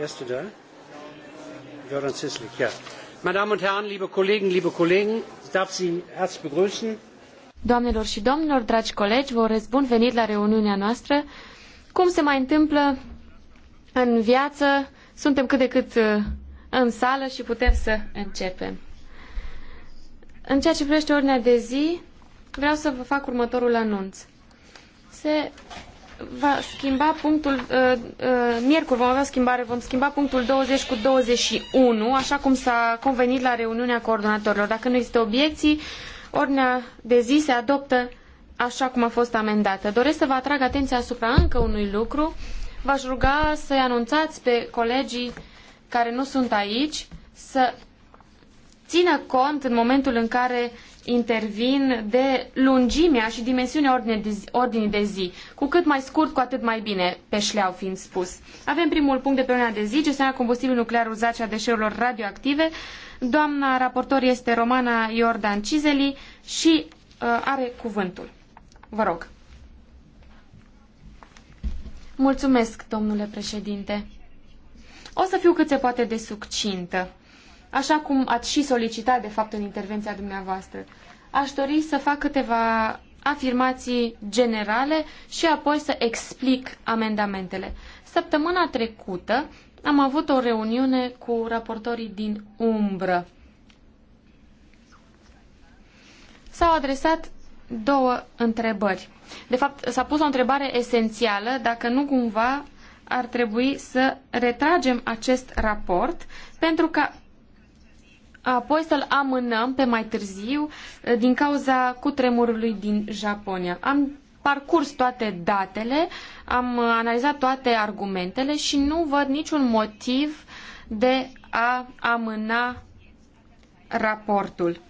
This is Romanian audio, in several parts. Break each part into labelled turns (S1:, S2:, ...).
S1: erste da?
S2: Jordan Zislik, ja. Meine Damen und Herren, liebe Kollegen, liebe Kollegen, ich darf Sie herzlich begrüßen.
S3: Doamnelor și domnilor, dragi colegi, vă urez bun venit la reuniunea noastră. Cum se mai întâmplă în viață, suntem cât de cât uh, în sală și putem să începem. În ceea ce privește ordinea de zi, vreau să vă fac următorul anunț. Se va schimba punctul, uh, uh, miercuri vom avea schimbare, vom schimba punctul 20 cu 21, așa cum s-a convenit la reuniunea coordonatorilor. Dacă nu există obiecții, ordinea de zi se adoptă așa cum a fost amendată. Doresc să vă atrag atenția asupra încă unui lucru. V-aș ruga să-i anunțați pe colegii care nu sunt aici să țină cont în momentul în care intervin de lungimea și dimensiunea ordinii de zi. Cu cât mai scurt, cu atât mai bine, pe șleau fiind spus. Avem primul punct de pe ordinea de zi, gestionarea combustibilului nuclear uzat și a deșeurilor radioactive. Doamna raportor este Romana Iordan Cizeli și uh, are cuvântul. Vă rog. Mulțumesc, domnule președinte. O să fiu cât se poate de succintă așa cum ați și solicitat, de fapt, în intervenția dumneavoastră. Aș dori să fac câteva afirmații generale și apoi să explic amendamentele. Săptămâna trecută am avut o reuniune cu raportorii din umbră. S-au adresat două întrebări. De fapt, s-a pus o întrebare esențială, dacă nu cumva ar trebui să retragem acest raport pentru ca apoi să-l amânăm pe mai târziu eh, din cauza cutremurului din Japonia. Am parcurs toate datele, am eh, analizat toate argumentele și nu văd niciun motiv de a amâna raportul.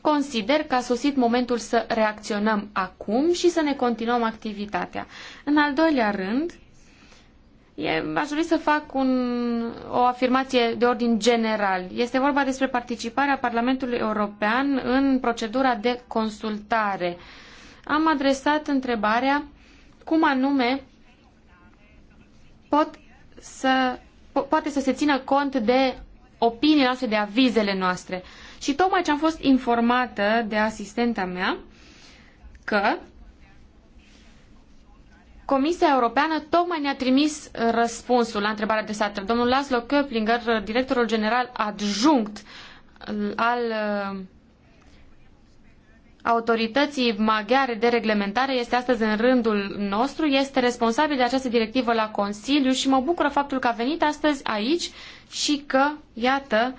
S3: Consider că a sosit momentul să reacționăm acum și să ne continuăm activitatea. În al doilea rând, aș dori să fac un, o afirmație de ordin general. Este vorba despre participarea Parlamentului European în procedura de consultare. Am adresat întrebarea cum anume pot să, po poate să se țină cont de opiniile noastre, de avizele noastre. Și tocmai ce am fost informată de asistenta mea că Comisia Europeană tocmai ne-a trimis uh, răspunsul la întrebarea de satră. Domnul Laszlo Köplinger, uh, directorul general adjunct uh, al autorității maghiare de reglementare este astăzi în rândul nostru, este responsabil de această directivă la Consiliu și mă bucură faptul că a venit astăzi aici și că, iată,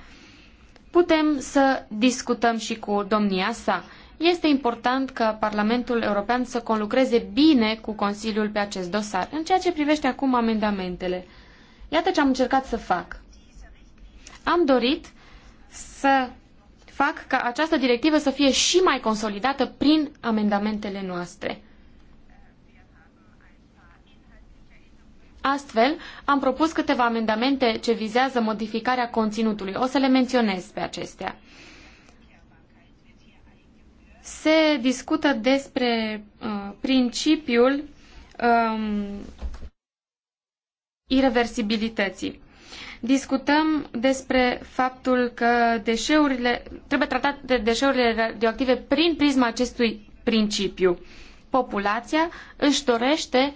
S3: putem să discutăm și cu domnia sa. Este important ca Parlamentul European să conlucreze bine cu Consiliul pe acest dosar. În ceea ce privește acum amendamentele, iată ce am încercat să fac. Am dorit să fac ca această directivă să fie și mai consolidată prin amendamentele noastre. Astfel, am propus câteva amendamente ce vizează modificarea conținutului. O să le menționez pe acestea se discută despre uh, principiul um, irreversibilității. Discutăm despre faptul că deșeurile, trebuie tratate deșeurile radioactive prin prisma acestui principiu. Populația își dorește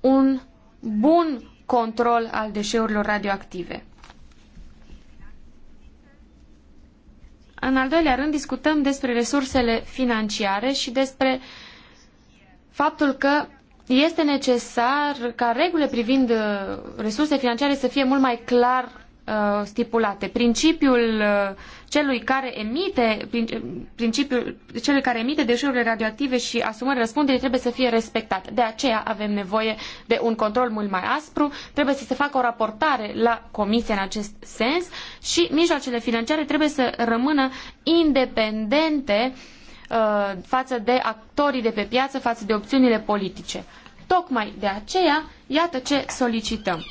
S3: un bun control al deșeurilor radioactive. În al doilea rând, discutăm despre resursele financiare și despre faptul că este necesar ca regulile privind uh, resurse financiare să fie mult mai clar uh, stipulate. Principiul uh, celui care emite principiul celui care emite deșeurile radioactive și asumă răspunderii trebuie să fie respectat. De aceea avem nevoie de un control mult mai aspru, trebuie să se facă o raportare la comisie în acest sens și mijloacele financiare trebuie să rămână independente uh, față de actorii de pe piață, față de opțiunile politice. Tocmai de aceea, iată ce solicităm.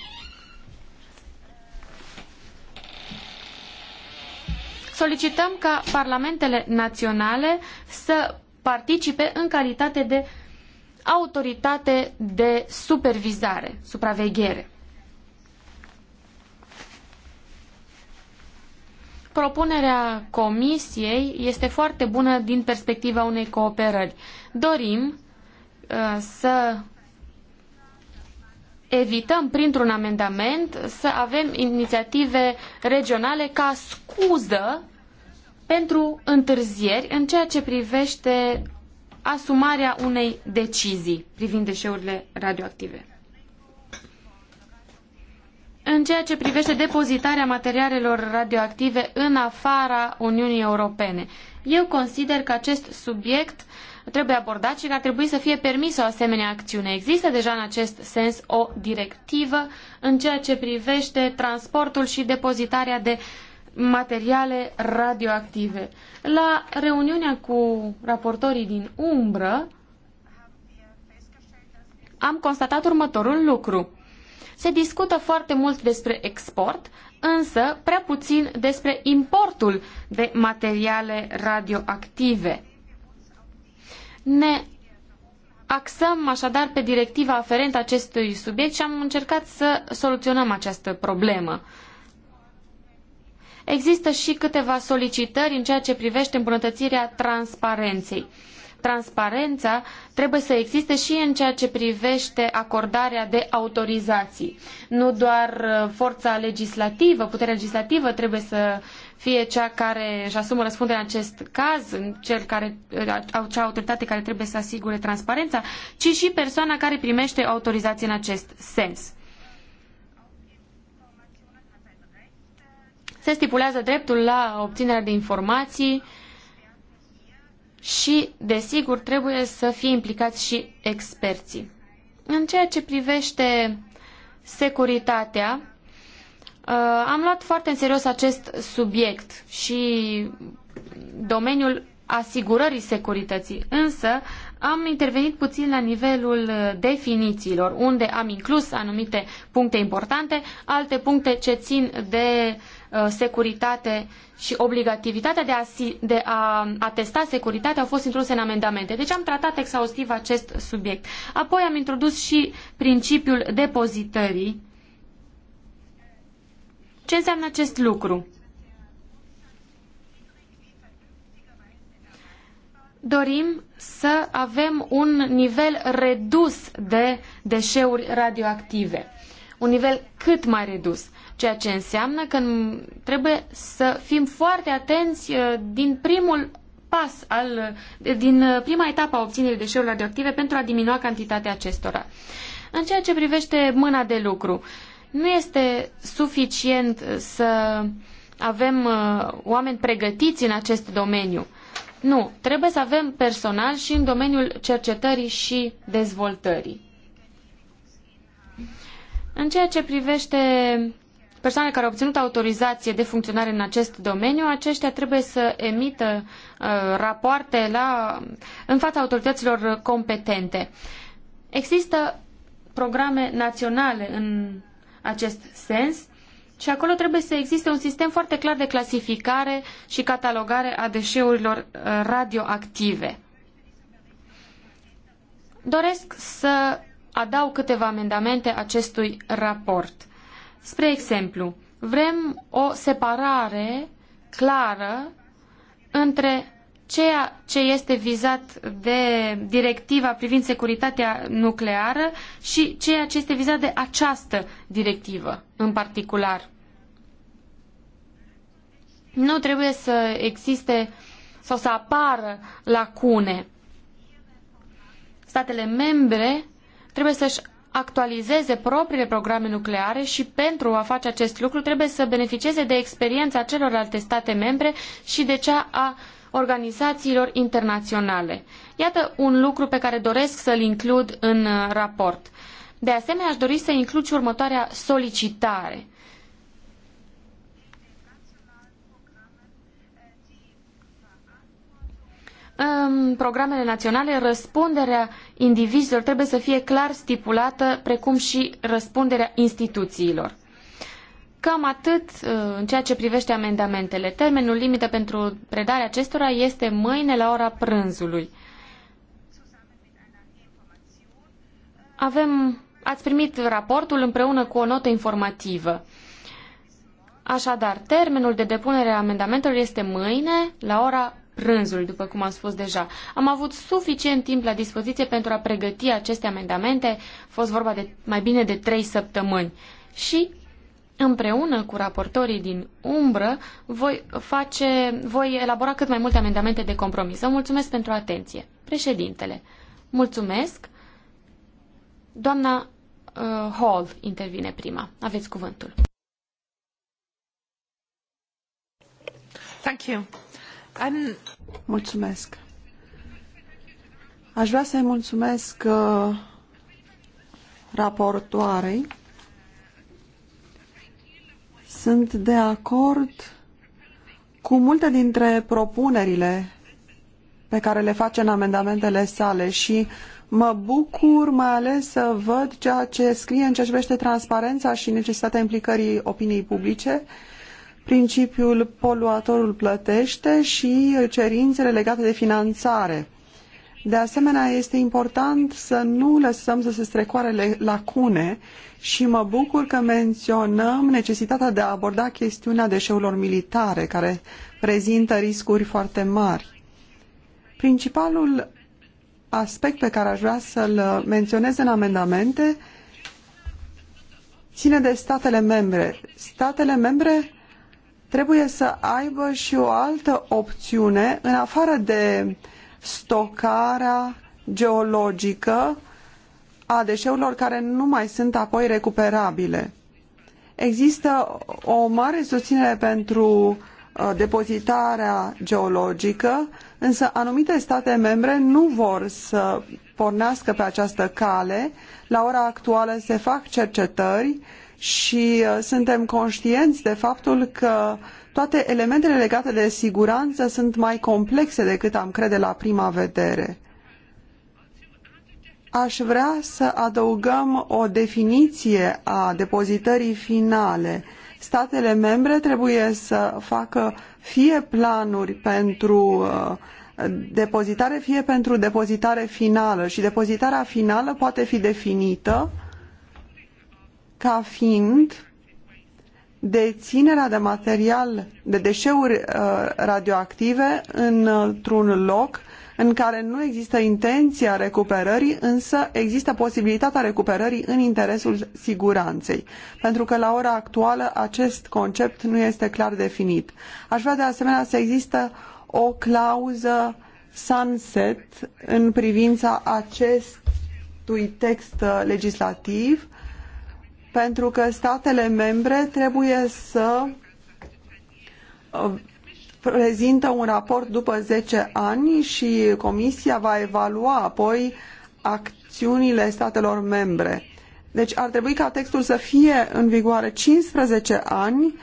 S3: solicităm ca parlamentele naționale să participe în calitate de autoritate de supervizare, supraveghere. Propunerea comisiei este foarte bună din perspectiva unei cooperări. Dorim uh, să evităm printr-un amendament să avem inițiative regionale ca scuză pentru întârzieri în ceea ce privește asumarea unei decizii privind deșeurile radioactive. În ceea ce privește depozitarea materialelor radioactive în afara Uniunii Europene, eu consider că acest subiect trebuie abordat și că ar trebui să fie permisă o asemenea acțiune. Există deja în acest sens o directivă în ceea ce privește transportul și depozitarea de materiale radioactive. La reuniunea cu raportorii din umbră am constatat următorul lucru. Se discută foarte mult despre export, însă prea puțin despre importul de materiale radioactive. Ne axăm așadar pe directiva aferentă acestui subiect și am încercat să soluționăm această problemă. Există și câteva solicitări în ceea ce privește îmbunătățirea transparenței transparența trebuie să existe și în ceea ce privește acordarea de autorizații. Nu doar uh, forța legislativă, puterea legislativă trebuie să fie cea care își asumă răspunderea în acest caz, în cel care, uh, cea autoritate care trebuie să asigure transparența, ci și persoana care primește autorizații în acest sens. Se stipulează dreptul la obținerea de informații, și, desigur, trebuie să fie implicați și experții. În ceea ce privește securitatea, uh, am luat foarte în serios acest subiect și domeniul asigurării securității, însă am intervenit puțin la nivelul definițiilor, unde am inclus anumite puncte importante, alte puncte ce țin de uh, securitate și obligativitatea de a, de a atesta securitatea au fost introduse în amendamente. Deci am tratat exhaustiv acest subiect. Apoi am introdus și principiul depozitării. Ce înseamnă acest lucru? Dorim să avem un nivel redus de deșeuri radioactive. Un nivel cât mai redus. Ceea ce înseamnă că trebuie să fim foarte atenți uh, din primul pas al, uh, din uh, prima etapă a obținerii deșeurilor radioactive pentru a diminua cantitatea acestora. În ceea ce privește mâna de lucru, nu este suficient să avem oameni pregătiți în acest domeniu. Nu, trebuie să avem personal și în domeniul cercetării și dezvoltării. În ceea ce privește persoane care au obținut autorizație de funcționare în acest domeniu, aceștia trebuie să emită uh, rapoarte la, în fața autorităților competente. Există programe naționale în acest sens și acolo trebuie să existe un sistem foarte clar de clasificare și catalogare a deșeurilor uh, radioactive. Doresc să adaug câteva amendamente acestui raport. Spre exemplu, vrem o separare clară între ceea ce este vizat de directiva privind securitatea nucleară și ceea ce este vizat de această directivă în particular. Nu trebuie să existe sau să apară lacune. Statele membre trebuie să-și actualizeze propriile programe nucleare și pentru a face acest lucru trebuie să beneficieze de experiența celorlalte state membre și de cea a organizațiilor internaționale. Iată un lucru pe care doresc să-l includ în uh, raport. De asemenea, aș dori să includ și următoarea solicitare – în programele naționale, răspunderea indivizilor trebuie să fie clar stipulată, precum și răspunderea instituțiilor. Cam atât uh, în ceea ce privește amendamentele. Termenul limită pentru predarea acestora este mâine la ora prânzului. Avem, ați primit raportul împreună cu o notă informativă. Așadar, termenul de depunere a amendamentelor este mâine la ora rânzul, după cum am spus deja. Am avut suficient timp la dispoziție pentru a pregăti aceste amendamente, a fost vorba de mai bine de trei săptămâni. Și împreună cu raportorii din umbră voi, face, voi elabora cât mai multe amendamente de compromis. Vă mulțumesc pentru atenție. Președintele, mulțumesc. Doamna uh, Hall intervine prima. Aveți cuvântul. Thank you. I'm...
S2: Mulțumesc. Aș vrea să-i mulțumesc uh, raportoarei. Sunt de acord cu multe dintre propunerile pe care le face în amendamentele sale și mă bucur mai ales să văd ceea ce scrie în ceea ce privește transparența și necesitatea implicării opiniei publice uh, principiul poluatorul plătește și cerințele legate de finanțare. De asemenea, este important să nu lăsăm să se strecoare lacune și mă bucur că menționăm necesitatea de a aborda chestiunea deșeurilor militare, care prezintă riscuri foarte mari. Principalul aspect pe care aș vrea să-l menționez în amendamente ține de statele membre. Statele membre trebuie să aibă și o altă opțiune în afară de stocarea geologică a deșeurilor care nu mai sunt apoi recuperabile. Există o mare susținere pentru uh, depozitarea geologică, însă anumite state membre nu vor să pornească pe această cale. La ora actuală se fac cercetări și uh, suntem conștienți de faptul că toate elementele legate de siguranță sunt mai complexe decât am crede la prima vedere. Aș vrea să adăugăm o definiție a depozitării finale. Statele membre trebuie să facă fie planuri pentru uh, depozitare, fie pentru depozitare finală și depozitarea finală poate fi definită uh, ca fiind deținerea de material, de deșeuri uh, radioactive într-un loc în care nu există intenția recuperării, însă există posibilitatea recuperării în interesul siguranței. Pentru că la ora actuală acest concept nu este clar definit. Aș vrea de asemenea să există o clauză sunset în privința acestui text legislativ pentru că statele membre trebuie să uh, prezintă un raport după 10 ani și Comisia va evalua apoi acțiunile statelor membre. Deci ar trebui ca textul să fie în vigoare 15 ani,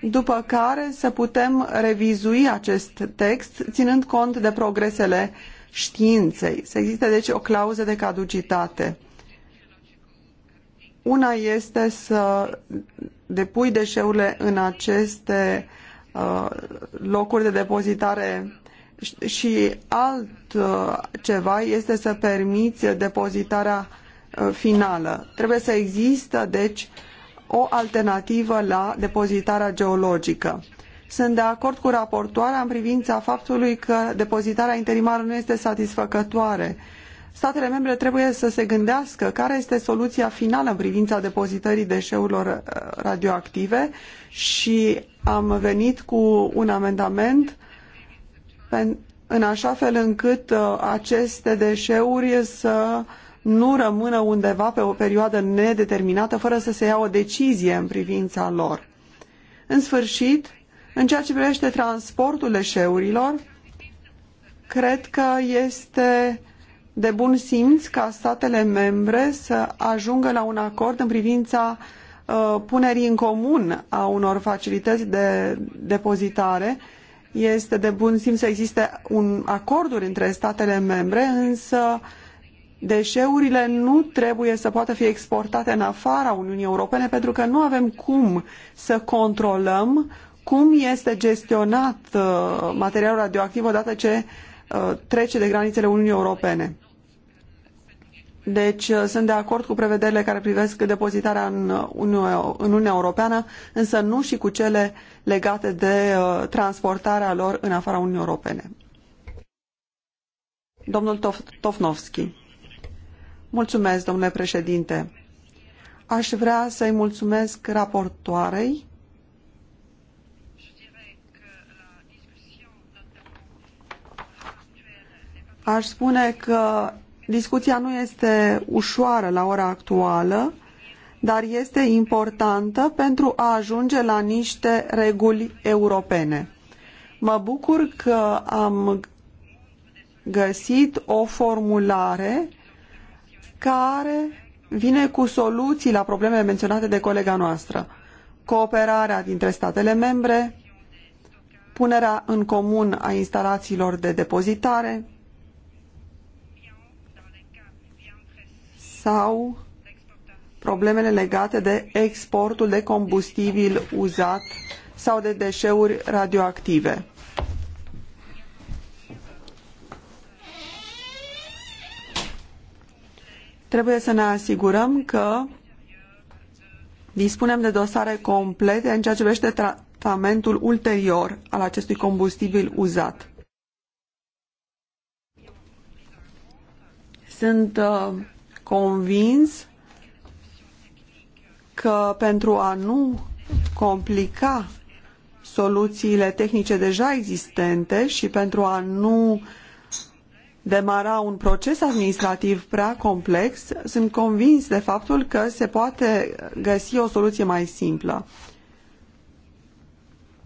S2: după care să putem revizui acest text, ținând cont de progresele științei. Să existe deci o clauză de caducitate. Una este să depui deșeurile în aceste uh, locuri de depozitare și alt uh, ceva este să permiți depozitarea uh, finală. Trebuie să existe, deci, o alternativă la depozitarea geologică. Sunt de acord cu raportoarea în privința faptului că depozitarea interimară nu este satisfăcătoare statele membre trebuie să se gândească care este soluția finală în privința depozitării deșeurilor uh, radioactive și am venit cu un amendament în așa fel încât uh, aceste deșeuri să nu rămână undeva pe o perioadă nedeterminată fără să se ia o decizie în privința lor. În sfârșit, în ceea ce privește transportul deșeurilor, cred că este de bun simț ca statele membre să ajungă la un acord în privința uh, punerii în comun a unor facilități de depozitare. Este de bun simț să existe un acorduri între statele membre, însă deșeurile nu trebuie să poată fi exportate în afara Uniunii Europene pentru că nu avem cum să controlăm cum este gestionat uh, materialul radioactiv odată ce uh, trece de granițele Uniunii Europene. Deci uh, sunt de acord cu prevederile care privesc depozitarea uh, în Uniunea Europeană, însă nu și cu cele legate de uh, transportarea lor în afara Uniunii Europene. Domnul Tof- Tofnovski. Mulțumesc, domnule președinte. Aș vrea să-i mulțumesc raportoarei Aș spune că Discuția nu este ușoară la ora actuală, dar este importantă pentru a ajunge la niște reguli europene. Mă bucur că am găsit o formulare care vine cu soluții la problemele menționate de colega noastră. Cooperarea dintre statele membre, punerea în comun a instalațiilor de depozitare, sau problemele legate de exportul de combustibil uzat sau de deșeuri radioactive. Trebuie să ne asigurăm că dispunem de dosare complete în ceea ce privește tratamentul ulterior al acestui combustibil uzat. Sunt uh, convins că pentru a nu complica soluțiile tehnice deja existente și pentru a nu demara un proces administrativ prea complex, sunt convins de faptul că se poate găsi o soluție mai simplă.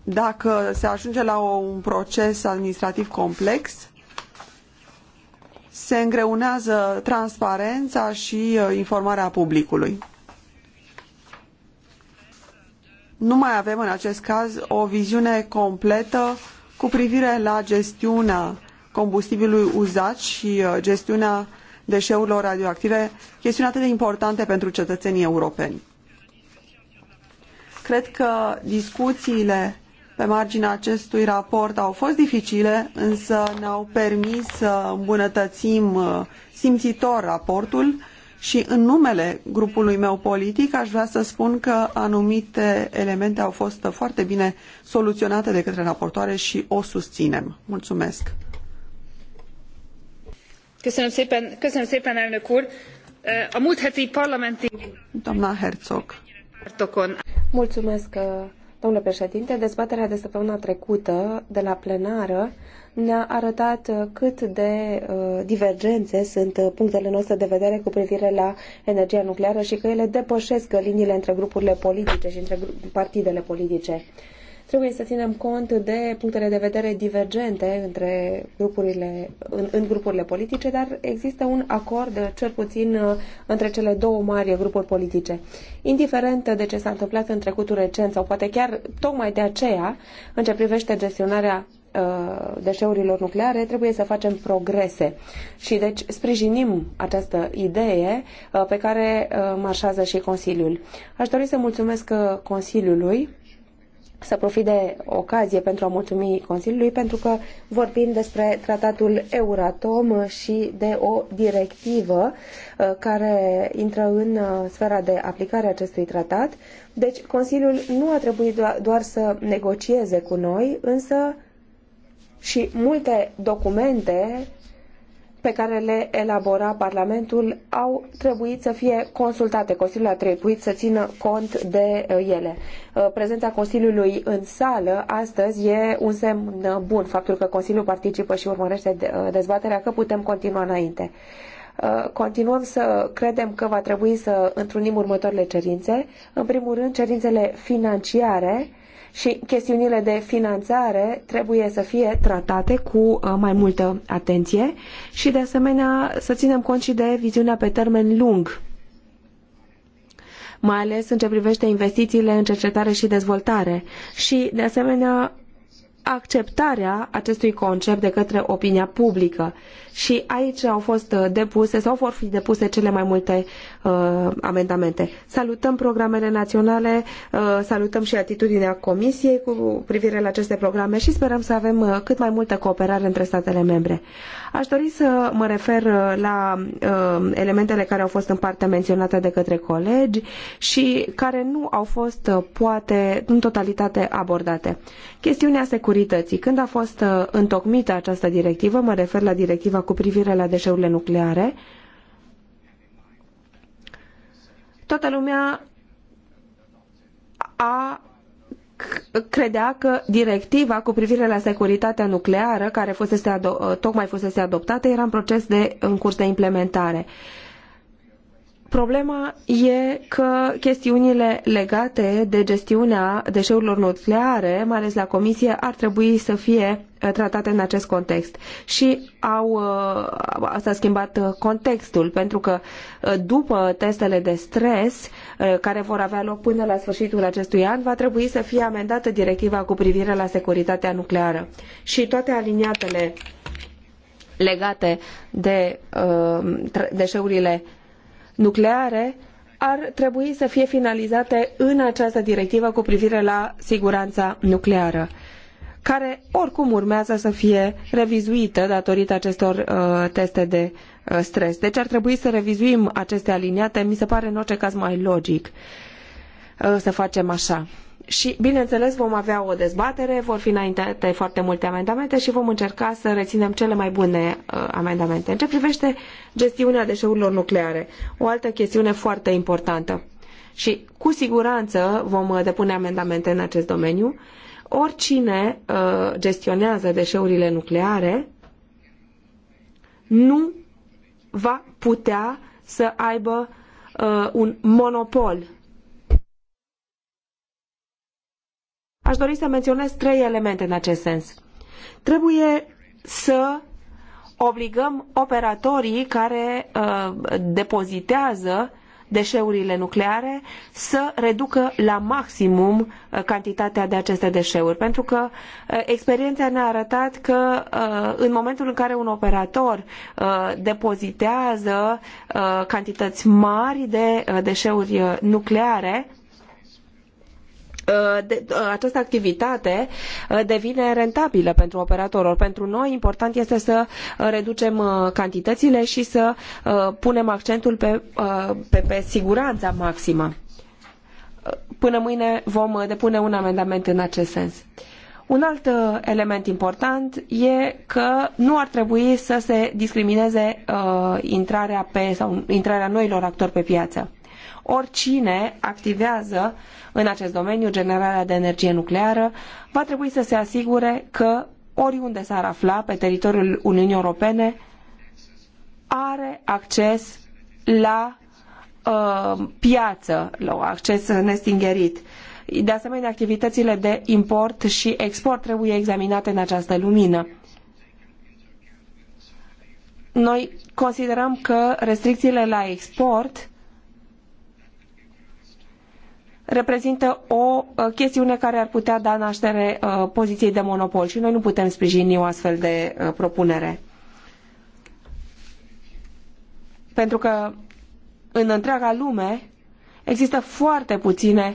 S2: Dacă se ajunge la un proces administrativ complex, se îngreunează transparența și uh, informarea publicului. Nu mai avem în acest caz o viziune completă cu privire la gestiunea combustibilului uzat și uh, gestiunea deșeurilor radioactive, chestiuni atât de importante pentru cetățenii europeni. Cred că discuțiile pe marginea acestui raport au fost dificile, însă ne-au permis să îmbunătățim uh, simțitor raportul și în numele grupului meu politic aș vrea să spun că anumite elemente au fost foarte bine soluționate de către raportoare și o susținem. Mulțumesc!
S4: Köszönöm szépen, köszönöm szépen, elnök úr. Uh, a múlt heti parlamenti...
S2: Doamna Herzog.
S4: Mulțumesc, uh, Domnule președinte, dezbaterea de săptămâna trecută de la plenară ne-a arătat uh, cât de uh, divergențe sunt uh, punctele noastre de vedere cu privire la energia nucleară și că ele depășesc liniile între grupurile politice și între partidele politice. Uh, Trebuie să ținem cont de punctele de vedere divergente între grupurile, în, în grupurile politice, dar există un acord, cel puțin, uh, între cele două mari grupuri politice. Indiferent de ce s-a întâmplat în trecutul recent sau poate chiar tocmai de aceea, în ce privește gestionarea uh, deșeurilor nucleare, trebuie să facem progrese. Și deci sprijinim această idee uh, pe care marșează și Consiliul. Aș dori să mulțumesc Consiliului să profit de ocazie pentru a mulțumi Consiliului pentru că vorbim despre tratatul Euratom și de o directivă uh, care intră în uh, sfera de aplicare a acestui tratat. Deci Consiliul nu a trebuit doar să negocieze cu noi, însă și multe documente pe care le elabora Parlamentul au trebuit să fie consultate. Consiliul a trebuit să țină cont de uh, ele. Uh, prezența Consiliului în sală astăzi e un semn uh, bun, faptul că Consiliul participă și urmărește dezbaterea, că putem continua înainte. Continuăm să credem că va trebui să întrunim următoarele cerințe. În primul rând, cerințele financiare și chestiunile de finanțare trebuie să fie tratate cu uh, mai multă atenție și de asemenea să ținem cont și de viziunea pe termen lung mai ales în ce privește investițiile în cercetare și dezvoltare și, de asemenea, acceptarea acestui concept de către opinia publică. Și aici au fost uh, depuse sau vor fi depuse cele mai multe uh, amendamente. Salutăm programele naționale, uh, salutăm și atitudinea Comisiei cu privire la aceste programe și sperăm să avem uh, cât mai multă cooperare între statele membre. Aș dori să mă refer uh, la uh, elementele care au fost în parte menționate de către colegi și care nu au fost uh, poate în totalitate abordate. Chestiunea securității. Când a fost uh, întocmită această directivă, mă refer la directiva cu privire la deșeurile nucleare, toată lumea a credea că directiva cu privire la securitatea nucleară, care fusese tocmai fusese adoptată, era în proces de în curs de implementare. Uh, Problema e că chestiunile legate de gestiunea deșeurilor nucleare, mai ales la comisie, ar trebui să fie uh, tratate în acest context. Și au, uh, s-a schimbat uh, contextul, pentru că după testele de stres, care vor avea loc până la sfârșitul acestui an, va trebui să fie amendată directiva cu privire la securitatea nucleară. Și toate aliniatele legate de deșeurile nucleare ar trebui să fie finalizate în această directivă cu privire la siguranța nucleară, care oricum urmează să fie revizuită datorită acestor uh, teste de uh, stres. Deci ar trebui să revizuim aceste aliniate, mi se pare în orice caz mai logic uh, să facem așa și, bineînțeles, vom avea o dezbatere, vor fi înaintate foarte multe amendamente și vom încerca să reținem cele mai bune uh, amendamente. În ce privește gestiunea deșeurilor nucleare, o altă chestiune foarte importantă și cu siguranță vom uh, depune amendamente în acest domeniu, oricine uh, gestionează deșeurile nucleare nu va putea să aibă uh, un monopol aș dori să menționez trei elemente în acest sens. Trebuie să obligăm operatorii care uh, depozitează deșeurile nucleare să reducă la maximum uh, cantitatea de aceste deșeuri. Pentru că uh, experiența ne-a arătat că uh, în momentul în care un operator depozitează cantități mari de deșeuri nucleare, Uh, de, uh, această activitate uh, devine rentabilă pentru operatorul. Pentru noi important este să reducem cantitățile și să punem accentul pe, pe, pe siguranța maximă. Până mâine vom depune un amendament în acest sens. Un alt element important e că nu ar trebui să se discrimineze intrarea pe sau intrarea noilor actori pe piață oricine activează în acest domeniu generarea de energie nucleară va trebui să se asigure că oriunde s-ar afla pe teritoriul Uniunii Europene are acces la uh, piață, la acces nestingerit. De asemenea, activitățile de import și export trebuie examinate în această lumină. Noi considerăm că restricțiile la export reprezintă o uh, chestiune care ar putea da naștere uh, poziției de monopol și noi nu putem sprijini o astfel de uh, propunere. Pentru că în întreaga lume există foarte puține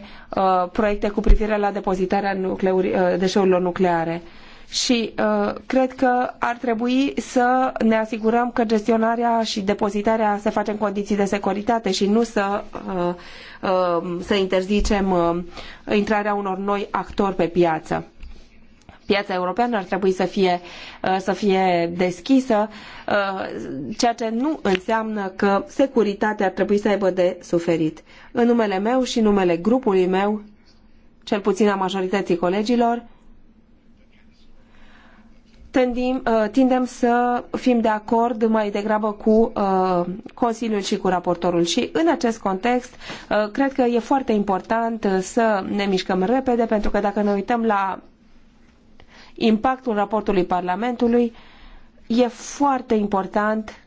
S4: proiecte cu privire la depozitarea nucleuri, deșeurilor nucleare. Uh, și uh, cred că ar trebui să ne asigurăm că gestionarea și depozitarea se face în condiții de securitate și nu să, uh, uh, să interzicem uh, intrarea unor noi actori pe piață piața europeană ar trebui să fie, uh, să fie deschisă, uh, ceea ce nu înseamnă că securitatea ar trebui să aibă de suferit. În numele meu și numele grupului meu, cel puțin a majorității colegilor, tendim, uh, tindem să fim de acord mai degrabă cu uh, Consiliul și cu raportorul. Și în acest context, uh, cred că e foarte important să ne mișcăm repede, pentru că dacă ne uităm la impactul raportului Parlamentului, e foarte important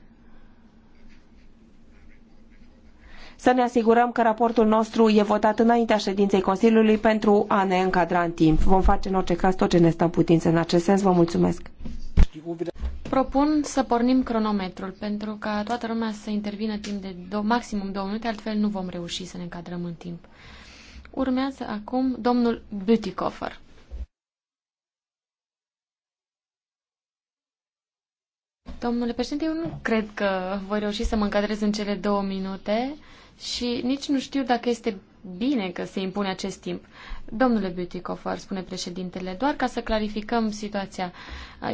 S4: să ne asigurăm că raportul nostru e votat înaintea ședinței Consiliului pentru a ne încadra în timp. Vom face în orice caz tot ce ne stă în putință în acest sens. Vă mulțumesc!
S3: Propun să pornim cronometrul pentru ca toată lumea să intervină timp de do- maximum două minute, altfel nu vom reuși să ne încadrăm în timp. Urmează acum domnul Butikofer. Domnule președinte, eu nu cred că voi reuși să mă încadrez în cele două minute. Uh, și nici nu știu dacă este bine că se impune acest timp. Domnule Beautycofer, spune președintele, doar ca să clarificăm situația.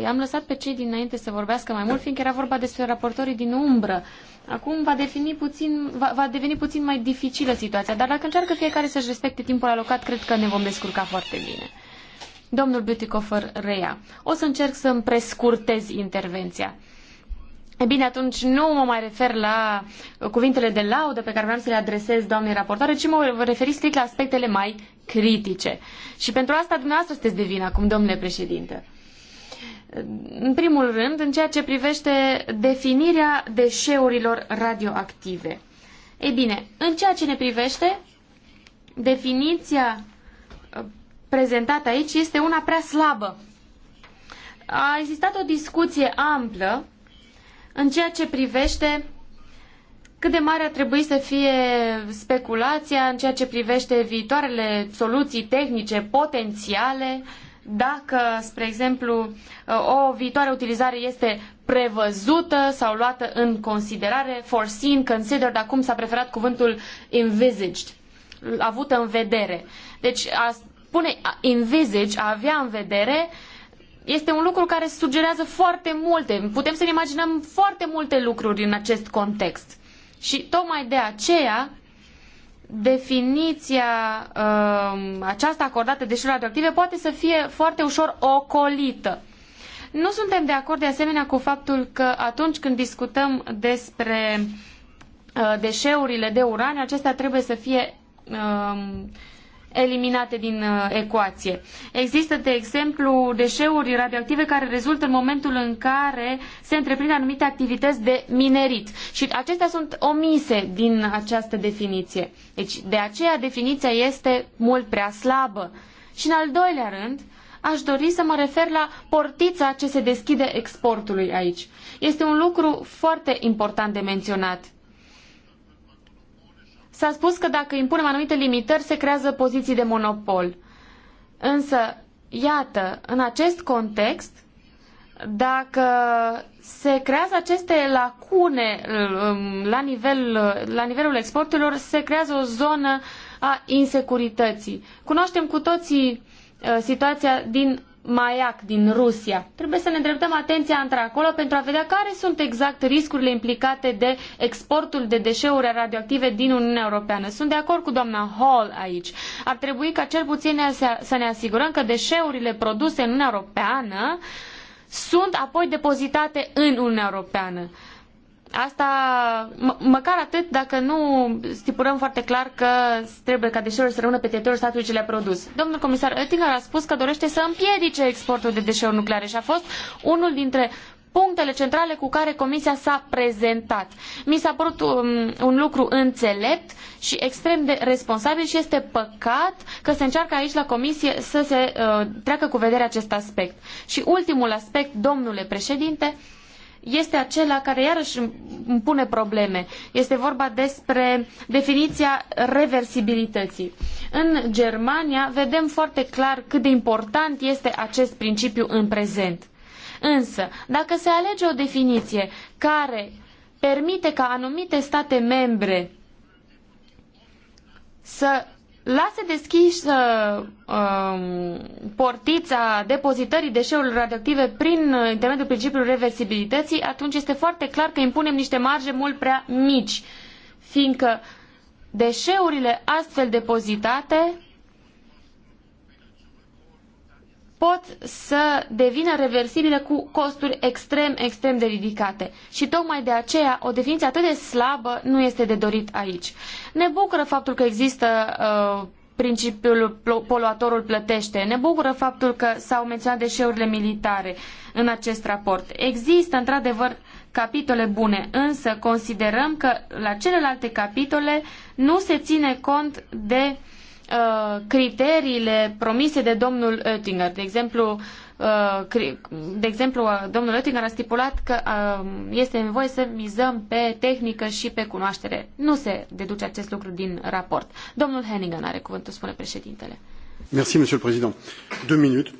S3: Am lăsat pe cei dinainte să vorbească mai mult, fiindcă era vorba despre raportorii din umbră. Acum va, defini puțin, va, va deveni puțin mai dificilă situația, dar dacă încearcă fiecare să-și respecte timpul alocat, cred că ne vom descurca foarte bine. Domnul Beautycofer reia. O să încerc să mi prescurtez intervenția. E bine, atunci nu mă mai refer la uh, cuvintele de laudă pe care vreau să le adresez doamnei raportoare, ci mă referi strict la aspectele mai critice. Și pentru asta dumneavoastră sunteți de vină acum, domnule președinte. În primul rând, în ceea ce privește definirea deșeurilor radioactive. Ei bine, în ceea ce ne privește, definiția uh, prezentată aici este una prea slabă. A existat o discuție amplă în ceea ce privește cât de mare ar trebui să fie speculația în ceea ce privește viitoarele soluții tehnice potențiale, dacă, spre exemplu, o viitoare utilizare este prevăzută sau luată în considerare, foreseen, considered, acum s-a preferat cuvântul envisaged, avută în vedere. Deci a spune envisage, a avea în vedere, uh, este un lucru care sugerează foarte multe. Putem să ne imaginăm foarte multe lucruri în acest context. Și tocmai de aceea definiția uh, aceasta acordată deșeurilor radioactive poate să fie foarte ușor ocolită. Nu suntem de acord de asemenea cu faptul că atunci când discutăm despre uh, deșeurile de uraniu, acestea trebuie să fie uh, eliminate din uh, ecuație. Există, de exemplu, deșeuri radioactive care rezultă în momentul în care se întreprind anumite activități de minerit și acestea sunt omise din această definiție. Deci, de aceea definiția este mult prea slabă. Și în al doilea rând, aș dori să mă refer la portița ce se deschide exportului aici. Este un lucru foarte important de menționat. S-a spus că dacă impunem anumite limitări, se creează poziții de monopol. Însă, iată, în acest context, dacă se creează aceste lacune um, la, nivel, la nivelul exporturilor, se creează o zonă a insecurității. Cunoaștem cu toții uh, situația din Maiac din Rusia. Trebuie să ne îndreptăm atenția într-acolo pentru a vedea care sunt exact riscurile implicate de exportul de deșeuri radioactive din Uniunea Europeană. Sunt de acord cu doamna Hall aici. Ar trebui ca cel puțin să ne asigurăm că deșeurile produse în Uniunea Europeană sunt apoi depozitate în Uniunea Europeană. Asta, mă, măcar atât, dacă nu stipulăm foarte clar că trebuie ca deșeurile să rămână pe teritoriul statului ce le-a produs. Domnul comisar Oettinger a spus că dorește să împiedice exportul de deșeuri nucleare și a fost unul dintre punctele centrale cu care Comisia s-a prezentat. Mi s-a părut un, um, un lucru înțelept și extrem de responsabil și este păcat că se încearcă aici la Comisie să se uh, treacă cu vedere acest aspect. Și ultimul aspect, domnule președinte, uh, este acela care iarăși îmi pune probleme. Este vorba despre definiția reversibilității. În Germania vedem foarte clar cât de important este acest principiu în prezent. Însă, dacă se alege o definiție care permite ca anumite state membre să lasă deschisă uh, um, portița depozitării deșeurilor radioactive prin uh, intermediul principiului reversibilității, atunci este foarte clar că impunem niște marje mult prea mici, fiindcă deșeurile astfel depozitate pot să devină reversibile cu costuri extrem, extrem de ridicate. Și tocmai de aceea o definiție atât de slabă nu este de dorit aici. Ne bucură faptul că există uh, principiul poluatorul plătește. Ne bucură faptul că s-au menționat deșeurile militare în acest raport. Există, într-adevăr, capitole bune, însă considerăm că la celelalte capitole nu se ține cont de uh, Uh, criteriile promise de domnul Oettinger. De exemplu, uh, de exemplu, uh, domnul Oettinger a stipulat că este nevoie să mizăm pe tehnică și pe cunoaștere. Nu se deduce acest lucru din raport. Domnul Hennigan
S2: are cuvântul, spune președintele.
S4: monsieur le président. Deux minutes.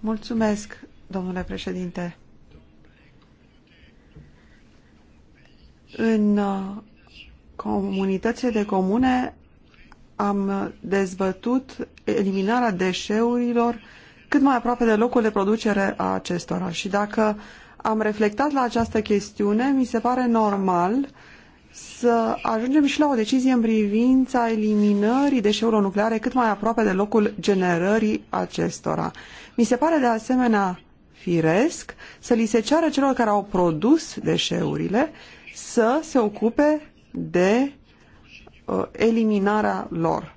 S2: Mulțumesc, domnule președinte. În comunitățile de comune am dezbătut eliminarea deșeurilor cât mai aproape de locul de producere a acestora. Și dacă am reflectat la această chestiune, mi se pare normal să ajungem și la o decizie în privința eliminării deșeurilor nucleare cât mai aproape de locul generării acestora. Mi se pare de asemenea firesc să li se ceară celor care au produs deșeurile să se ocupe de Uh, eliminarea lor.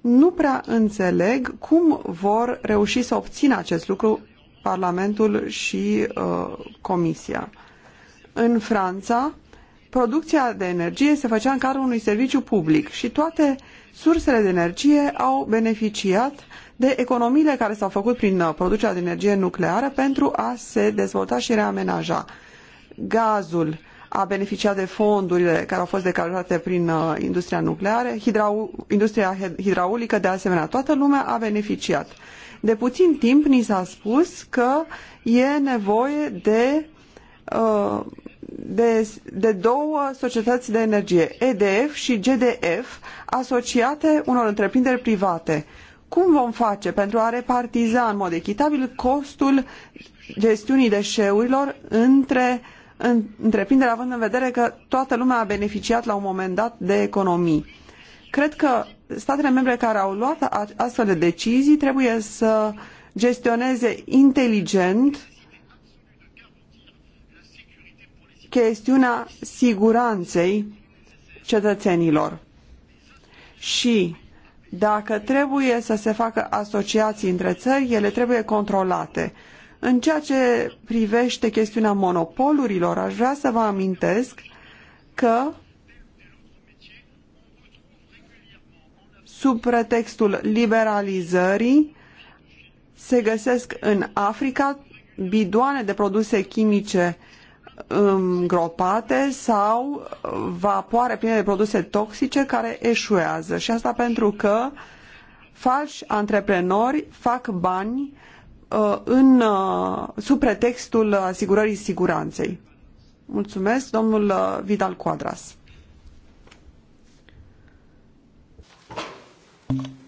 S2: Nu prea înțeleg cum vor reuși să obțină acest lucru Parlamentul și uh, Comisia. În Franța, producția de energie se făcea în cadrul unui serviciu public și toate sursele de energie au beneficiat de economiile care s-au făcut prin uh, producerea de energie nucleară pentru a se dezvolta și reamenaja. Gazul a beneficiat de fondurile care au fost declarate prin uh, industria nucleară, hidrau, industria hidraulică de asemenea. Toată lumea a beneficiat. De puțin timp ni s-a spus că e nevoie de, uh, de, de două societăți de energie, EDF și GDF, asociate unor întreprinderi private. Cum vom face pentru a repartiza în mod echitabil costul gestiunii deșeurilor între uh, întreprindere având în vedere că toată lumea a beneficiat la un moment dat de economii. Cred că statele membre care au luat astfel de decizii trebuie să gestioneze inteligent chestiunea siguranței cetățenilor. Și dacă trebuie să se facă asociații între țări, ele trebuie controlate. În ceea ce privește chestiunea monopolurilor, aș vrea să vă amintesc că sub pretextul liberalizării se găsesc în Africa bidoane de produse chimice îngropate sau vapoare pline de produse toxice care eșuează. Și asta pentru că falși antreprenori fac bani Uh, în, uh, sub pretextul asigurării siguranței. Mulțumesc, domnul uh, Vidal Quadras.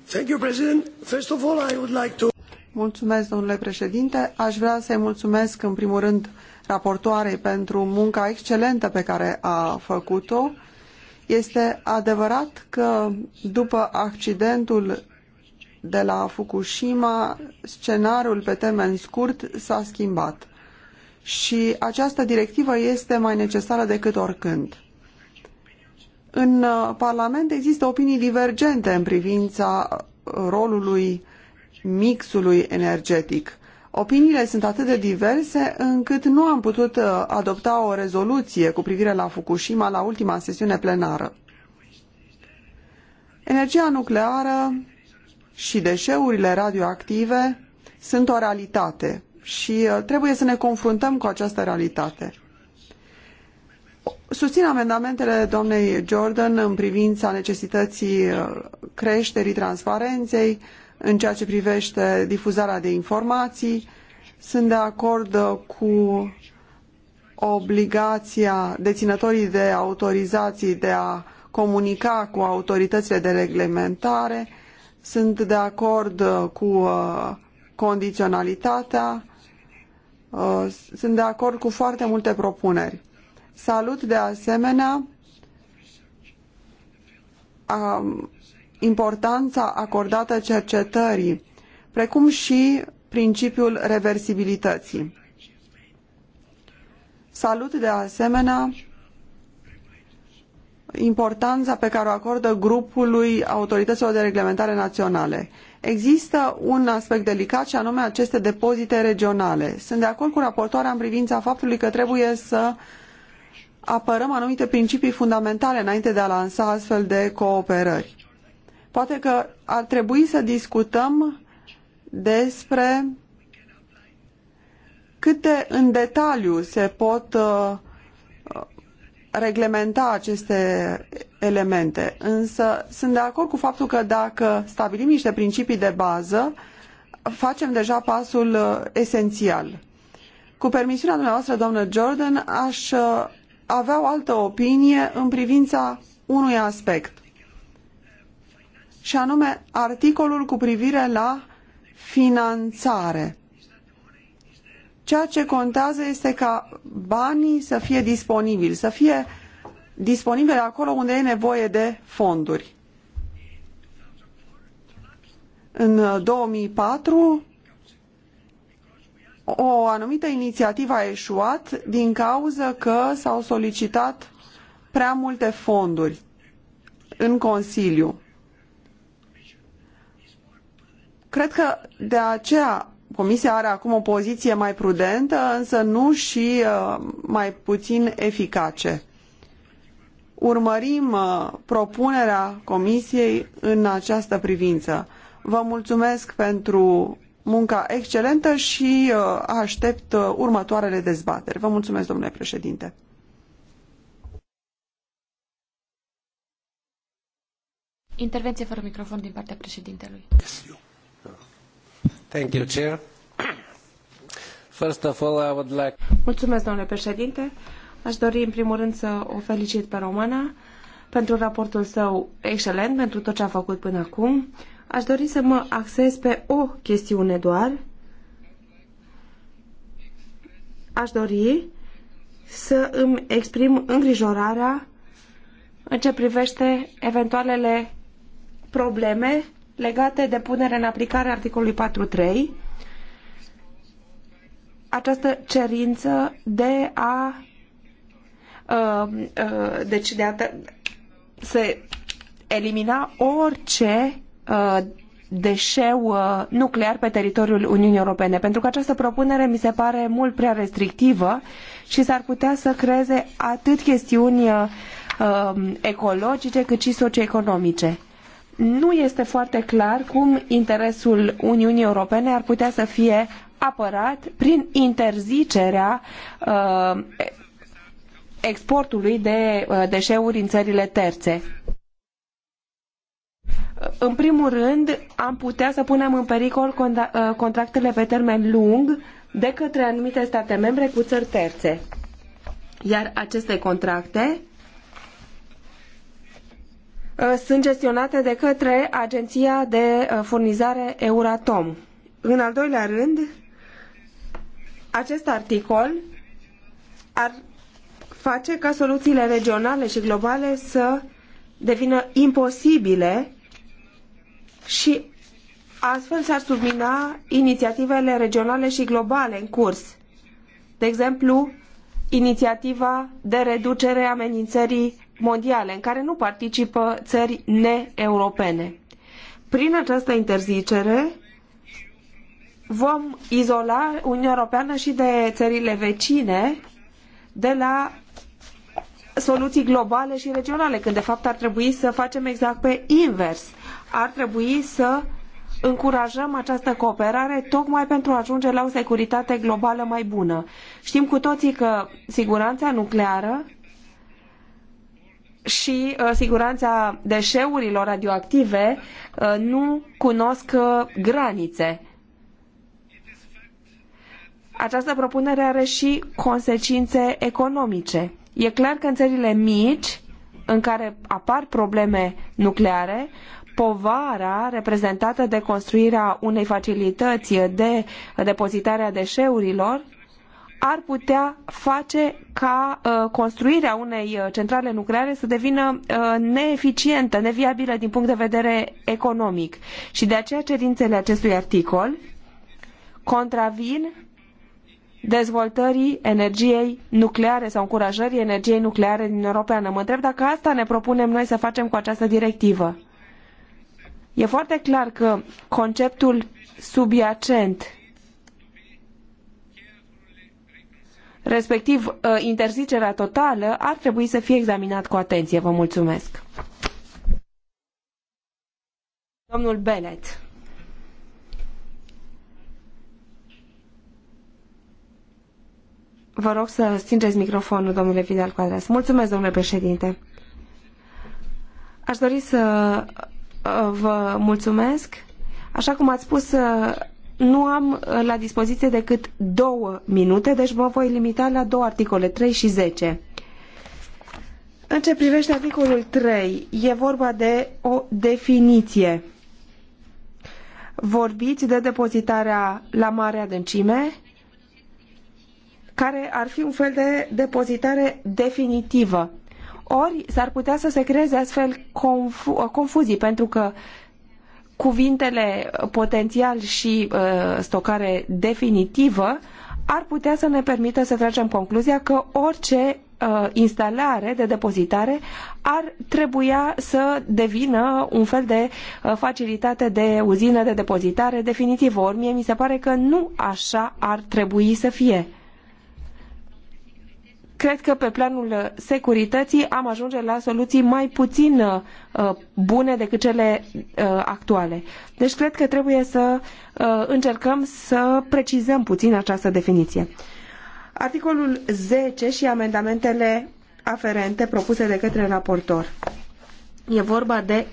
S2: Thank you, President. First of all, I would like to... Mulțumesc, domnule președinte. Aș vrea să-i mulțumesc, în primul rând, raportoarei pentru munca excelentă pe care a făcut-o. Este adevărat că după accidentul de la Fukushima, scenariul pe termen scurt s-a schimbat și această directivă este mai necesară decât oricând. În uh, Parlament există opinii divergente în privința uh, rolului mixului energetic. Opiniile sunt atât de diverse încât nu am putut uh, adopta o rezoluție cu privire la Fukushima la ultima sesiune plenară. Energia nucleară și deșeurile radioactive sunt o realitate și uh, trebuie să ne confruntăm cu această realitate. Susțin amendamentele doamnei Jordan în privința necesității uh, creșterii transparenței în ceea ce privește difuzarea de informații. Sunt de acord uh, cu obligația deținătorii de autorizații de a comunica cu autoritățile de reglementare sunt de acord uh, cu uh, condiționalitatea, uh, sunt de acord cu foarte multe propuneri. Salut de asemenea um, importanța acordată cercetării, precum și principiul reversibilității. Salut de asemenea importanța pe care o acordă grupului autorităților de reglementare naționale. Există un aspect delicat și anume aceste depozite regionale. Sunt de acord cu raportoarea în privința faptului că trebuie să apărăm anumite principii fundamentale înainte de a lansa astfel de cooperări. Poate că ar trebui să discutăm despre cât de în detaliu se pot uh, reglementa aceste elemente, însă sunt de acord cu faptul că dacă stabilim niște principii de bază, facem deja pasul uh, esențial. Cu permisiunea dumneavoastră, doamnă Jordan, aș uh, avea o altă opinie în privința unui aspect, și anume articolul cu privire la finanțare. Ceea ce contează este ca banii să fie disponibili, să fie disponibile acolo unde e nevoie de fonduri. În 2004, uh, o anumită inițiativă a eșuat din cauză că s-au solicitat prea multe fonduri în Consiliu. Cred că de aceea Comisia are acum o poziție mai prudentă, însă nu și uh, mai puțin eficace. Urmărim uh, propunerea Comisiei în această privință. Vă mulțumesc pentru munca excelentă și uh, aștept următoarele dezbateri. Vă mulțumesc, domnule președinte.
S3: Intervenție fără microfon din partea președintelui. Yes, Mulțumesc, domnule președinte. Aș dori,
S4: în primul rând, să o felicit pe Romana pentru raportul său excelent, pentru tot ce a făcut până acum. Aș dori să mă axez pe o chestiune doar. Aș dori să îmi exprim îngrijorarea în ce privește eventualele probleme legate de punerea în aplicare articolului 4.3, această cerință de a uh, uh, deci de a se elimina orice uh, deșeu uh, nuclear pe teritoriul Uniunii Europene, pentru că această propunere mi se pare mult prea restrictivă și s-ar putea să creeze atât chestiuni uh, uh, ecologice cât și socioeconomice nu este foarte clar cum interesul Uniunii Europene ar putea să fie apărat prin interzicerea uh, exportului de uh, deșeuri în țările terțe. În primul rând, am putea să punem în pericol uh, contractele pe termen lung de către anumite state membre cu țări terțe. Iar aceste contracte Uh, sunt gestionate de către Agenția de uh, Furnizare Euratom. În al doilea rând, acest articol ar face ca soluțiile regionale și globale să devină imposibile și astfel s-ar submina inițiativele regionale și globale în curs. De exemplu, inițiativa de reducere a amenințării mondiale în care nu participă țări neeuropene. Prin această interzicere vom izola Uniunea Europeană și de țările vecine de la soluții globale și regionale, când de fapt ar trebui să facem exact pe invers. Ar trebui să încurajăm această cooperare tocmai pentru a ajunge la o securitate globală mai bună. Știm cu toții că siguranța nucleară și uh, siguranța deșeurilor radioactive uh, nu cunosc uh, granițe. Această propunere are și consecințe economice. E clar că în țările mici, în care apar probleme nucleare, povara reprezentată de construirea unei facilități de depozitare a deșeurilor ar putea face ca uh, construirea unei uh, centrale nucleare să devină uh, neeficientă, neviabilă din punct de vedere economic. Și de aceea cerințele acestui articol contravin dezvoltării energiei nucleare sau încurajării energiei nucleare din Europeană. Mă întreb dacă asta ne propunem noi să facem cu această directivă. E foarte clar că conceptul subiacent respectiv uh, interzicerea totală, ar trebui să fie examinat cu atenție. Vă mulțumesc. Domnul Belet. Vă rog să stingeți microfonul, domnule Vidal Quadras. Mulțumesc, domnule președinte. Aș dori să uh, vă mulțumesc. Așa cum ați spus, uh, nu am uh, la dispoziție decât două minute, deci mă voi limita la două articole, 3 și 10. În ce privește articolul 3, e vorba de o definiție. Vorbiți de depozitarea la mare adâncime, care ar fi un fel de depozitare definitivă. Ori s-ar putea să se creeze astfel confu confuzii, pentru că cuvintele potențial și uh, stocare definitivă ar putea să ne permită să tragem concluzia că orice uh, instalare de depozitare ar trebuia să devină un fel de uh, facilitate de uzină de depozitare definitivă. Ori mie mi se pare că nu așa ar trebui să fie. Uh, cred că pe planul uh, securității am ajunge la soluții mai puțin uh, bune decât cele uh, actuale. Deci cred că trebuie să încercăm să precizăm puțin această definiție. Articolul 10 și amendamentele aferente propuse de către raportor. E vorba de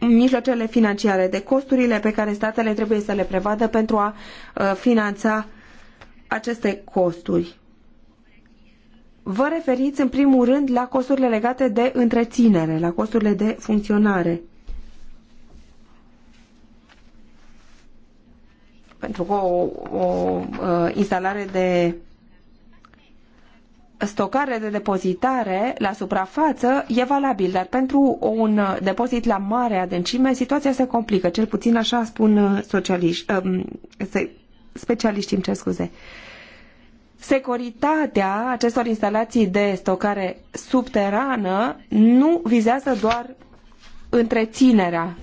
S4: mijloacele financiare, de costurile pe care statele trebuie să le prevadă pentru a finanța aceste costuri vă referiți în primul rând la costurile legate de întreținere, la costurile de funcționare. Pentru că o, o uh, instalare de stocare de depozitare la suprafață e valabil, dar pentru un depozit la mare adâncime situația se complică, cel puțin așa spun uh, socialiști, uh, specialiștii, îmi cer scuze. Uh, securitatea acestor instalații de stocare subterană nu vizează doar întreținerea.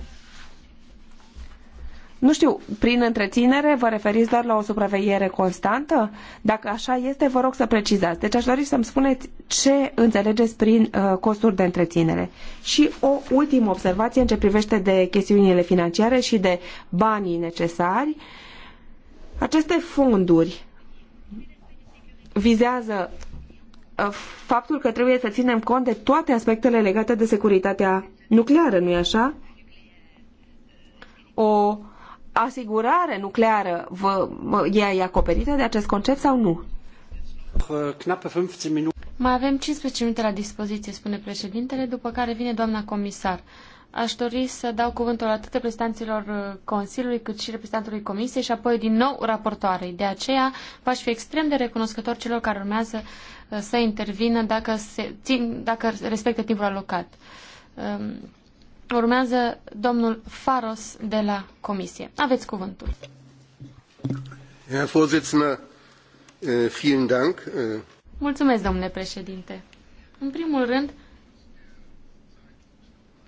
S4: Nu știu, prin întreținere vă referiți doar la o supraveghere constantă? Dacă așa este, vă rog să precizați. Deci aș dori să-mi spuneți ce înțelegeți prin uh, costuri de întreținere. Și o ultimă observație în ce privește de chestiunile financiare și de banii necesari. Aceste fonduri vizează uh, faptul că trebuie să ținem cont de toate aspectele legate de securitatea nucleară, nu-i așa? O asigurare nucleară vă, e acoperită de acest concept sau nu?
S3: Mai avem 15 minute la dispoziție, spune președintele, după care vine doamna comisar. Aș dori să dau cuvântul atât reprezentanților uh, Consiliului cât și reprezentantului Comisiei și apoi din nou raportoarei. De aceea v-aș fi extrem de recunoscător celor care urmează uh, să intervină dacă, se, țin, dacă respectă timpul alocat. Um, urmează domnul Faros de la Comisie. Aveți cuvântul. Äh, äh. Mulțumesc, domnule președinte. În primul rând,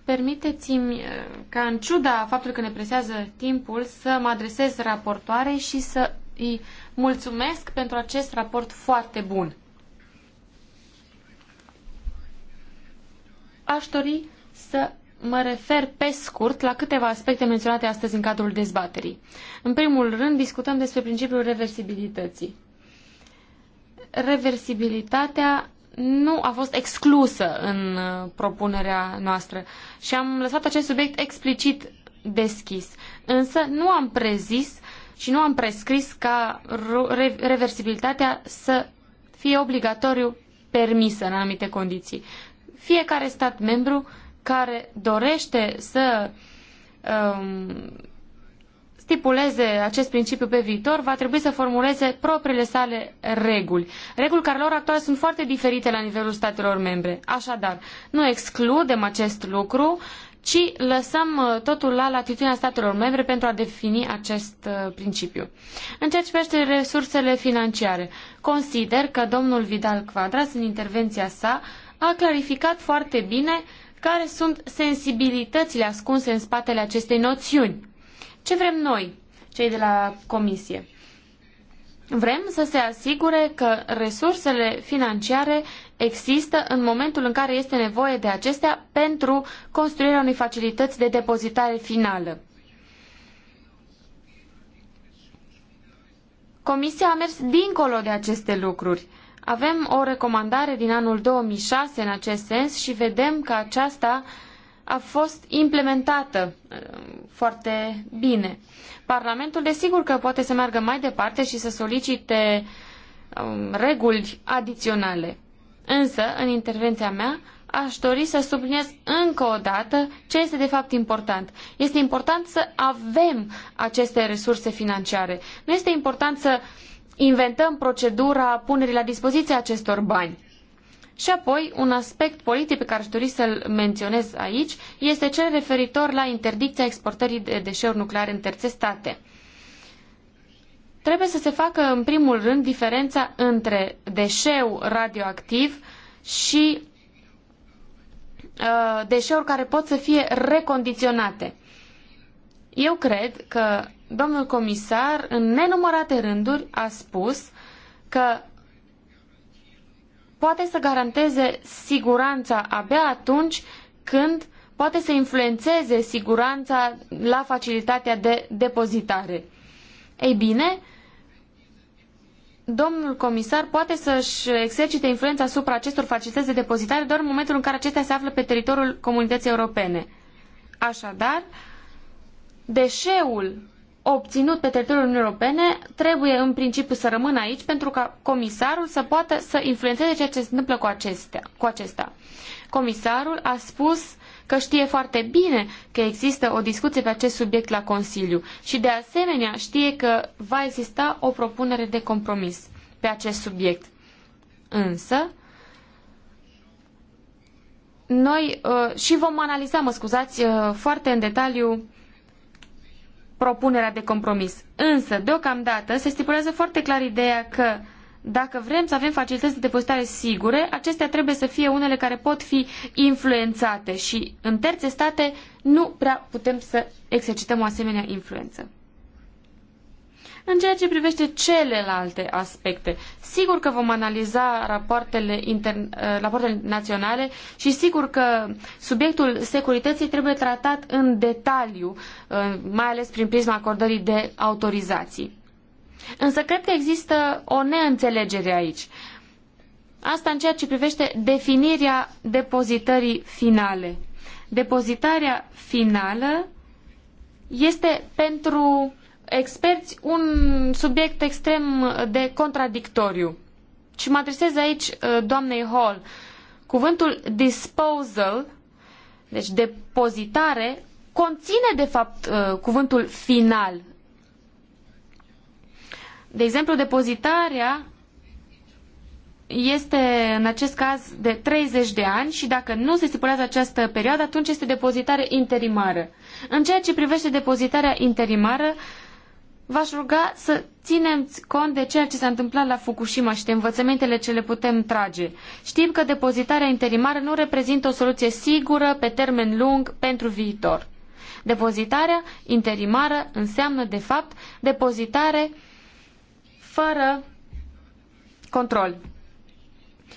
S3: Permiteți-mi eh, ca în ciuda faptului că ne presează timpul să mă adresez raportoare și să îi mulțumesc pentru acest raport foarte bun. Aș dori să mă refer pe scurt la câteva aspecte menționate astăzi în cadrul dezbaterii. În primul rând, discutăm despre principiul reversibilității. Reversibilitatea nu a fost exclusă în uh, propunerea noastră și am lăsat acest subiect explicit deschis. Însă nu am prezis și nu am prescris ca reversibilitatea să fie obligatoriu permisă în anumite condiții. Fiecare stat membru care dorește să um, stipuleze acest principiu pe viitor, va trebui să formuleze propriile sale reguli. Reguli care lor actuale sunt foarte diferite la nivelul statelor membre. Așadar, nu excludem acest lucru, ci lăsăm uh, totul la latitudinea statelor membre pentru a defini acest uh, principiu. În ceea ce privește resursele financiare, consider că domnul Vidal Quadras, în intervenția sa, a clarificat foarte bine care sunt sensibilitățile ascunse în spatele acestei noțiuni. Ce vrem noi, cei de la Comisie? Vrem să se asigure că resursele financiare există în momentul în care este nevoie de acestea pentru construirea unei facilități de depozitare finală. Comisia a mers dincolo de aceste lucruri. Avem o recomandare din anul 2006 în acest sens și vedem că aceasta uh, a fost implementată uh, foarte bine. Parlamentul, desigur că poate să meargă mai departe și să solicite um, reguli adiționale. Însă, în intervenția mea, aș dori să subliniez încă o dată ce este de fapt important. Este important să avem aceste resurse financiare. Nu este important să inventăm procedura punerii la dispoziție acestor bani. Și apoi, un aspect politic pe care aș dori să-l menționez aici este cel referitor la interdicția exportării de deșeuri nucleare în terțe state. Trebuie să se facă, în primul rând, diferența între deșeu radioactiv și uh, deșeuri care pot să fie recondiționate. Eu cred că domnul comisar, în nenumărate rânduri, a spus că poate să garanteze siguranța abia atunci când poate să influențeze siguranța la facilitatea de depozitare. Ei bine, domnul comisar poate să-și exercite influența asupra acestor facilități de depozitare doar în momentul în care acestea se află pe teritoriul comunității europene. Așadar, deșeul obținut pe teritoriul Uniunii Europene trebuie în principiu să rămână aici pentru ca comisarul să poată să influențeze ceea ce se întâmplă cu, acestea, cu acesta. Comisarul a spus că știe foarte bine că există o discuție pe acest subiect la Consiliu și de asemenea știe că va exista o propunere de compromis pe acest subiect. Însă, noi uh, și vom analiza, mă scuzați, uh, foarte în detaliu propunerea de compromis. Însă, deocamdată, se stipulează foarte clar ideea că dacă vrem să avem facilități de depozitare sigure, acestea trebuie să fie unele care pot fi influențate și în terțe state nu prea putem să exercităm o asemenea influență. În ceea ce privește celelalte aspecte, sigur că vom analiza rapoartele, inter- uh, rapoartele naționale și sigur că subiectul securității trebuie tratat în detaliu, uh, mai ales prin prisma acordării de autorizații. Însă cred că există o neînțelegere aici. Asta în ceea ce privește definirea depozitării finale. Depozitarea finală este pentru experți un subiect extrem de contradictoriu. Și mă adresez aici uh, doamnei Hall. Cuvântul disposal, deci depozitare, conține de fapt uh, cuvântul final. De exemplu, depozitarea este în acest caz de 30 de ani și dacă nu se stipulează această perioadă, atunci este depozitare interimară. În ceea ce privește depozitarea interimară, uh, v-aș ruga să ținem cont de ceea ce s-a întâmplat la Fukushima și de învățămintele ce le putem trage. Știm că depozitarea interimară nu reprezintă o soluție sigură pe termen lung pentru viitor. Depozitarea interimară înseamnă, de fapt, depozitare fără control.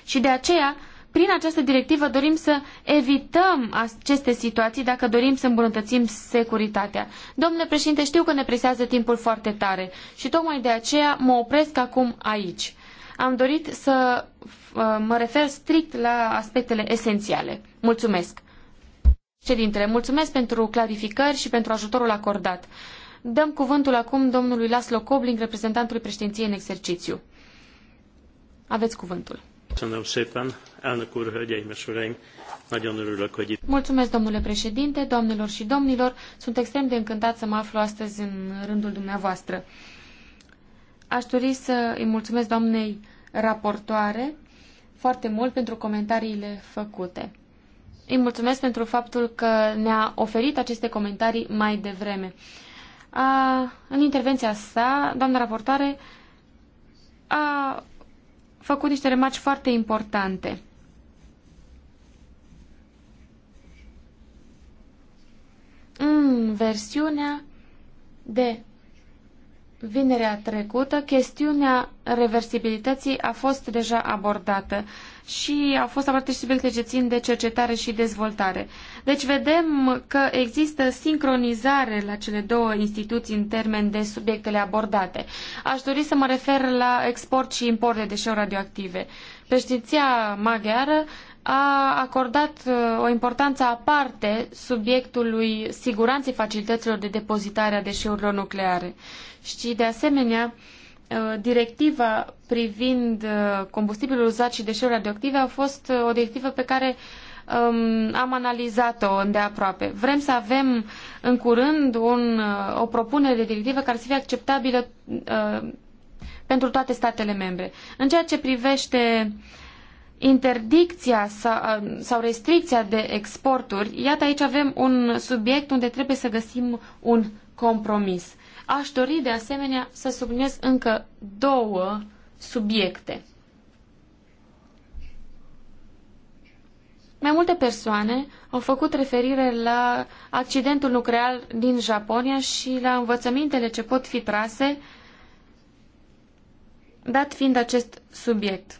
S3: Și de aceea prin această directivă dorim să evităm aceste situații dacă dorim să îmbunătățim securitatea. Domnule președinte, știu că ne presează timpul foarte tare și tocmai de aceea mă opresc acum aici. Am dorit să uh, mă refer strict la aspectele esențiale. Mulțumesc! Ședintele, mulțumesc pentru clarificări și pentru ajutorul acordat. Dăm cuvântul acum domnului Laslo Kobling, reprezentantului președinției în exercițiu. Aveți cuvântul.
S4: Elnök úr, hölgyeim és uraim, nagyon örülök, hogy itt...
S3: Mulțumesc, domnule președinte, domnilor și domnilor. Sunt extrem de încântat să mă aflu astăzi în rândul dumneavoastră. Aș dori să îi mulțumesc doamnei raportoare foarte mult pentru comentariile făcute. Îi mulțumesc pentru faptul că ne-a oferit aceste comentarii mai devreme. A, în intervenția sa, doamna raportoare a făcut niște remarci foarte importante. În versiunea de vinerea trecută, chestiunea reversibilității a fost deja abordată și au fost abordate și subiecte ce țin de cercetare și dezvoltare. Deci vedem că există sincronizare la cele două instituții în termen de subiectele abordate. Aș dori să mă refer la export și import de deșeuri radioactive. Președinția maghiară a acordat uh, o importanță aparte subiectului siguranței facilităților de depozitare a deșeurilor nucleare. Și, de asemenea, uh, directiva privind uh, combustibilul uzat și deșeurile radioactive a fost o directivă pe care um, am analizat-o îndeaproape. Vrem să avem în curând un, o propunere de directivă care să fie acceptabilă uh, pentru toate statele membre. În ceea ce privește uh, interdicția uh, sau restricția de exporturi, iată aici avem un subiect unde trebuie să găsim un compromis. Aș dori de asemenea să subliniez încă două subiecte. Mai multe persoane au făcut referire la accidentul nuclear din Japonia și la învățămintele ce pot fi trase, dat fiind acest subiect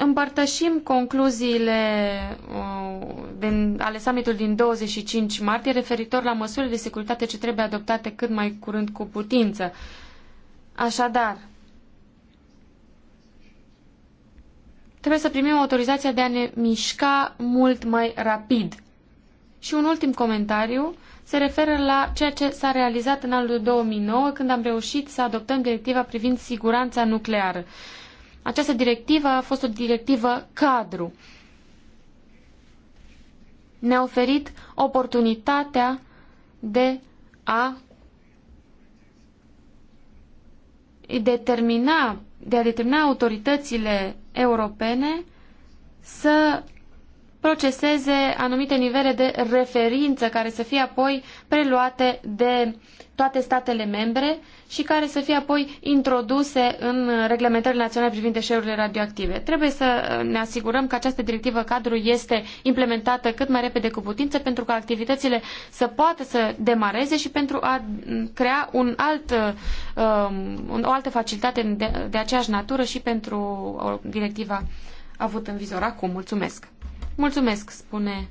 S3: împărtășim concluziile uh, din, ale summitului din 25 martie referitor la măsurile de securitate ce trebuie adoptate cât mai curând cu putință. Așadar, trebuie să primim autorizația de a ne mișca mult mai rapid. Și un ultim comentariu se referă la ceea ce s-a realizat în anul 2009 când am reușit să adoptăm directiva privind siguranța nucleară. Această directivă a fost o directivă cadru. Ne-a oferit oportunitatea de a determina, de a determina autoritățile europene să proceseze anumite nivele de referință care să fie apoi preluate de toate statele membre și care să fie apoi introduse în reglementările naționale privind deșeurile radioactive. Trebuie să uh, ne asigurăm că această directivă cadru este implementată cât mai repede cu putință pentru ca activitățile să poată să demareze și pentru a crea un alt, uh, um, o altă facilitate de, de aceeași natură și pentru uh, directiva avut în vizor acum. Mulțumesc! Mulțumesc, spune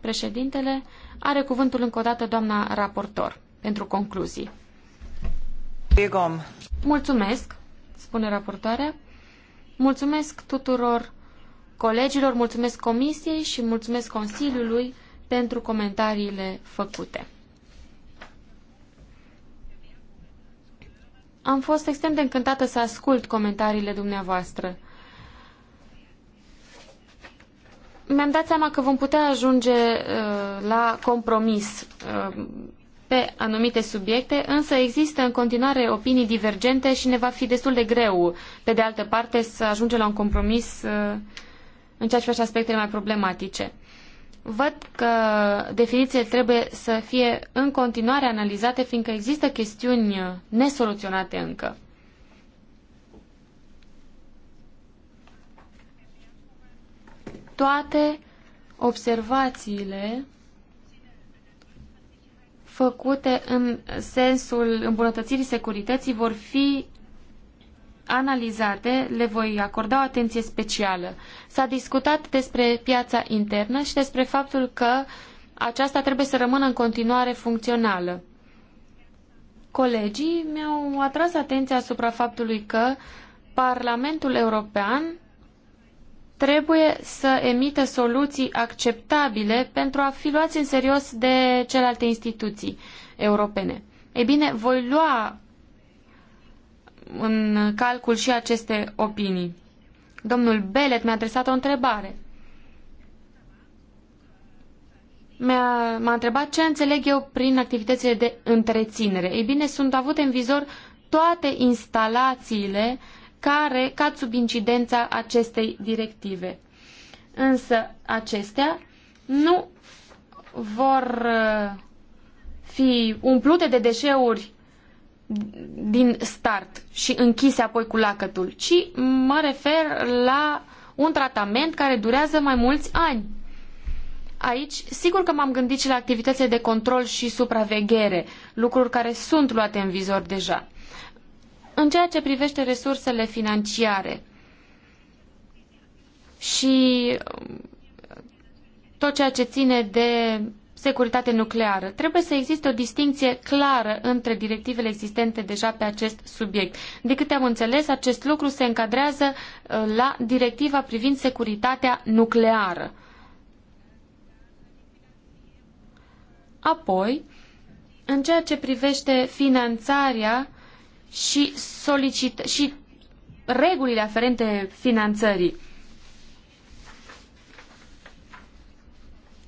S3: președintele. Are cuvântul încă o dată doamna raportor pentru concluzii. Begom. Mulțumesc, spune raportoarea. Mulțumesc tuturor colegilor, mulțumesc comisiei și mulțumesc Consiliului pentru comentariile făcute. Am fost extrem de încântată să ascult comentariile dumneavoastră. mi-am dat seama că vom putea ajunge uh, la compromis uh, pe anumite subiecte, însă există în continuare opinii divergente și ne va fi destul de greu, pe de altă parte, să ajungem la un compromis uh, în ceea ce face aspectele mai problematice. Văd că definițiile trebuie să fie în continuare analizate, fiindcă există chestiuni nesoluționate încă. toate observațiile făcute în sensul îmbunătățirii securității vor fi analizate, le voi acorda o atenție specială. S-a discutat despre piața internă și despre faptul că aceasta trebuie să rămână în continuare funcțională. Colegii mi-au atras atenția asupra faptului că Parlamentul European trebuie să emite soluții acceptabile pentru a fi luați în serios de celelalte instituții europene. Ei bine, voi lua în calcul și aceste opinii. Domnul Belet mi-a adresat o întrebare. M-a, a întrebat ce înțeleg eu prin activitățile de întreținere. Ei bine, sunt avute în vizor toate instalațiile uh, care cad sub incidența acestei directive. Însă acestea nu vor uh, fi umplute de deșeuri din start și închise apoi cu lacătul, ci mă refer la un tratament care durează mai mulți ani. Aici, sigur că m-am gândit și la activitățile de control și supraveghere, lucruri care sunt luate în vizor deja. În ceea ce privește resursele financiare și um, tot ceea ce ține de securitate nucleară. Trebuie să existe o distinție clară între directivele existente deja pe acest subiect. De câte am înțeles, acest lucru se încadrează uh, la directiva privind securitatea nucleară. Apoi, în ceea ce privește finanțarea și, solicit- și regulile aferente finanțării.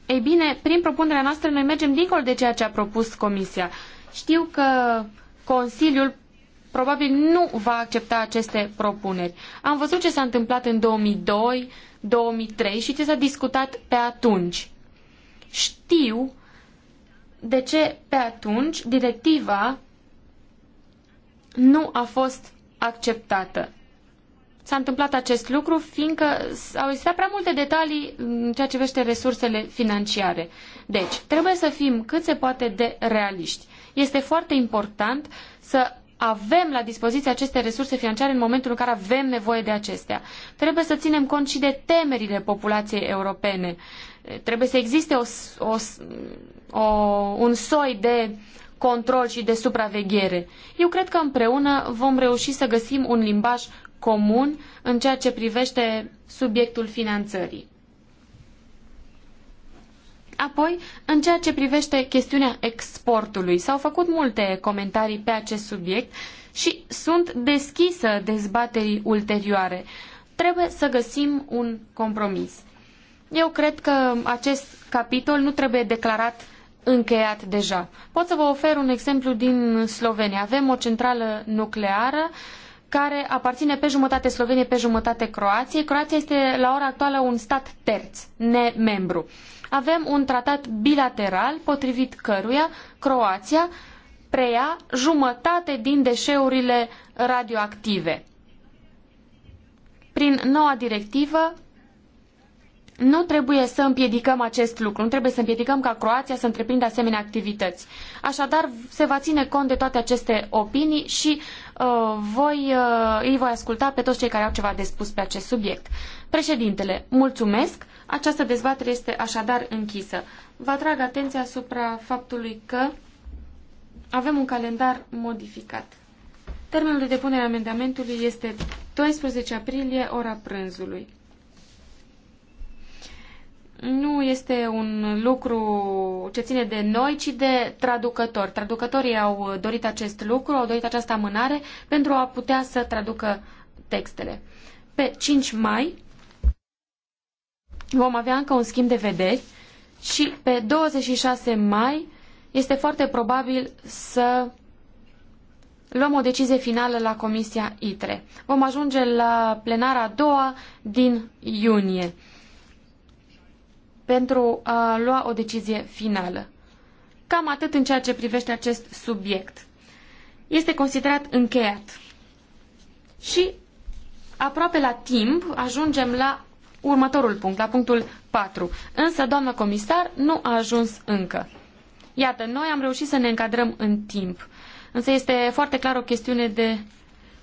S3: Ei bine, prin propunerea noastră noi mergem dincolo de ceea ce a propus Comisia. Știu că Consiliul probabil nu va accepta aceste propuneri. Am văzut ce s-a întâmplat în 2002, 2003 și ce s-a discutat pe atunci. Știu de ce pe atunci directiva nu a fost acceptată. S-a întâmplat acest lucru fiindcă au existat prea multe detalii în ceea ce vește resursele financiare. Deci, trebuie să fim cât se poate de realiști. Este foarte important să avem la dispoziție aceste resurse financiare în momentul în care avem nevoie de acestea. Trebuie să ținem cont și de temerile populației europene. Trebuie să existe o, o, o, un soi de control și de supraveghere. Eu cred că împreună vom reuși să găsim un limbaj comun în ceea ce privește subiectul finanțării. Apoi, în ceea ce privește chestiunea exportului, s-au făcut multe comentarii pe acest subiect și sunt deschisă dezbaterii ulterioare. Trebuie să găsim un compromis. Eu cred că acest capitol nu trebuie declarat încheiat deja. Pot să vă ofer un exemplu din Slovenia. Avem o centrală nucleară care aparține pe jumătate Sloveniei, pe jumătate Croației. Croația este la ora actuală un stat terț, nemembru. Avem un tratat bilateral potrivit căruia Croația preia jumătate din deșeurile radioactive. Prin noua directivă, nu trebuie să împiedicăm acest lucru, nu trebuie să împiedicăm ca Croația să întreprindă asemenea activități. Așadar, se va ține cont de toate aceste opinii și uh, voi, uh, îi voi asculta pe toți cei care au ceva de spus pe acest subiect. Președintele, mulțumesc. Această dezbatere este așadar închisă. Vă atrag atenția asupra faptului că avem un calendar modificat. Termenul de depunere a amendamentului este 12 aprilie, ora prânzului nu este un lucru ce ține de noi, ci de traducători. Traducătorii au dorit acest lucru, au dorit această amânare pentru a putea să traducă textele. Pe 5 mai vom avea încă un schimb de vederi și pe 26 mai este foarte probabil să luăm o decizie finală la Comisia ITRE. Vom ajunge la plenara a doua din iunie pentru a lua o decizie finală. Cam atât în ceea ce privește acest subiect. Este considerat încheiat. Și aproape la timp ajungem la următorul punct, la punctul 4. Însă, doamnă comisar, nu a ajuns încă. Iată, noi am reușit să ne încadrăm în timp. Însă este foarte clar o chestiune de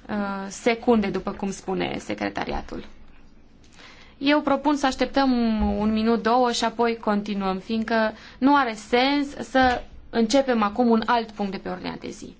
S3: uh, secunde, după cum spune secretariatul. Eu propun să așteptăm un minut, două și apoi continuăm, fiindcă nu are sens să începem acum un alt punct de pe ordinea de zi.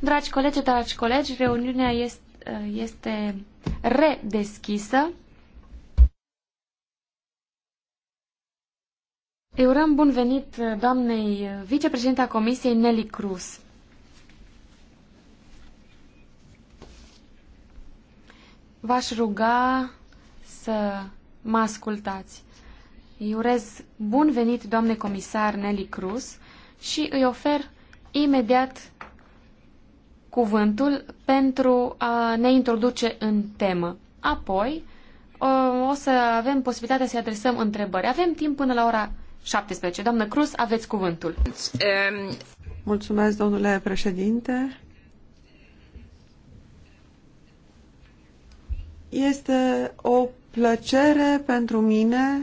S3: Dragi colegi, dragi colegi, reuniunea este, eh, este redeschisă. Eu urăm bun venit eh, doamnei eh, vicepreședinta Comisiei Nelly Cruz. V-aș ruga să mă ascultați. Îi urez bun venit, doamne comisar Nelly Cruz, și îi ofer imediat cuvântul pentru a ne introduce în temă. Apoi o să avem posibilitatea să-i adresăm întrebări. Avem timp până la ora 17. Doamnă Cruz, aveți cuvântul.
S2: Mulțumesc, domnule președinte. Este o plăcere pentru mine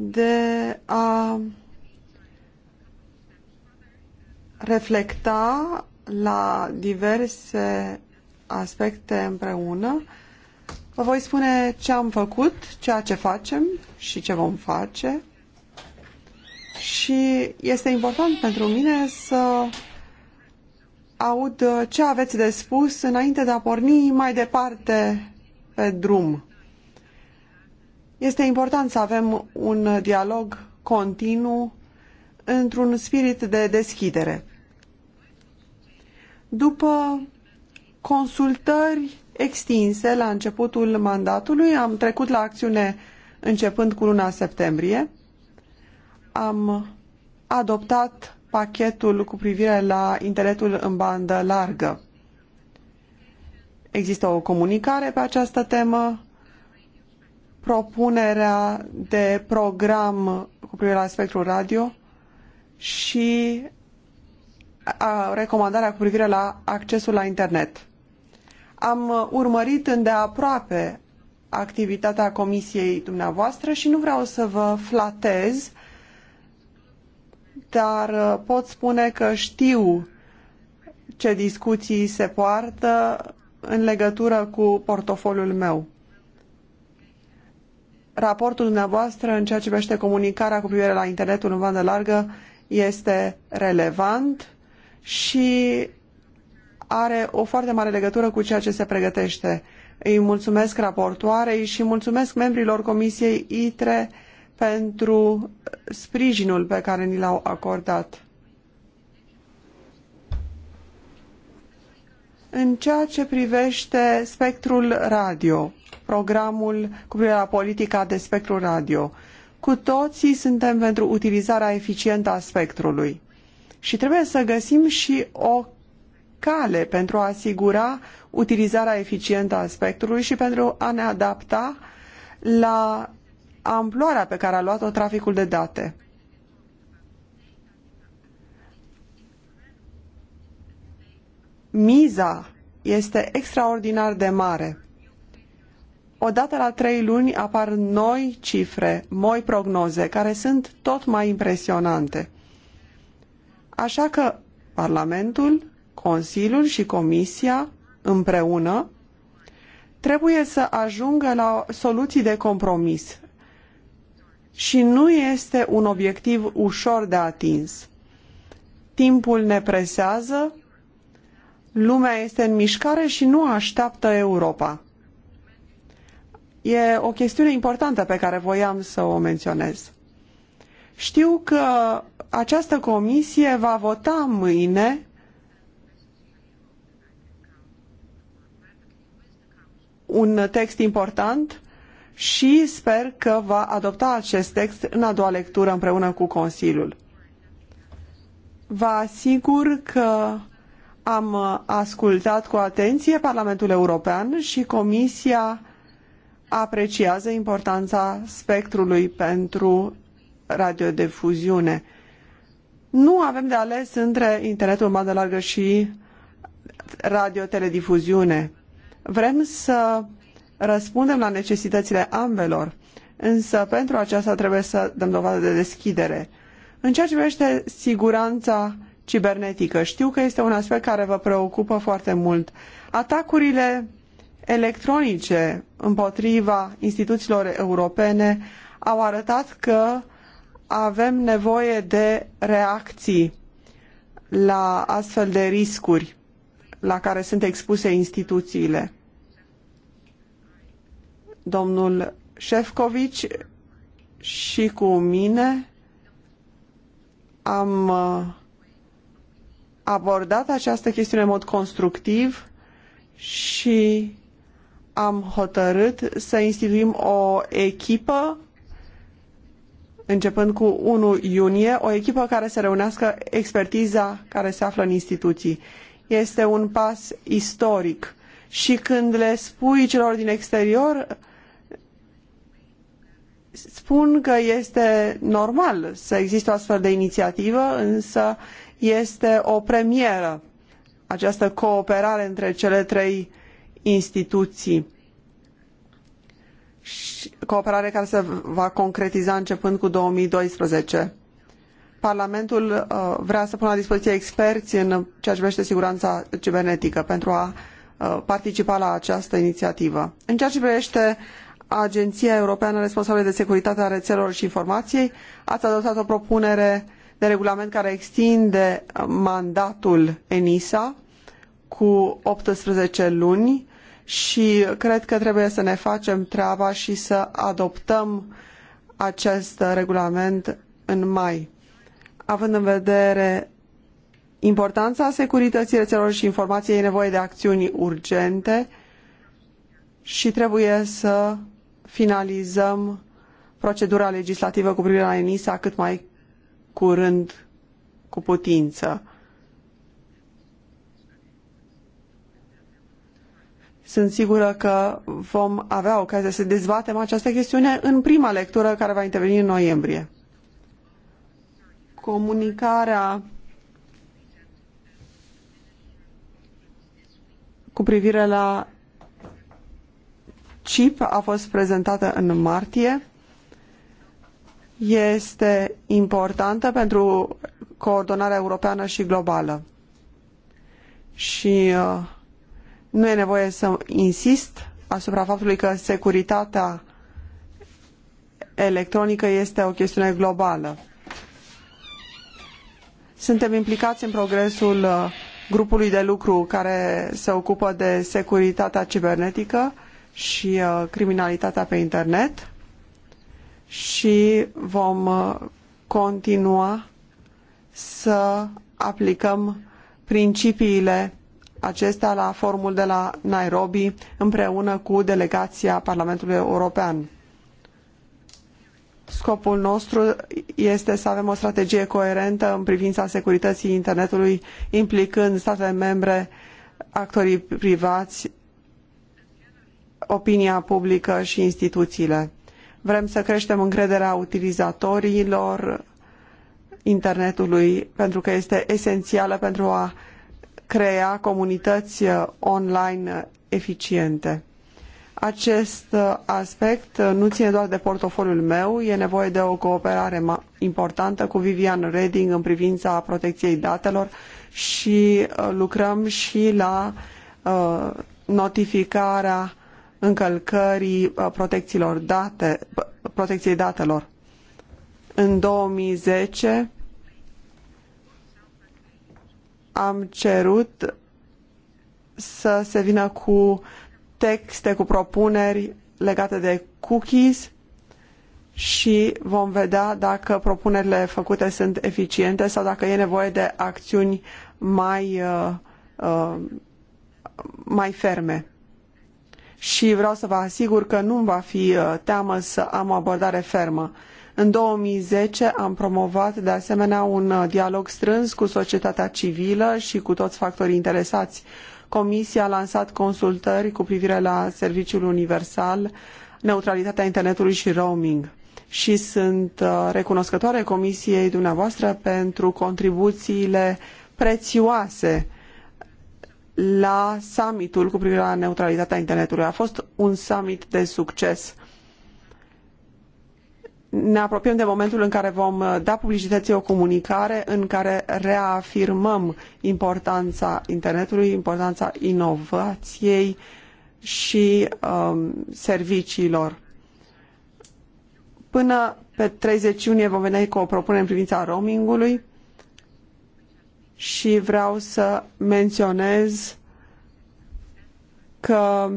S2: de a reflecta la diverse aspecte împreună. Vă voi spune ce am făcut, ceea ce facem și ce vom face. Și este important pentru mine să aud ce aveți de spus înainte de a porni mai departe pe drum. Este important să avem un dialog continuu într-un spirit de deschidere. După consultări extinse la începutul mandatului, am trecut la acțiune începând cu luna septembrie. Am adoptat pachetul cu privire la internetul în bandă largă. Există o comunicare pe această temă, propunerea de program cu privire la spectrul radio și recomandarea cu privire la accesul la internet. Am urmărit îndeaproape activitatea comisiei dumneavoastră și nu vreau să vă flatez, dar uh, pot spune că știu ce discuții se poartă în legătură cu portofoliul meu raportul dumneavoastră în ceea ce privește comunicarea cu privire la internetul în bandă largă este relevant și are o foarte mare legătură cu ceea ce se pregătește. Îi mulțumesc raportoarei și mulțumesc membrilor Comisiei ITRE pentru sprijinul pe care ni l-au acordat. În ceea ce privește spectrul radio, programul cu privire la politica de spectru radio. Cu toții suntem pentru utilizarea eficientă a spectrului. Și trebuie să găsim și o cale pentru a asigura utilizarea eficientă a spectrului și pentru a ne adapta la amploarea pe care a luat-o traficul de date. Miza este extraordinar de mare odată la trei luni apar noi cifre, noi prognoze, care sunt tot mai impresionante. Așa că Parlamentul, Consiliul și Comisia împreună trebuie să ajungă la soluții de compromis și nu este un obiectiv ușor de atins. Timpul ne presează, lumea este în mișcare și nu așteaptă Europa. E o chestiune importantă pe care voiam să o menționez. Știu că această comisie va vota mâine un text important și sper că va adopta acest text în a doua lectură împreună cu Consiliul. Vă asigur că am ascultat cu atenție Parlamentul European și Comisia apreciază importanța spectrului pentru radiodifuziune. Nu avem de ales între internetul bandă largă și radioteleviziune. Vrem să răspundem la necesitățile ambelor, însă pentru aceasta trebuie să dăm dovadă de deschidere. În ceea ce privește siguranța cibernetică, știu că este un aspect care vă preocupă foarte mult. Atacurile electronice împotriva instituțiilor europene au arătat că avem nevoie de reacții la astfel de riscuri la care sunt expuse instituțiile. Domnul Șefcovici și cu mine am uh, abordat această chestiune în mod constructiv și am hotărât să instituim o echipă începând cu 1 iunie, o echipă care să reunească expertiza care se află în instituții. Este un pas istoric și când le spui celor din exterior, spun că este normal să existe o astfel de inițiativă, însă este o premieră această cooperare între cele trei instituții. Și cooperare care se va concretiza începând cu 2012. Parlamentul uh, vrea să pună la dispoziție experți în ceea ce privește siguranța cibernetică pentru a uh, participa la această inițiativă. În ceea ce privește Agenția Europeană responsabilă de securitatea rețelelor și informației, ați adoptat o propunere de regulament care extinde uh, mandatul ENISA cu 18 luni și cred că trebuie să ne facem treaba și să adoptăm acest regulament în mai. Având în vedere importanța securității rețelelor și informației, e nevoie de acțiuni urgente și trebuie să finalizăm procedura legislativă cu privire la ENISA cât mai curând cu putință. Sunt sigură că vom avea ocazia să dezbatem această chestiune în prima lectură care va interveni în noiembrie. Comunicarea cu privire la CIP a fost prezentată în martie. Este importantă pentru coordonarea europeană și globală. Și uh, nu e nevoie să insist asupra faptului că securitatea electronică este o chestiune globală. Suntem implicați în progresul uh, grupului de lucru care se ocupă de securitatea cibernetică și uh, criminalitatea pe internet și vom uh, continua să aplicăm principiile acestea la formul de la Nairobi împreună cu delegația Parlamentului European. Scopul nostru este să avem o strategie coerentă în privința securității internetului, implicând statele membre, actorii privați, opinia publică și instituțiile. Vrem să creștem încrederea utilizatorilor internetului pentru că este esențială pentru a crea comunități uh, online uh, eficiente. Acest uh, aspect nu ține doar de portofoliul meu, e nevoie de o cooperare importantă cu Vivian Reding în privința protecției datelor și lucrăm și la notificarea încălcării protecțiilor date, protecției datelor. În 2010 am cerut să se vină cu texte, cu propuneri legate de cookies și vom vedea dacă propunerile făcute sunt eficiente sau dacă e nevoie de acțiuni mai, uh, uh, mai ferme. Și vreau să vă asigur că nu va fi uh, teamă să am o abordare fermă. În 2010 am promovat de asemenea un uh, dialog strâns cu societatea civilă și cu toți factorii interesați. Comisia a lansat consultări cu privire la serviciul universal, neutralitatea internetului și roaming și sunt uh, recunoscătoare Comisiei dumneavoastră pentru contribuțiile prețioase la summitul cu privire la neutralitatea internetului. A fost un summit de succes ne apropiem de momentul în care vom uh, da publicității o comunicare în care reafirmăm importanța internetului, importanța inovației și um, serviciilor. Până pe 30 iunie vom veni cu o propunere în privința roamingului și vreau să menționez că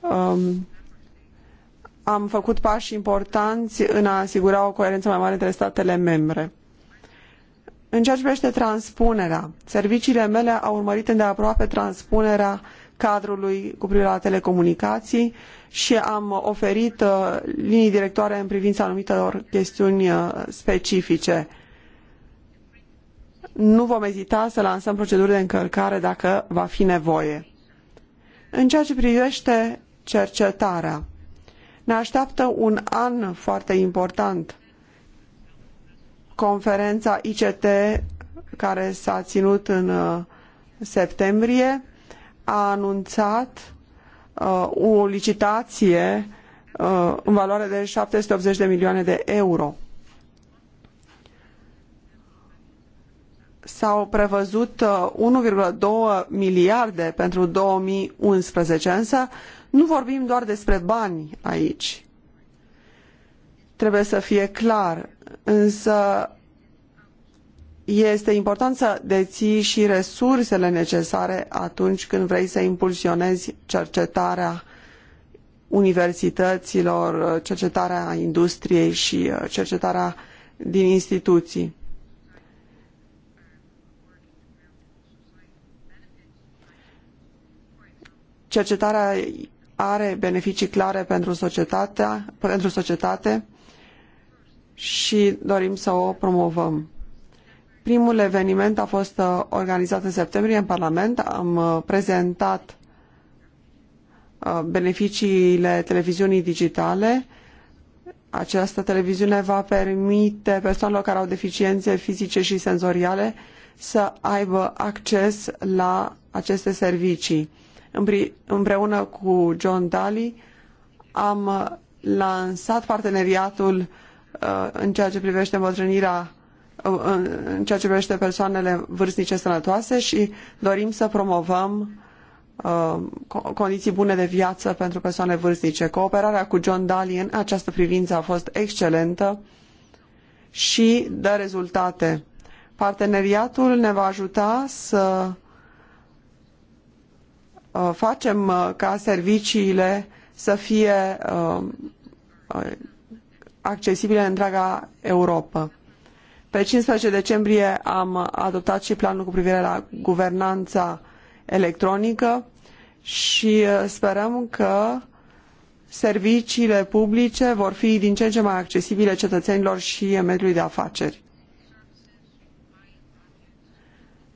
S2: um, am făcut pași importanți în a asigura o coerență mai mare între statele membre. În ceea ce privește transpunerea, serviciile mele au urmărit îndeaproape transpunerea cadrului cu privire la telecomunicații și am oferit uh, linii directoare în privința anumitor chestiuni uh, specifice. Nu vom ezita să lansăm proceduri de încălcare dacă va fi nevoie. În ceea ce privește cercetarea, ne așteaptă un an foarte important. Conferența ICT care s-a ținut în uh, septembrie a anunțat uh, o licitație uh, în valoare de 780 de milioane de euro. s-au prevăzut 1,2 miliarde pentru 2011, însă nu vorbim doar despre bani aici. Trebuie să fie clar, însă este important să deții și resursele necesare atunci când vrei să impulsionezi cercetarea universităților, cercetarea industriei și uh, cercetarea din instituții. Cercetarea are beneficii clare pentru, pentru societate și dorim să o promovăm. Primul eveniment a fost uh, organizat în septembrie în Parlament. Am uh, prezentat uh, beneficiile televiziunii digitale. Această televiziune va permite persoanelor care au deficiențe fizice și senzoriale să aibă acces la aceste servicii împreună cu John Daly am lansat parteneriatul uh, în ceea ce privește îmbătrânirea uh, în ceea ce privește persoanele vârstnice sănătoase și dorim să promovăm uh, condiții bune de viață pentru persoane vârstnice. Cooperarea cu John Daly în această privință a fost excelentă și dă rezultate. Parteneriatul ne va ajuta să Uh, facem uh, ca serviciile să fie uh, accesibile în întreaga Europa. Pe 15 decembrie am adoptat și planul cu privire la guvernanța electronică și sperăm că serviciile publice vor fi din ce în ce mai accesibile cetățenilor și mediului de afaceri.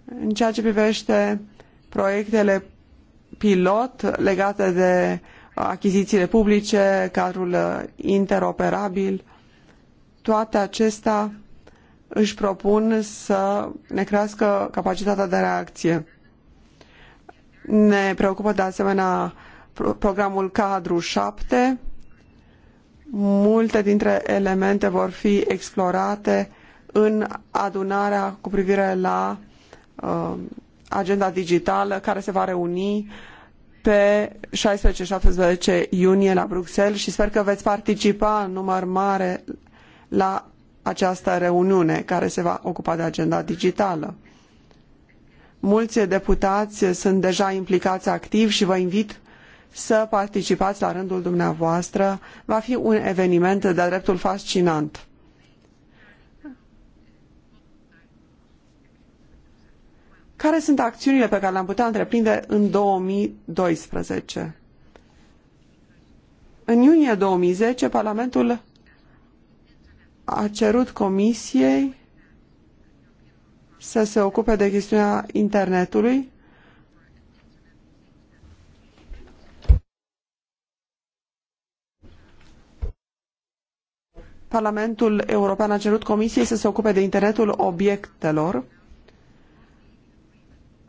S2: În ceea ce privește proiectele pilot legate de uh, achizițiile publice, cadrul uh, interoperabil, toate acestea își propun să ne crească capacitatea de reacție. Ne preocupă de asemenea programul cadru 7. Multe dintre elemente vor fi explorate în adunarea cu privire la uh, agenda digitală care se va reuni pe 16-17 iunie la Bruxelles și sper că veți participa în număr mare la această reuniune care se va ocupa de agenda digitală. Mulți deputați sunt deja implicați activ și vă invit să participați la rândul dumneavoastră. Va fi un eveniment de dreptul fascinant. Care sunt acțiunile pe care le-am putea întreprinde în 2012? În iunie 2010, Parlamentul a cerut Comisiei să se ocupe de chestiunea internetului. Parlamentul European a cerut Comisiei să se ocupe de internetul obiectelor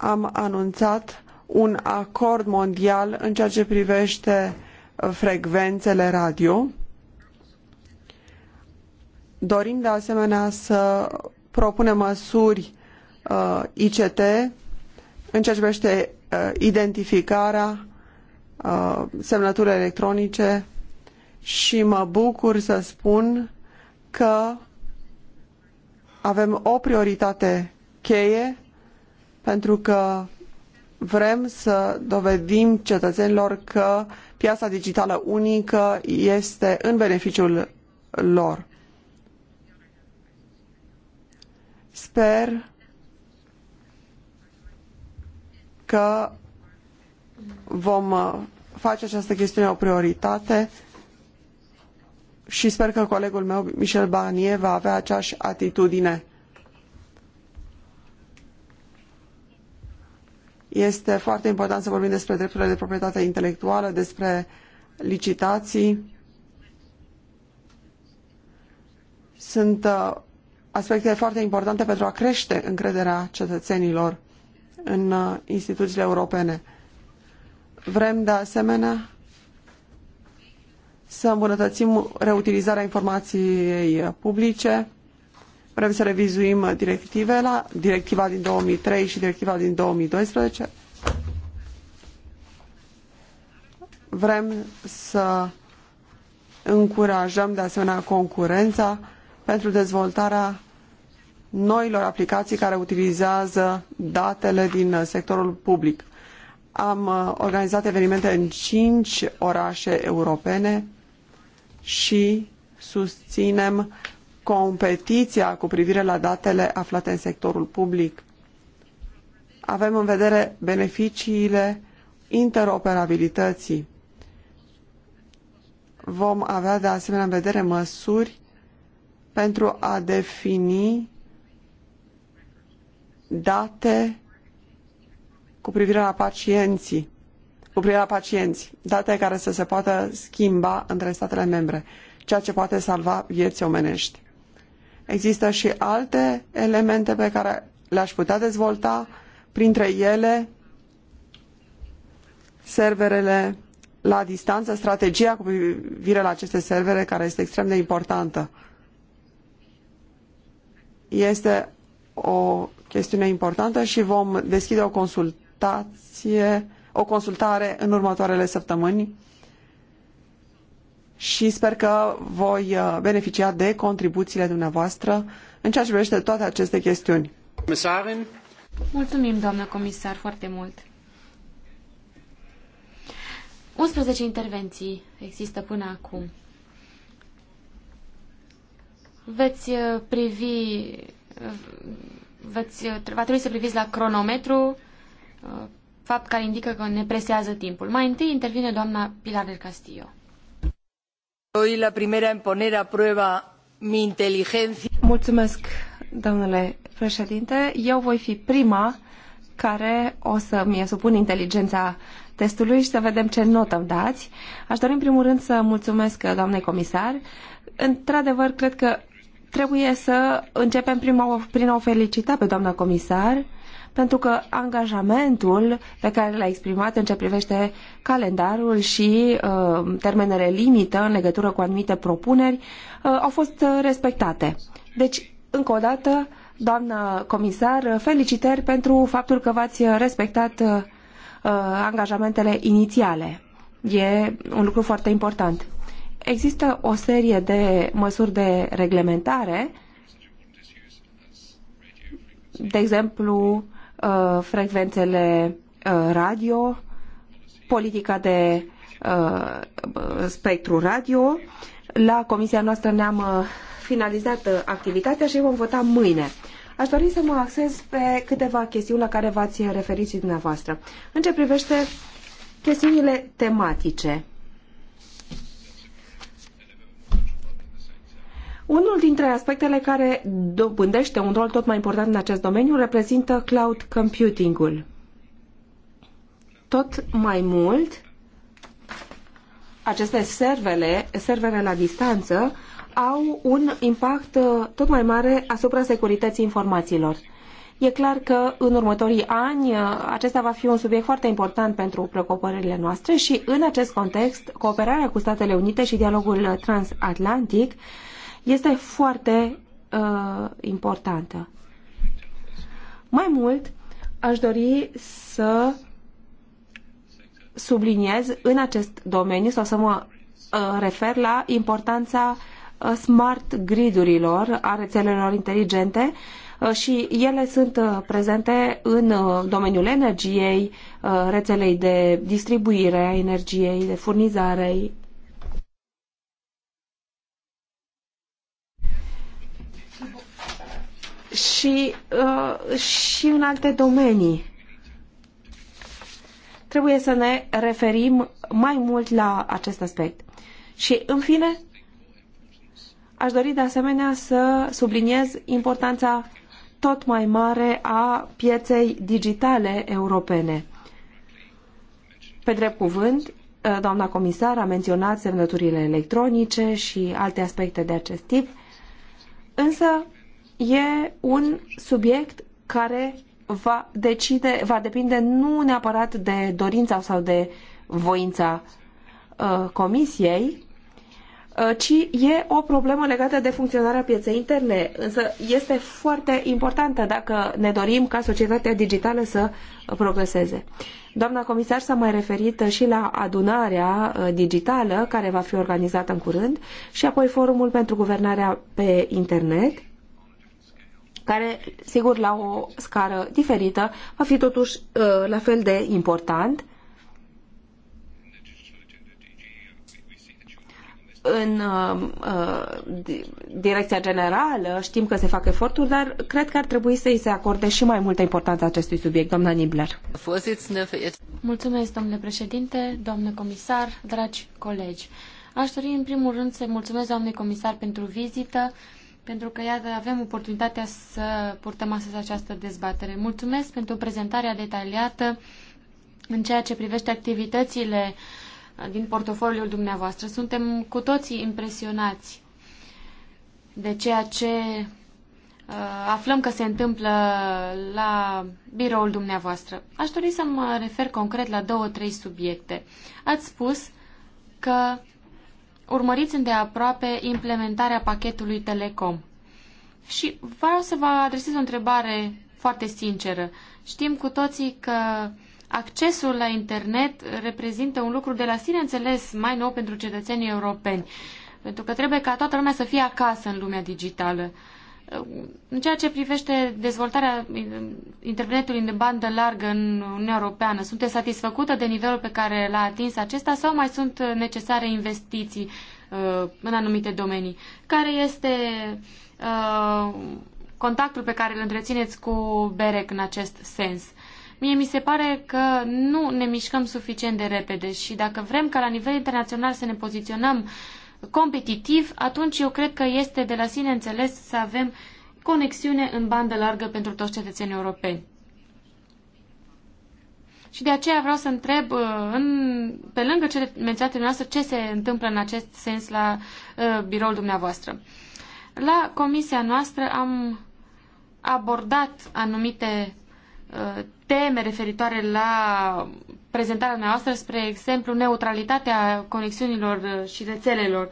S2: am anunțat un acord mondial în ceea ce privește uh, frecvențele radio. Dorim de asemenea să propunem măsuri uh, ICT în ceea ce privește uh, identificarea, uh, semnăturile electronice și mă bucur să spun că avem o prioritate cheie pentru că vrem să dovedim cetățenilor că piața digitală unică este în beneficiul lor. Sper că vom uh, face această chestiune o prioritate și sper că colegul meu, Michel Barnier, va avea aceeași atitudine. Este foarte important să vorbim despre drepturile de proprietate intelectuală, despre licitații. Sunt uh, aspecte foarte importante pentru a crește încrederea cetățenilor în uh, instituțiile europene. Vrem, de asemenea, să îmbunătățim reutilizarea informației publice, Vrem să revizuim directivele, directiva din 2003 și directiva din 2012. Vrem să încurajăm de asemenea concurența pentru dezvoltarea noilor aplicații care utilizează datele din sectorul public. Am uh, organizat evenimente în cinci orașe europene și susținem competiția cu privire la datele aflate în sectorul public. Avem în vedere beneficiile interoperabilității. Vom avea de asemenea în vedere măsuri pentru a defini date cu privire la pacienții, cu privire la pacienți, date care să se poată schimba între statele membre, ceea ce poate salva vieți omenești. Există și alte elemente pe care le-aș putea dezvolta, printre ele serverele la distanță, strategia cu privire la aceste servere, care este extrem de importantă. Este o chestiune importantă și vom deschide o consultație, o consultare în următoarele săptămâni și sper că voi uh, beneficia de contribuțiile dumneavoastră în ceea ce privește toate aceste chestiuni.
S3: Comisarin. Mulțumim, doamnă comisar, foarte mult. 11 intervenții există până acum. Veți uh, privi, uh, veți, va trebui să priviți la cronometru, fapt care indică că ne presează timpul. Mai întâi intervine doamna Pilar del Castillo.
S4: Soy la primera en poner a prueba mi inteligencia. Mulțumesc, domnule președinte. Eu voi fi prima care o să-mi asupun inteligența testului și să vedem ce notă îmi dați. Aș dori în primul rând să mulțumesc doamnei comisar. Într-adevăr, cred că trebuie să începem prima, prin a o felicita pe doamna comisar pentru că angajamentul pe care l-a exprimat în ce privește calendarul și uh, termenele limită în legătură cu anumite propuneri uh, au fost respectate. Deci, încă o dată, doamnă comisar, felicitări pentru faptul că v-ați respectat uh, uh angajamentele inițiale. E un lucru foarte important. Există o serie de măsuri de reglementare de exemplu, Uh, frecvențele uh, radio, politica de uh, spectru radio. La comisia noastră ne-am finalizat activitatea și vom vota mâine. Aș dori să mă axez pe câteva chestiuni la care v-ați referit și dumneavoastră. În ce privește chestiunile tematice Unul dintre aspectele care dobândește un rol tot mai important în acest domeniu reprezintă cloud computing-ul. Tot mai mult, aceste servele, servere la distanță, au un impact uh, tot mai mare asupra securității informațiilor. E clar că în următorii ani uh, acesta va fi un subiect foarte important pentru preocupările noastre și în acest context, cooperarea cu Statele Unite și dialogul uh, transatlantic este foarte uh, importantă. Mai mult, aș dori să subliniez în acest domeniu sau să mă uh, refer la importanța uh, smart gridurilor, a rețelelor inteligente uh, și ele sunt uh, prezente în uh, domeniul energiei, uh, rețelei de distribuire a energiei, de furnizare și, uh, și în alte domenii. Trebuie să ne referim mai mult la acest aspect. Și, în fine, aș dori de asemenea să subliniez importanța tot mai mare a pieței digitale europene. Pe drept cuvânt, uh, doamna comisar a menționat semnăturile electronice și alte aspecte de acest tip, însă e un subiect care va decide, va depinde nu neapărat de dorința sau de voința uh, comisiei, uh, ci e o problemă legată de funcționarea pieței interne. Însă este foarte importantă dacă ne dorim ca societatea digitală să progreseze. Doamna comisar s-a mai referit și la adunarea uh, digitală care va fi organizată în curând și apoi forumul pentru guvernarea pe internet care, sigur, la o scară diferită, va fi totuși uh, la fel de important. În uh, uh, direcția generală știm că se fac eforturi, dar cred că ar trebui să îi se acorde și mai multă importanță acestui subiect, doamna Nibler.
S3: Mulțumesc, domnule președinte, doamnă comisar, dragi colegi. Aș dori, în primul rând, să mulțumesc doamne comisar pentru vizită pentru că, iată, avem oportunitatea să purtăm astăzi această dezbatere. Mulțumesc pentru prezentarea detaliată în ceea ce privește activitățile din portofoliul dumneavoastră. Suntem cu toții impresionați de ceea ce uh, aflăm că se întâmplă la biroul dumneavoastră. Aș dori să mă refer concret la două, trei subiecte. Ați spus că urmăriți îndeaproape implementarea pachetului Telecom. Și vreau să vă adresez o întrebare foarte sinceră. Știm cu toții că accesul la internet reprezintă un lucru de la sine înțeles mai nou pentru cetățenii europeni, pentru că trebuie ca toată lumea să fie acasă în lumea digitală. Uh, în ceea ce privește dezvoltarea internetului de bandă largă în Uniunea Europeană, sunteți satisfăcută de nivelul pe care l-a atins acesta sau mai sunt necesare investiții uh, în anumite domenii? Care este uh, contactul pe care îl întrețineți cu BEREC în acest sens? Mie mi se pare că nu ne mișcăm suficient de repede și dacă vrem ca la nivel internațional să ne poziționăm uh, competitiv, atunci eu cred că este de la sine înțeles să avem conexiune în bandă largă pentru toți cetățenii europeni. Și de aceea vreau să întreb, uh, în, pe lângă cele menționate dumneavoastră, ce se întâmplă în acest sens la uh, biroul dumneavoastră. La comisia noastră am abordat anumite uh, teme referitoare la prezentarea noastră, spre exemplu, neutralitatea conexiunilor uh, și rețelelor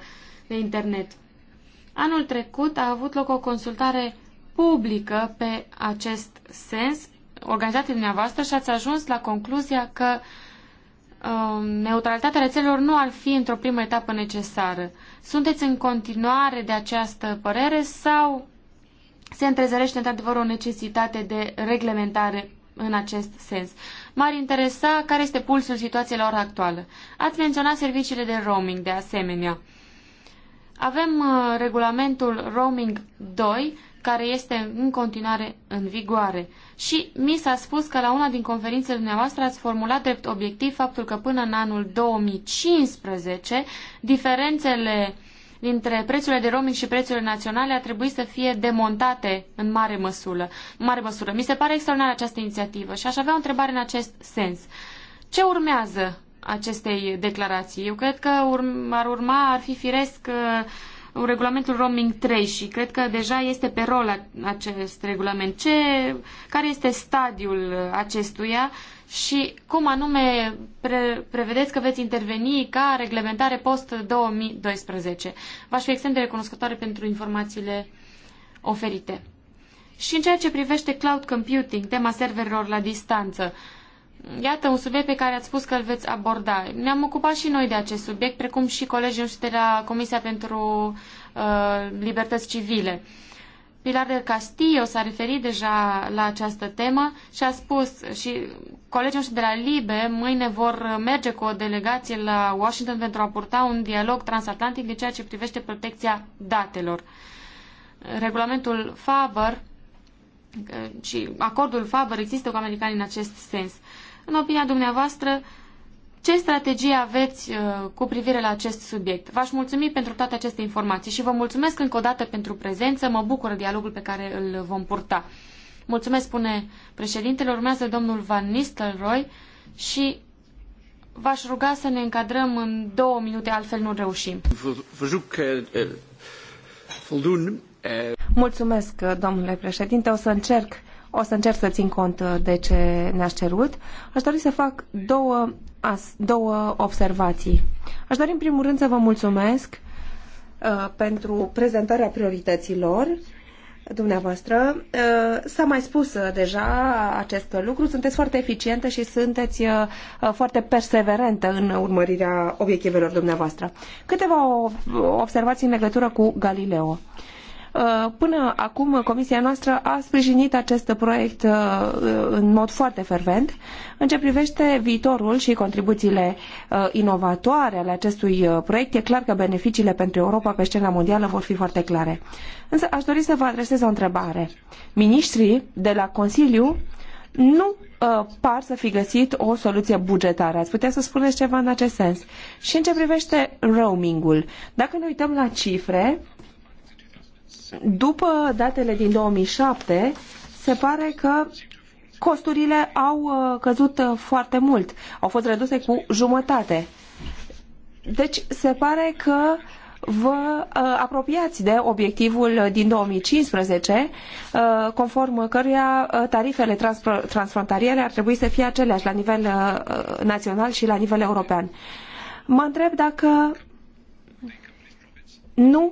S3: de internet. Anul trecut a avut loc o consultare publică pe acest sens, organizată dumneavoastră, și ați ajuns la concluzia că um, neutralitatea rețelelor nu ar fi într-o primă etapă necesară. Sunteți în continuare de această părere sau se întrezărește într-adevăr o necesitate de reglementare în acest sens? M-ar interesa care este pulsul situației la actuală. Ați menționat serviciile de roaming, de asemenea. Avem uh, regulamentul roaming 2, care este în continuare în vigoare. Și mi s-a spus că la una din conferințele dumneavoastră ați formulat drept obiectiv faptul că până în anul 2015 diferențele uh, dintre prețurile de roaming și prețurile naționale ar trebui să fie demontate în mare măsură. mare măsură. Mi se pare extraordinară această inițiativă și aș avea o întrebare în acest sens. Ce urmează acestei declarații? Eu cred că ar urma, ar fi firesc uh, regulamentul roaming 3 și cred că deja este pe rol acest regulament. Ce, care este stadiul acestuia și cum anume pre, prevedeți că veți interveni ca reglementare post-2012? V-aș fi extrem de recunoscătoare pentru informațiile oferite. Și în ceea ce privește cloud computing, tema serverelor la distanță, uh, Iată un subiect pe care ați spus că îl veți aborda. Ne-am ocupat și noi de acest subiect, precum și colegii noștri de la Comisia pentru uh, Libertăți Civile. Pilar del Castillo s-a referit deja la această temă și a spus și colegii noștri de la LIBE mâine vor merge cu o delegație la Washington pentru a purta un dialog transatlantic de ceea ce privește protecția datelor. Regulamentul Faber uh, și acordul Faber există cu americanii în acest sens. În opinia dumneavoastră, ce strategie aveți uh, cu privire la acest subiect? V-aș mulțumi pentru toate aceste informații și vă mulțumesc încă o dată pentru prezență. Mă bucură dialogul pe care îl vom purta. Mulțumesc, spune președintele. Urmează domnul Van Nistelrooy și v-aș ruga să ne încadrăm în două minute, altfel nu reușim. Uh, uh,
S4: mulțumesc, domnule președinte. O să încerc o să încerc să țin cont uh, de ce ne-ați cerut. Aș dori să fac două, as, două observații. Aș dori în primul rând să vă mulțumesc uh, pentru prezentarea priorităților dumneavoastră. Uh, s-a mai spus uh, deja acest lucru. Sunteți foarte eficientă și sunteți uh, uh foarte perseverentă în urmărirea obiectivelor dumneavoastră. Câteva observații în legătură cu Galileo. Uh, Uh, până acum, comisia noastră a sprijinit acest proiect uh, în mod foarte fervent. În ce privește viitorul și contribuțiile uh, inovatoare ale acestui proiect, e clar că beneficiile pentru Europa pe scena mondială vor fi foarte clare. Însă aș dori să vă adresez o întrebare. Ministrii de la Consiliu nu par să fi găsit o soluție bugetară. Ați putea să spuneți ceva în acest sens. Și în ce privește roamingul, dacă ne uităm la cifre, după datele din 2007, se pare că costurile au uh, căzut uh, foarte mult, au fost reduse cu jumătate. Deci se pare că vă uh, apropiați de obiectivul din 2015, conform căruia tarifele transfrontaliere ar trebui să fie aceleași la nivel național și la nivel european. Mă întreb dacă nu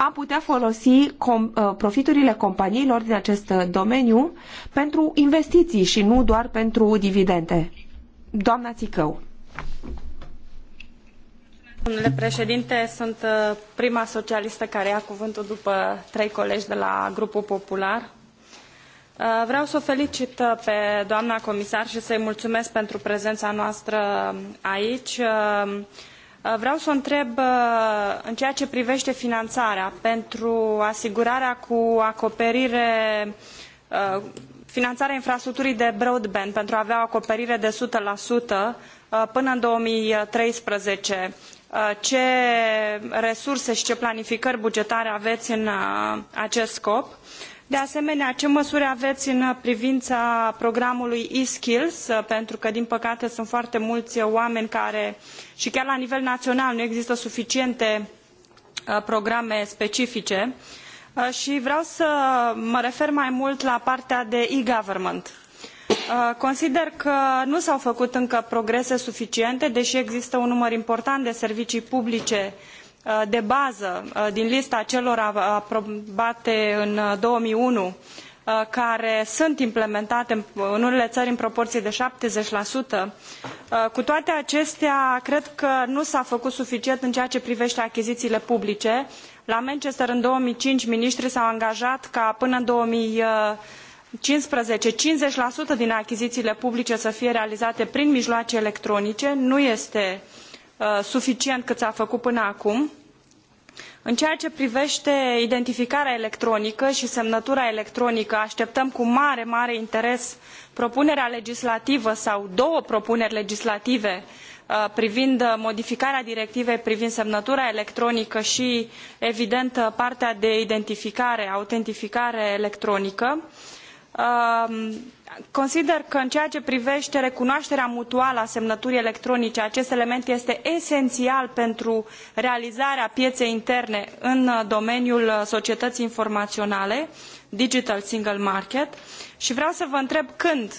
S4: am putea folosi com, uh, profiturile companiilor din acest uh, domeniu pentru investiții și nu doar pentru dividende. Doamna Țicău.
S1: Domnule președinte, sunt uh, prima socialistă care ia cuvântul după trei colegi de la Grupul Popular. Vreau să o felicit pe doamna comisar și să-i mulțumesc pentru prezența noastră aici. Uh, vreau să o întreb uh, în ceea ce privește finanțarea pentru asigurarea cu acoperire, uh, finanțarea infrastructurii de broadband pentru a avea o acoperire de 100% până în 2013. Ce resurse și ce planificări bugetare aveți în acest scop? De asemenea, ce măsuri aveți în privința programului e-skills? Pentru că, din păcate, sunt foarte mulți oameni care, și chiar la nivel național, nu există suficiente uh, programe specifice. Uh, și vreau să mă refer mai mult la partea de e-government. Uh, consider că nu s-au făcut încă progrese suficiente, deși există un număr important de servicii publice uh, Uh, de bază uh, din lista celor aprobate în 2001 uh, care sunt implementate în unele țări în proporție de 70%. Cu toate acestea, cred că nu s-a făcut suficient în ceea ce privește achizițiile publice. La Manchester în 2005 ministrii s-au angajat ca până în 2015, cincisprezece cincizeci din achiziiile publice să fie realizate prin mijloace electronice nu este uh, suficient cât s a făcut până acum în ceea ce privete identificarea electronică i semnătura electronică ateptăm cu mare mare interes propunerea legislativă sau două propuneri legislative uh, privind modificarea directivei privind semnătura electronică i evident partea de identificare autentificare electronică uh, Consider că în ceea ce privește recunoașterea mutuală a semnăturii electronice, acest element este esențial pentru realizarea pieței interne în domeniul societății informaționale, Digital Single Market, și vreau să vă întreb când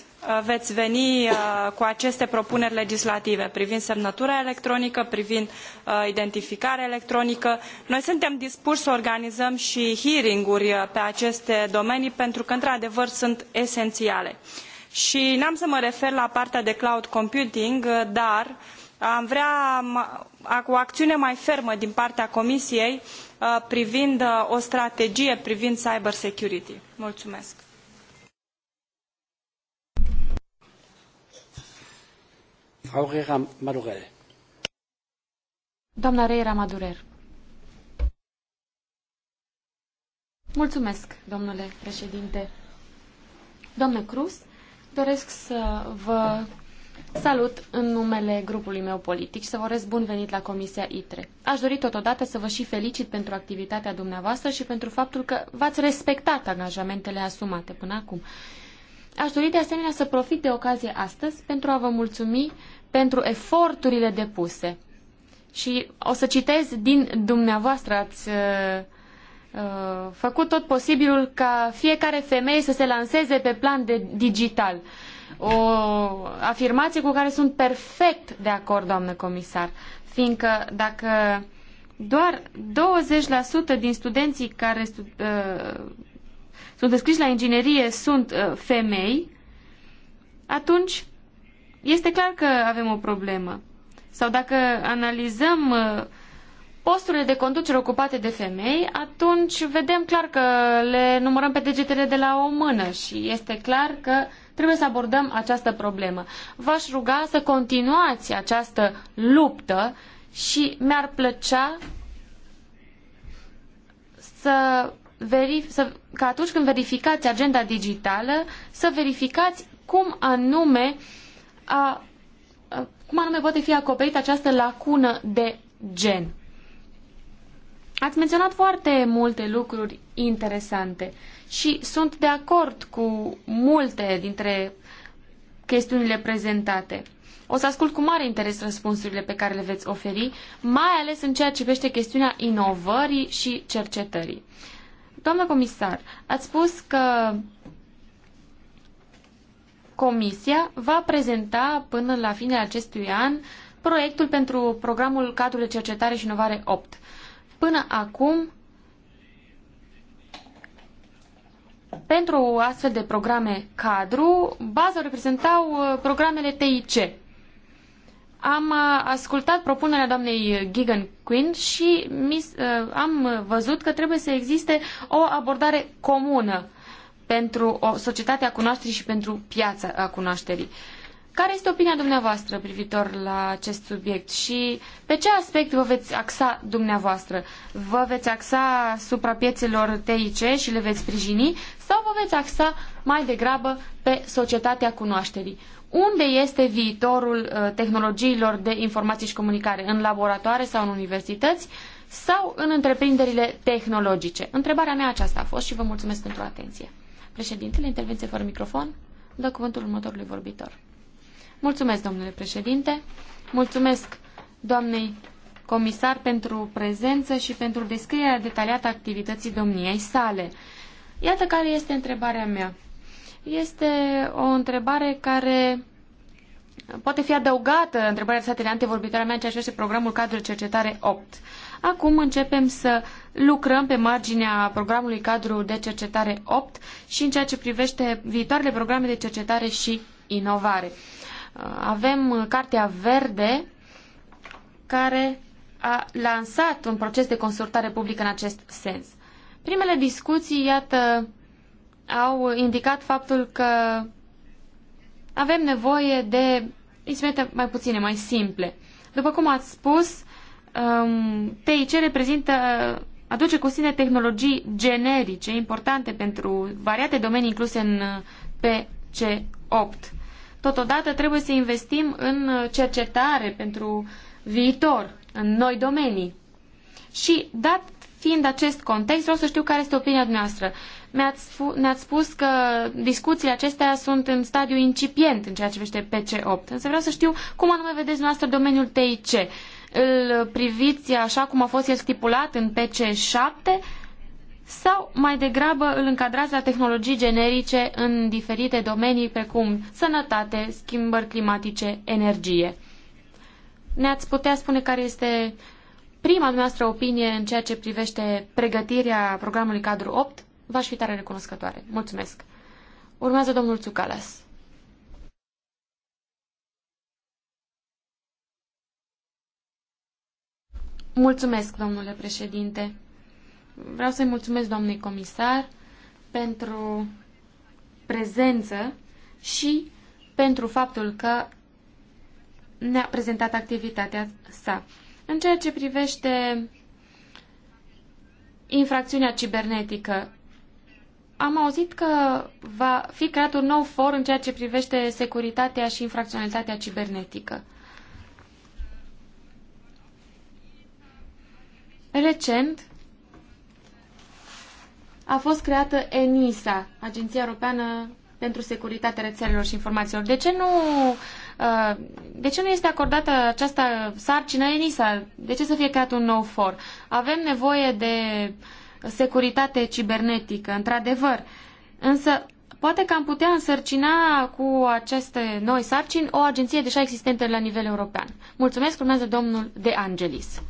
S1: veți veni uh, cu aceste propuneri legislative privind semnătura electronică, privind uh, identificarea electronică. Noi suntem dispuși să organizăm și hearing-uri uh, pe aceste domenii pentru că, într-adevăr, sunt esențiale. Și n-am să mă refer la partea de cloud computing, dar am vrea um, o acțiune mai fermă din partea Comisiei privind o strategie privind cyber security. Mulțumesc! Frau Rera Madurel.
S3: Doamna Reira Madurer. Mulțumesc, domnule președinte. Doamnă Cruz, doresc să vă salut în numele grupului meu politic și să vă urez bun venit la Comisia ITRE. Aș dori totodată să vă și felicit pentru activitatea dumneavoastră și pentru faptul că v-ați respectat angajamentele asumate până acum. Aș dori de asemenea să profit de ocazie astăzi pentru a vă mulțumi pentru eforturile depuse. Și o să citez din dumneavoastră ați uh, uh, făcut tot posibilul ca fiecare femeie să se lanseze pe plan de digital. O afirmație cu care sunt perfect de acord, doamnă comisar, fiindcă dacă doar 20% din studenții care uh, sunt înscriși la inginerie sunt uh, femei, atunci este clar că avem o problemă. Sau dacă analizăm uh, posturile de conducere ocupate de femei, atunci vedem clar că le numărăm pe degetele de la o mână și este clar că trebuie să abordăm această problemă. V-aș ruga să continuați această luptă și mi-ar plăcea să, verif- să că atunci când verificați agenda digitală, să verificați cum anume uh, a, a, cum anume poate fi acoperită această lacună de gen. Ați menționat foarte multe lucruri interesante și sunt de acord cu multe dintre chestiunile prezentate. O să ascult cu mare interes răspunsurile pe care le veți oferi, mai ales în ceea ce privește chestiunea inovării și cercetării. Doamnă comisar, ați spus că Comisia va prezenta până la finele acestui an proiectul pentru programul cadru de cercetare și inovare 8. Până acum, pentru astfel de programe cadru, baza reprezentau uh, programele TIC. Am uh, ascultat propunerea doamnei Gigan Quinn și uh, am văzut că trebuie să existe o abordare comună pentru o societate a cunoașterii și pentru piața a cunoașterii. Care este opinia dumneavoastră privitor la acest subiect și pe ce aspect vă veți axa dumneavoastră? Vă veți axa supra piețelor TIC și le veți sprijini sau vă veți axa mai degrabă pe societatea cunoașterii? Unde este viitorul uh, tehnologiilor de informații și comunicare? În laboratoare sau în universități sau în întreprinderile tehnologice? Întrebarea mea aceasta a fost și vă mulțumesc pentru atenție. Președintele, intervenție fără microfon, dă cuvântul următorului vorbitor. Mulțumesc, domnule președinte, mulțumesc doamnei comisar pentru prezență și pentru descrierea detaliată a activității domniei sale. Iată care este întrebarea mea. Este o întrebare care poate fi adăugată întrebarea statele vorbitoarea mea în ceea ce privește programul cadru cercetare 8. Acum începem să lucrăm pe marginea programului cadru de cercetare 8 și în ceea ce privește viitoarele programe de cercetare și inovare. Uh, avem Cartea Verde care a lansat un proces de consultare publică în acest sens. Primele discuții, iată, au indicat faptul că avem nevoie de instrumente mai puține, mai simple. După cum ați spus, Um, TIC reprezintă, aduce cu sine tehnologii generice importante pentru variate domenii incluse în uh, PC8. Totodată trebuie să investim în uh, cercetare pentru viitor, în noi domenii. Și dat fiind acest context, vreau să știu care este opinia dumneavoastră. Ne-ați, spus că discuțiile acestea sunt în stadiu incipient în ceea ce privește PC8, însă vreau să știu cum anume vedeți dumneavoastră domeniul TIC îl priviți așa cum a fost el stipulat în PC7 sau mai degrabă îl încadrați la tehnologii generice în diferite domenii precum sănătate, schimbări climatice, energie. Ne-ați putea spune care este prima noastră opinie în ceea ce privește pregătirea programului cadru 8? V-aș fi tare recunoscătoare. Mulțumesc. Urmează domnul Tsukalas. Mulțumesc, domnule președinte. Vreau să-i mulțumesc doamnei comisar pentru prezență și pentru faptul că ne-a prezentat activitatea sa. În ceea ce privește infracțiunea cibernetică, am auzit că va fi creat un nou for în ceea ce privește securitatea și infracționalitatea cibernetică. Recent a fost creată ENISA, Agenția Europeană pentru Securitatea Rețelelor și Informațiilor. De ce nu, uh, de ce nu este acordată această sarcină ENISA? De ce să fie creat un nou for? Avem nevoie de securitate cibernetică, într-adevăr. Însă, poate că am putea însărcina cu aceste noi sarcini o agenție deja existentă la nivel european. Mulțumesc, urmează domnul De Angelis.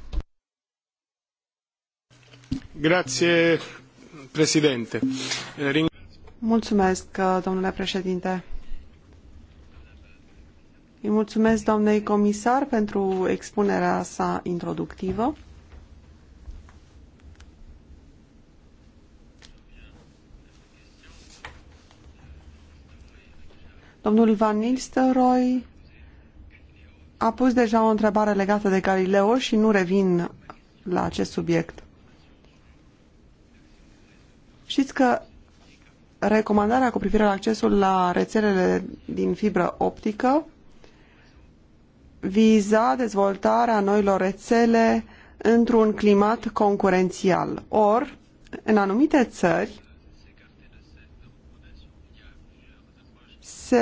S2: Mulțumesc, domnule președinte. Îi mulțumesc doamnei comisar pentru expunerea sa introductivă. Domnul Van Nistelrooy a pus deja o întrebare legată de Galileo și nu revin la acest subiect. Știți că recomandarea cu privire la accesul la rețelele din fibră optică viza dezvoltarea noilor rețele într-un climat concurențial. Or, în anumite țări se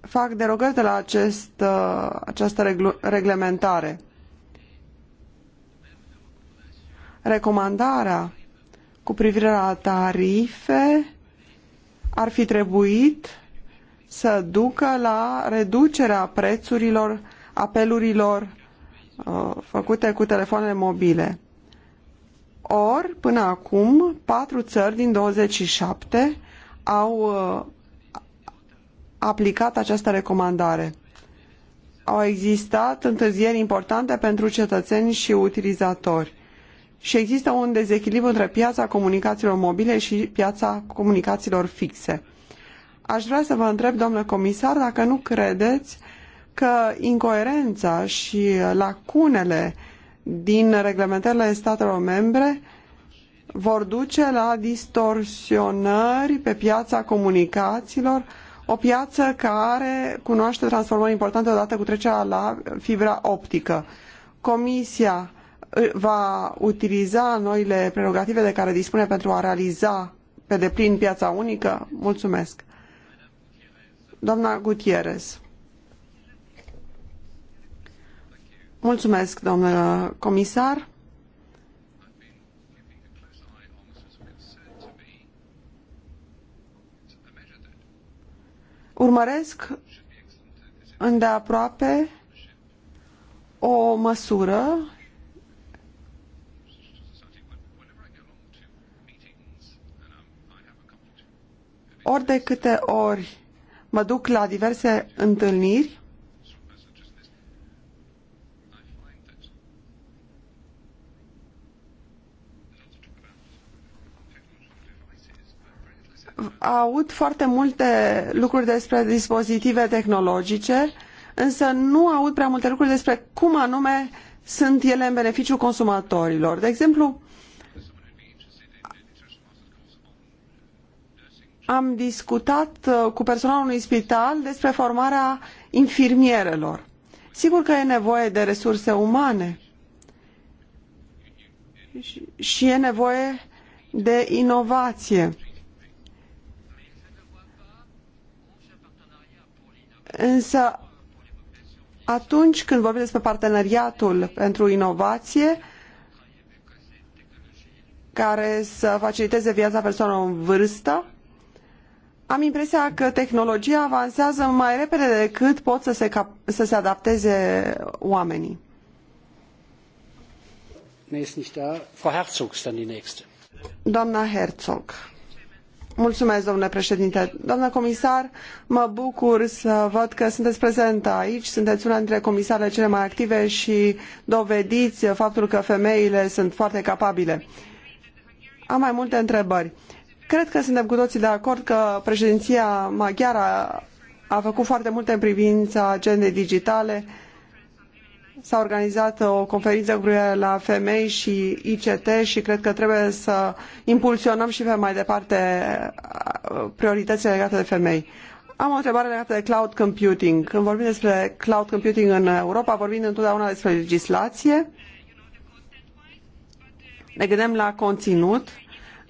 S2: fac derogări de la acest, uh, această reglementare. recomandarea cu privire la tarife ar fi trebuit să ducă la reducerea prețurilor apelurilor uh, făcute cu telefoanele mobile. Or, până acum, patru țări din 27 au uh, aplicat această recomandare. Au existat întârzieri importante pentru cetățeni și utilizatori și există un dezechilibru între piața comunicațiilor mobile și piața comunicațiilor fixe. Aș vrea să vă întreb, domnule comisar, dacă nu credeți că incoerența și lacunele din reglementările statelor membre vor duce la distorsionări pe piața comunicațiilor, o piață care cunoaște transformări importante odată cu trecerea la fibra optică. Comisia va utiliza noile prerogative de care dispune pentru a realiza pe deplin piața unică? Mulțumesc. Doamna Gutierrez. Mulțumesc, domnule comisar. Urmăresc îndeaproape o măsură ori de câte ori mă duc la diverse întâlniri, aud foarte multe lucruri despre dispozitive tehnologice, însă nu aud prea multe lucruri despre cum anume sunt ele în beneficiul consumatorilor. De exemplu, am discutat uh, cu personalul unui spital despre formarea infirmierelor. Sigur că e nevoie de resurse umane și e nevoie de inovație. Însă, atunci când vorbim despre parteneriatul pentru inovație, care să faciliteze viața persoanelor în vârstă, am impresia că tehnologia avansează mai repede decât pot să se, să se adapteze oamenii. Da. Doamna Herzog. Mulțumesc, domnule președinte. Doamna comisar, mă bucur să văd că sunteți prezentă aici, sunteți una dintre comisarele cele mai active și dovediți faptul că femeile sunt foarte capabile. Am mai multe întrebări. Cred că suntem cu toții de acord că președinția maghiară a făcut foarte multe în privința agendei digitale. S-a organizat o conferință cu privire la femei și ICT și cred că trebuie să impulsionăm și pe mai departe uh, prioritățile legate de femei. Am o întrebare legată de cloud computing. Când vorbim despre cloud computing în Europa, vorbim întotdeauna despre legislație. Ne gândim la conținut,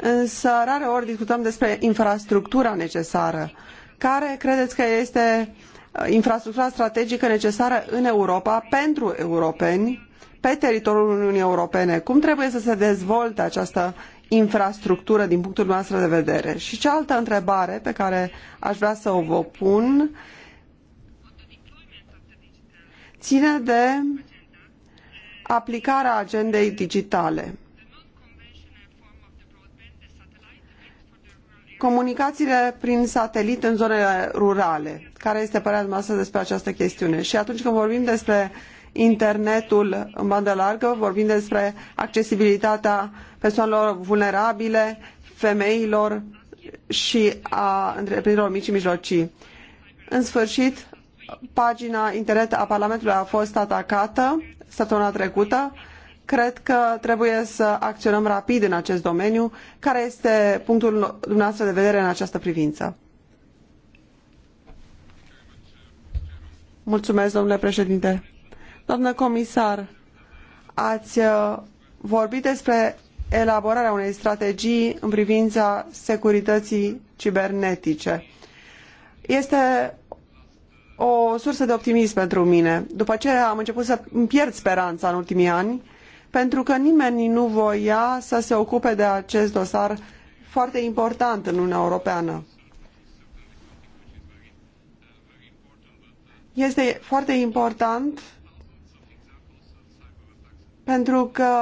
S2: însă rare ori discutăm despre infrastructura necesară. Care credeți că este uh, infrastructura strategică necesară în Europa pentru europeni, pe teritoriul Uniunii Europene? Cum trebuie să se dezvolte această infrastructură din punctul noastră de vedere? Și cealaltă întrebare pe care aș vrea să o vă pun ține de aplicarea agendei digitale. comunicațiile prin satelit în zonele rurale. Care este părerea dumneavoastră despre această chestiune? Și atunci când vorbim despre internetul în bandă largă, vorbim despre accesibilitatea persoanelor vulnerabile, femeilor și a întreprinderilor mici și mijlocii. În sfârșit, pagina internet a Parlamentului a fost atacată săptămâna trecută. Cred că trebuie să acționăm rapid în acest domeniu. Care este punctul dumneavoastră de vedere în această privință? Mulțumesc, domnule președinte. Doamnă comisar, ați uh, vorbit despre elaborarea unei strategii în privința securității cibernetice. Este o sursă de optimism pentru mine. După ce am început să îmi pierd speranța în ultimii ani, pentru că nimeni nu voia să se ocupe de acest dosar foarte important în Uniunea Europeană. Este foarte important pentru că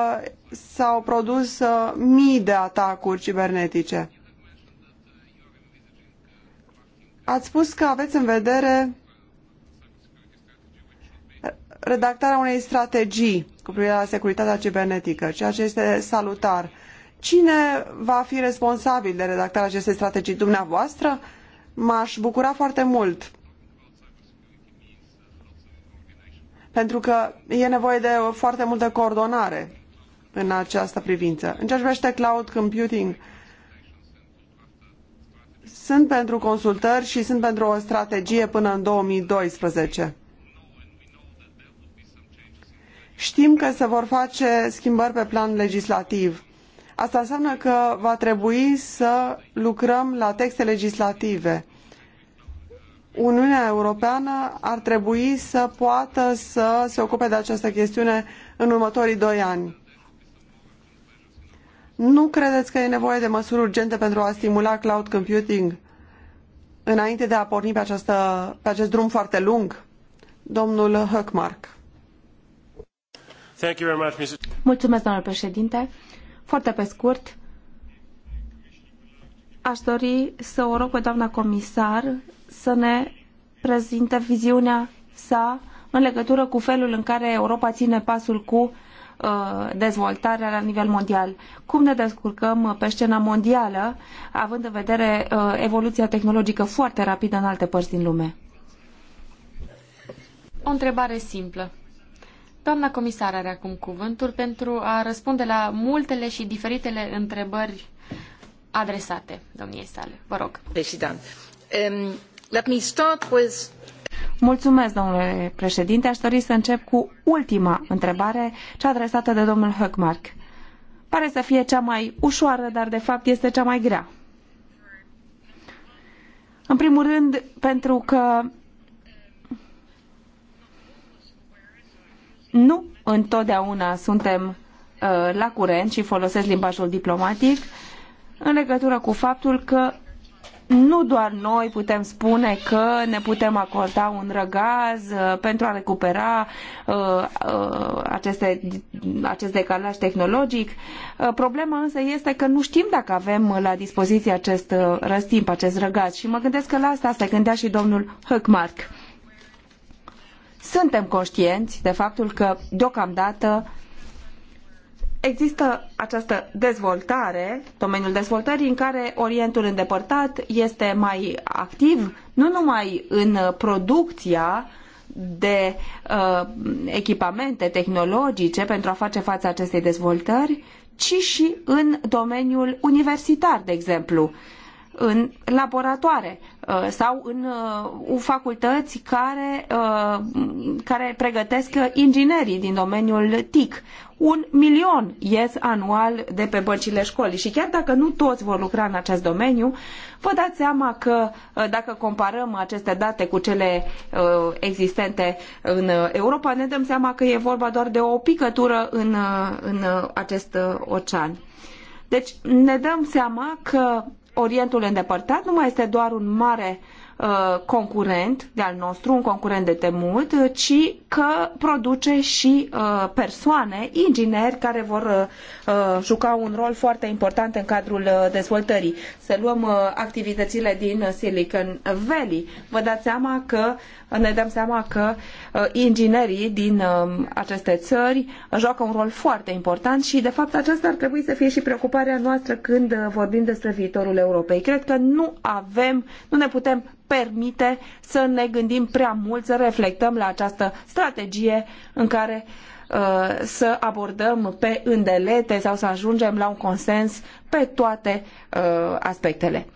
S2: s-au produs uh, mii de atacuri cibernetice. Ați spus că aveți în vedere redactarea unei strategii cu privire la securitatea cibernetică, ceea ce este salutar. Cine va fi responsabil de redactarea acestei strategii? Dumneavoastră? M-aș bucura foarte mult. Pentru că e nevoie de foarte multă coordonare în această privință. În ceea ce privește cloud computing, sunt pentru consultări și sunt pentru o strategie până în 2012. Știm că se vor face schimbări pe plan legislativ. Asta înseamnă că va trebui să lucrăm la texte legislative. Uniunea Europeană ar trebui să poată să se ocupe de această chestiune în următorii doi ani. Nu credeți că e nevoie de măsuri urgente pentru a stimula cloud computing înainte de a porni pe, această, pe acest drum foarte lung? Domnul Höckmark. Mulțumesc, domnule președinte. Foarte pe
S4: scurt, aș dori să o rog pe doamna comisar să ne prezinte viziunea sa în legătură cu felul în care Europa ține pasul cu uh, dezvoltarea la nivel mondial. Cum ne descurcăm pe scena mondială, având în vedere uh, evoluția tehnologică foarte rapidă în alte părți din lume?
S3: O întrebare simplă. Doamna comisar are acum cuvântul pentru a răspunde la multele și diferitele întrebări adresate domniei sale. Vă rog. Președinte, um, let me start with
S4: Mulțumesc, domnule președinte. Aș dori să încep cu ultima întrebare, cea adresată de domnul Höckmark. Pare să fie cea mai ușoară, dar de fapt este cea mai grea. În primul rând, pentru că nu întotdeauna suntem uh, la curent și folosesc limbajul diplomatic în legătură cu faptul că nu doar noi putem spune că ne putem acorda un răgaz uh, pentru a recupera uh, uh, aceste, acest decalaj tehnologic. Uh, problema însă este că nu știm dacă avem la dispoziție acest uh, răstimp, acest răgaz și mă gândesc că la asta se gândea și domnul Höckmark suntem conștienți de faptul că, deocamdată, există această dezvoltare, domeniul dezvoltării, în care Orientul îndepărtat este mai activ, nu numai în producția de uh, echipamente tehnologice pentru a face față acestei dezvoltări, ci și în domeniul universitar, de exemplu, în laboratoare, Uh, sau în uh, facultăți care, uh, care pregătesc inginerii din domeniul TIC. Un milion ies anual de pe băncile școlii și chiar dacă nu toți vor lucra în acest domeniu, vă dați seama că dacă comparăm aceste date cu cele existente în Europa, ne dăm seama că e vorba doar de o picătură în, în acest ocean. Deci ne dăm seama că Orientul îndepărtat nu mai este doar un mare Uh, concurent de al nostru, un concurent de temut, uh, ci că produce și uh, persoane, ingineri, care vor juca un rol foarte important în cadrul dezvoltării. Să luăm activitățile din Silicon Valley. Vă dați seama că ne dăm seama că inginerii din um, aceste țări joacă un rol foarte important și, de fapt, aceasta ar trebui să fie și preocuparea noastră când vorbim despre viitorul Europei. Cred că nu avem, nu ne putem permite să ne gândim prea mult, să reflectăm la această strategie în care uh, să abordăm pe îndelete sau să ajungem la un consens pe toate uh, aspectele.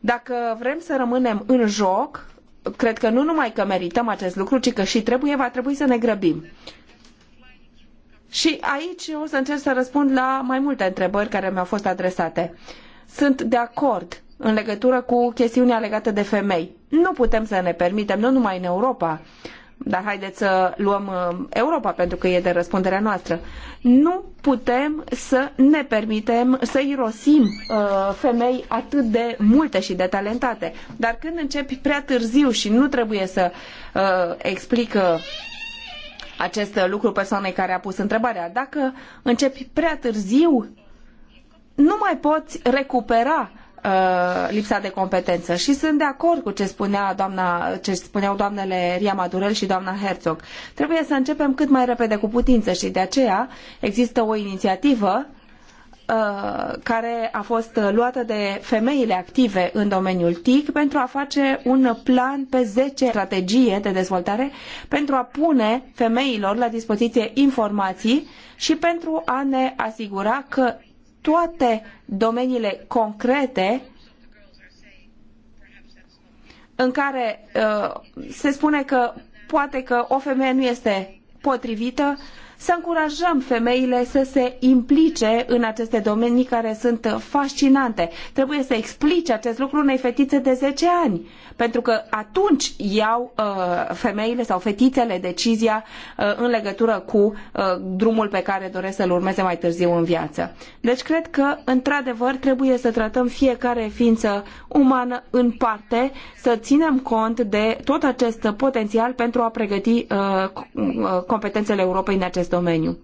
S4: Dacă vrem să rămânem în joc, cred că nu numai că merităm acest lucru, ci că și trebuie, va trebui să ne grăbim. Și aici o să încerc să răspund la mai multe întrebări care mi-au fost adresate. Sunt de acord în legătură cu chestiunea legată de femei. Nu putem să ne permitem, nu numai în Europa, dar haideți să luăm uh, Europa pentru că e de răspunderea noastră. Nu putem să ne permitem să irosim uh, femei atât de multe și de talentate. Dar când începi prea târziu și nu trebuie să uh, explică uh, acest lucru persoanei care a pus întrebarea, dacă începi prea târziu, nu mai poți recupera Uh, lipsa de competență. Și sunt de acord cu ce, spunea doamna, ce spuneau doamnele Ria Madurel și doamna Herzog. Trebuie să începem cât mai repede cu putință și de aceea există o inițiativă uh, care a fost luată de femeile active în domeniul TIC pentru a face un plan pe zece strategie de dezvoltare pentru a pune femeilor la dispoziție informații și pentru a ne asigura că toate domeniile concrete în care uh, se spune că poate că o femeie nu este potrivită să încurajăm femeile să se implice în aceste domenii care sunt fascinante. Trebuie să explice acest lucru unei fetițe de 10 ani, pentru că atunci iau uh, femeile sau fetițele decizia uh, în legătură cu uh, drumul pe care doresc să-l urmeze mai târziu în viață. Deci cred că, într-adevăr, trebuie să tratăm fiecare ființă umană în parte, să ținem cont de tot acest potențial pentru a pregăti competențele Europei în acest acest domeniu.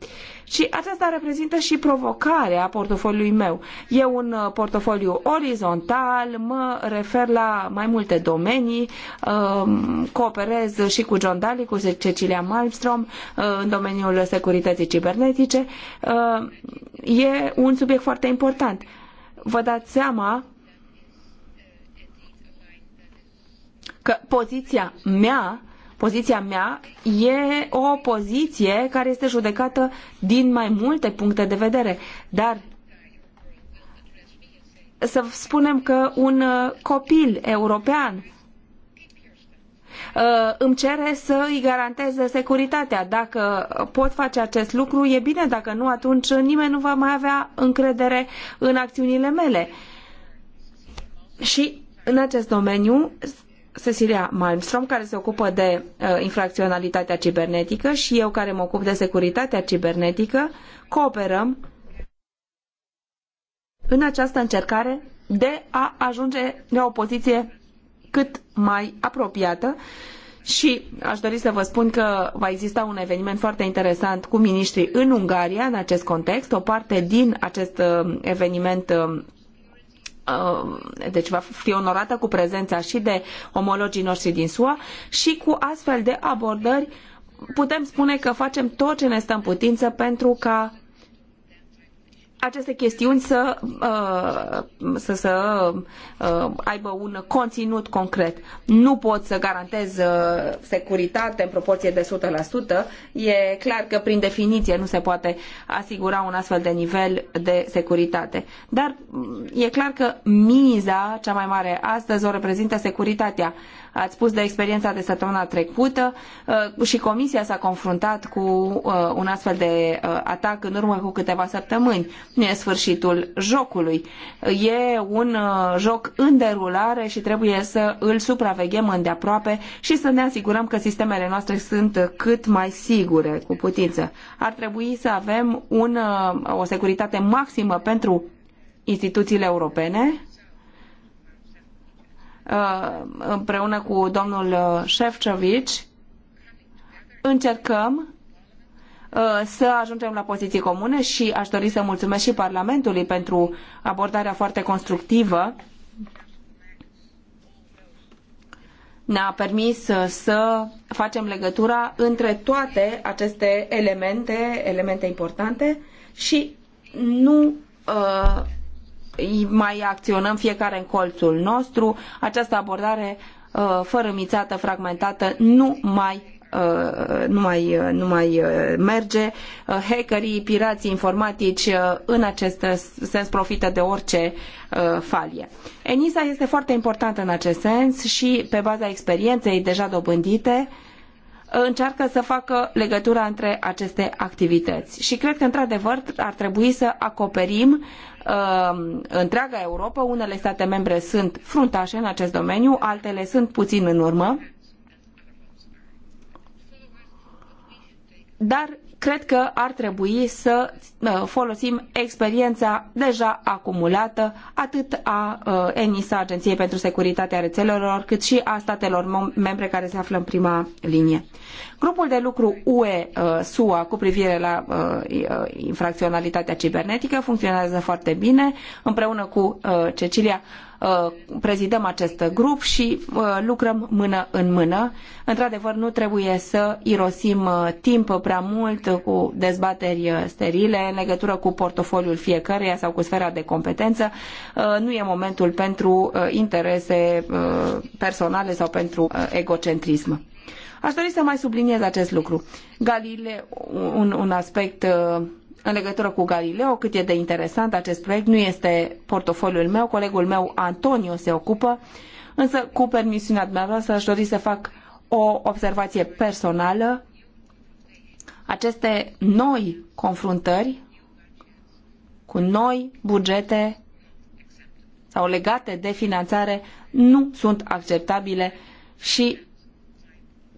S4: Și aceasta reprezintă și provocarea portofoliului meu. E un uh, portofoliu orizontal, mă refer la mai multe domenii, um, cooperez și cu John Daly, cu Cecilia Malmström uh, în domeniul securității cibernetice. Uh, e un subiect foarte important. Vă dați seama că poziția mea poziția mea e o poziție care este judecată din mai multe puncte de vedere, dar să spunem că un uh, copil european uh, îmi cere să îi garanteze securitatea. Dacă pot face acest lucru, e bine, dacă nu, atunci nimeni nu va mai avea încredere în acțiunile mele. Și în acest domeniu Cecilia Malmström, care se ocupă de uh, infracționalitatea cibernetică și eu, care mă ocup de securitatea cibernetică, cooperăm în această încercare de a ajunge la o poziție cât mai apropiată și aș dori să vă spun că va exista un eveniment foarte interesant cu miniștrii în Ungaria în acest context. O parte din acest uh, eveniment uh, Uh, deci va fi onorată cu prezența și de omologii noștri din SUA și cu astfel de abordări putem spune că facem tot ce ne stă în putință pentru ca aceste chestiuni să, uh, să, să uh, aibă un conținut concret. Nu pot să garantez uh, securitate în proporție de 100%. E clar că prin definiție nu se poate asigura un astfel de nivel de securitate. Dar mm, e clar că miza cea mai mare astăzi o reprezintă securitatea Ați spus de experiența de săptămâna trecută uh, și Comisia s-a confruntat cu uh, un astfel de uh, atac în urmă cu câteva săptămâni. Nu e sfârșitul jocului. E un joc în derulare și trebuie să îl supraveghem îndeaproape și să ne asigurăm că sistemele noastre sunt cât mai sigure, cu putință. Ar trebui să avem un, o securitate maximă pentru instituțiile europene, Uh, împreună cu domnul uh, Șefcovici încercăm uh, să ajungem la poziții comune și aș dori să mulțumesc și Parlamentului pentru abordarea foarte constructivă. Ne-a permis să facem legătura între toate aceste elemente, elemente importante și nu mai acționăm fiecare în colțul nostru. Această abordare uh, fărâmițată, fragmentată, nu mai uh, nu mai, uh, nu mai merge. Hackerii, pirații informatici în acest sens profită de orice falie. ENISA este foarte importantă în acest sens și pe baza experienței deja dobândite încearcă să facă legătura între aceste activități. Și cred că, într-adevăr, ar trebui să acoperim Um, întreaga Europa. Unele state membre sunt fruntașe în acest domeniu, altele sunt puțin în urmă. Dar cred că ar trebui să uh, folosim experiența deja acumulată atât a uh, ENISA, Agenției pentru Securitatea Rețelelor, cât și a statelor membre care se află în prima linie. Grupul de lucru UE-SUA uh, cu privire la infracționalitatea cibernetică funcționează foarte bine împreună cu Cecilia Uh, prezidăm acest grup și uh, lucrăm mână în mână. Într-adevăr, nu trebuie să irosim uh, timp prea mult cu dezbateri sterile în legătură cu portofoliul fiecăruia sau cu sfera de competență. Nu e momentul pentru interese personale sau pentru egocentrism. Aș dori să mai subliniez acest lucru. Galileo, un, un aspect în legătură cu Galileo, cât e de interesant acest proiect, nu este portofoliul meu, colegul meu Antonio se ocupă, însă cu permisiunea dumneavoastră aș dori să fac o observație personală. Aceste noi confruntări cu noi bugete sau legate de finanțare nu sunt acceptabile și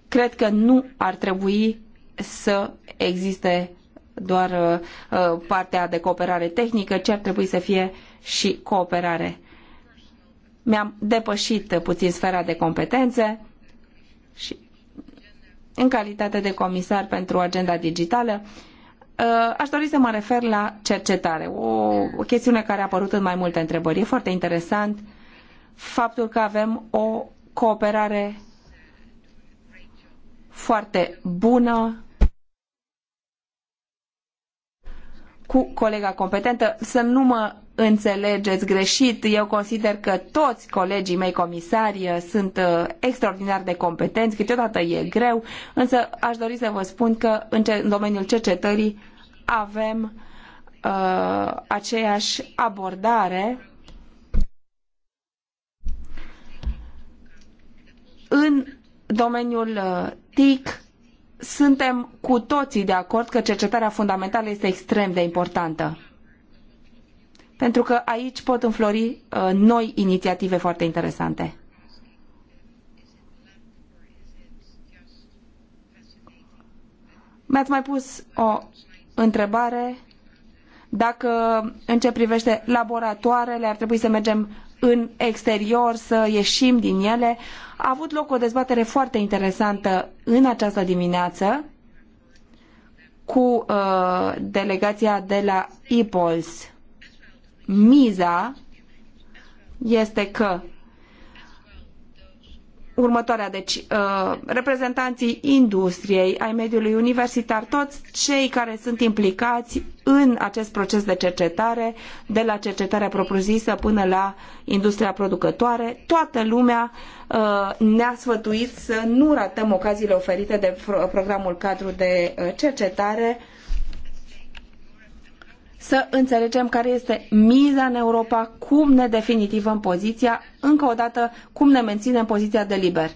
S4: cred că nu ar trebui să existe doar uh, uh, partea de cooperare tehnică, ci ar trebui să fie și cooperare. Mi-am depășit puțin sfera de competențe și în calitate de comisar pentru agenda digitală, uh, aș dori să mă refer la cercetare, o, chestiune care a apărut în mai multe întrebări. E foarte interesant faptul că avem o cooperare foarte bună cu colega competentă. Să nu mă înțelegeți greșit, eu consider că toți colegii mei comisari uh, sunt uh, extraordinar de competenți, câteodată e greu, însă aș dori să vă spun că în, domeniul cercetării avem uh, aceeași abordare în domeniul uh, TIC suntem cu toții de acord că cercetarea fundamentală este extrem de importantă. Pentru că aici pot înflori uh, noi inițiative foarte interesante. Mi-ați mai pus o întrebare dacă în ce privește laboratoarele ar trebui să mergem în exterior, să ieșim din ele. A avut loc o dezbatere foarte interesantă în această dimineață cu uh, delegația de la IPOLS. Miza este că următoarea. Deci, uh, reprezentanții industriei, ai mediului universitar, toți cei care sunt implicați în acest proces de cercetare, de la cercetarea propriu-zisă până la industria producătoare, toată lumea uh, ne-a sfătuit să nu ratăm ocaziile oferite de programul cadru de uh, cercetare uh, să înțelegem care este miza în Europa, cum ne definitivăm poziția, încă o dată cum ne menținem poziția de liber.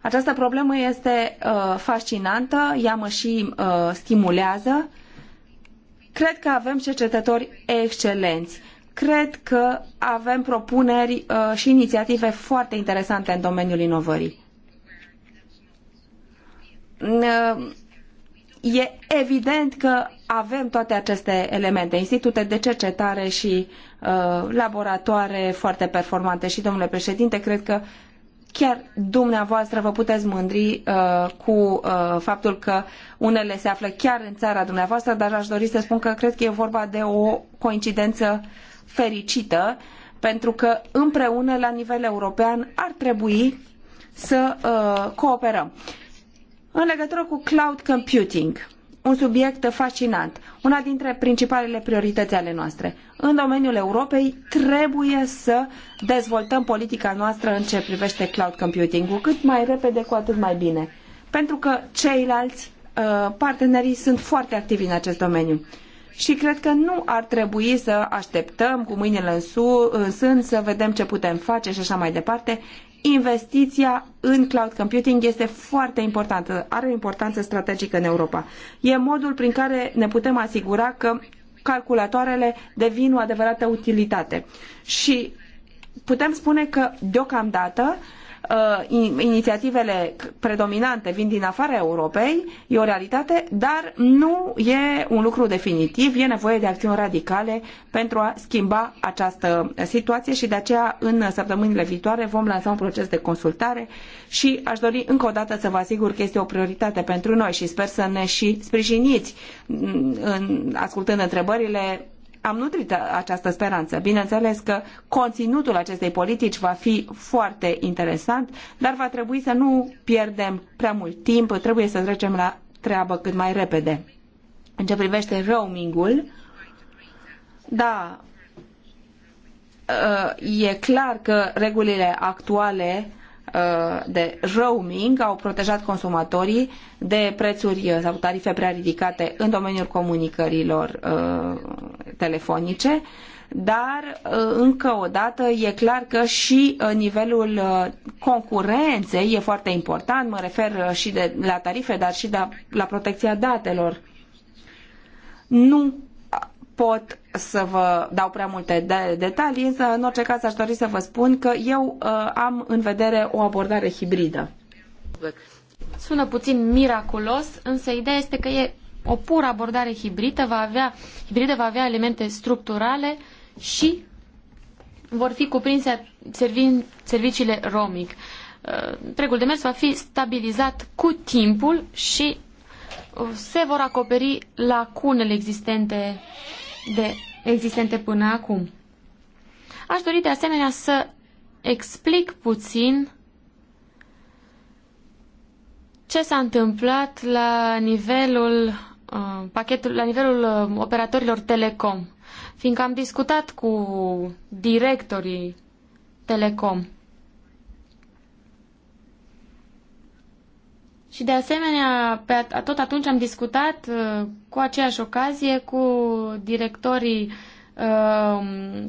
S4: Această problemă este uh, fascinantă, ea mă și uh, stimulează. Cred că avem cercetători excelenți. Cred că avem propuneri uh, și inițiative foarte interesante în domeniul inovării. Uh, e evident că avem toate aceste elemente, institute de cercetare și uh, laboratoare foarte performante. Și, domnule președinte, cred că chiar dumneavoastră vă puteți mândri uh, cu uh, faptul că unele se află chiar în țara dumneavoastră, dar aș dori să spun că cred că e vorba de o coincidență fericită, pentru că împreună, la nivel european, ar trebui să uh, cooperăm. În legătură cu cloud computing, un subiect fascinant, una dintre principalele priorități ale noastre. În domeniul Europei trebuie să dezvoltăm politica noastră în ce privește cloud computing, cu cât mai repede, cu atât mai bine. Pentru că ceilalți uh, partenerii sunt foarte activi în acest domeniu. Și cred că nu ar trebui să așteptăm cu mâinile în, su, în sân să vedem ce putem face și așa mai departe investiția în cloud computing este foarte importantă, are o importanță strategică în Europa. E modul prin care ne putem asigura că calculatoarele devin o adevărată utilitate. Și putem spune că, deocamdată, uh, Uh, inițiativele predominante vin din afara Europei, e o realitate, dar nu e un lucru definitiv, e nevoie de acțiuni radicale pentru a schimba această situație și de aceea în săptămânile viitoare vom lansa un proces de consultare și aș dori încă o dată să vă asigur că este o prioritate pentru noi și sper să ne și sprijiniți mm, în, ascultând întrebările am nutrit această speranță. Bineînțeles că conținutul acestei politici va fi foarte interesant, dar va trebui să nu pierdem prea mult timp, trebuie să trecem la treabă cât mai repede. În ce privește roamingul, da, ă, e clar că regulile actuale Uh, de roaming au protejat consumatorii de prețuri uh, sau tarife prea ridicate în domeniul comunicărilor uh, telefonice, dar încă o dată e clar că și nivelul concurenței e foarte important, mă refer și de, la tarife, dar și de, la protecția datelor. Nu pot să vă dau prea multe de detalii, însă în orice caz aș dori să vă spun că eu uh, am în vedere o abordare hibridă.
S3: Sună puțin miraculos, însă ideea este că e o pură abordare hibridă, va avea, hibridă va avea elemente structurale și vor fi cuprinse serviciile roaming. Uh, întregul demers va fi stabilizat cu timpul și uh, se vor acoperi lacunele existente de existente până acum. Aș dori de asemenea să explic puțin ce s-a întâmplat la nivelul uh, pachetul, la nivelul uh, operatorilor telecom, fiindcă am discutat cu directorii telecom. Și de asemenea, pe at- tot atunci am discutat uh, cu aceeași ocazie cu directorii, uh,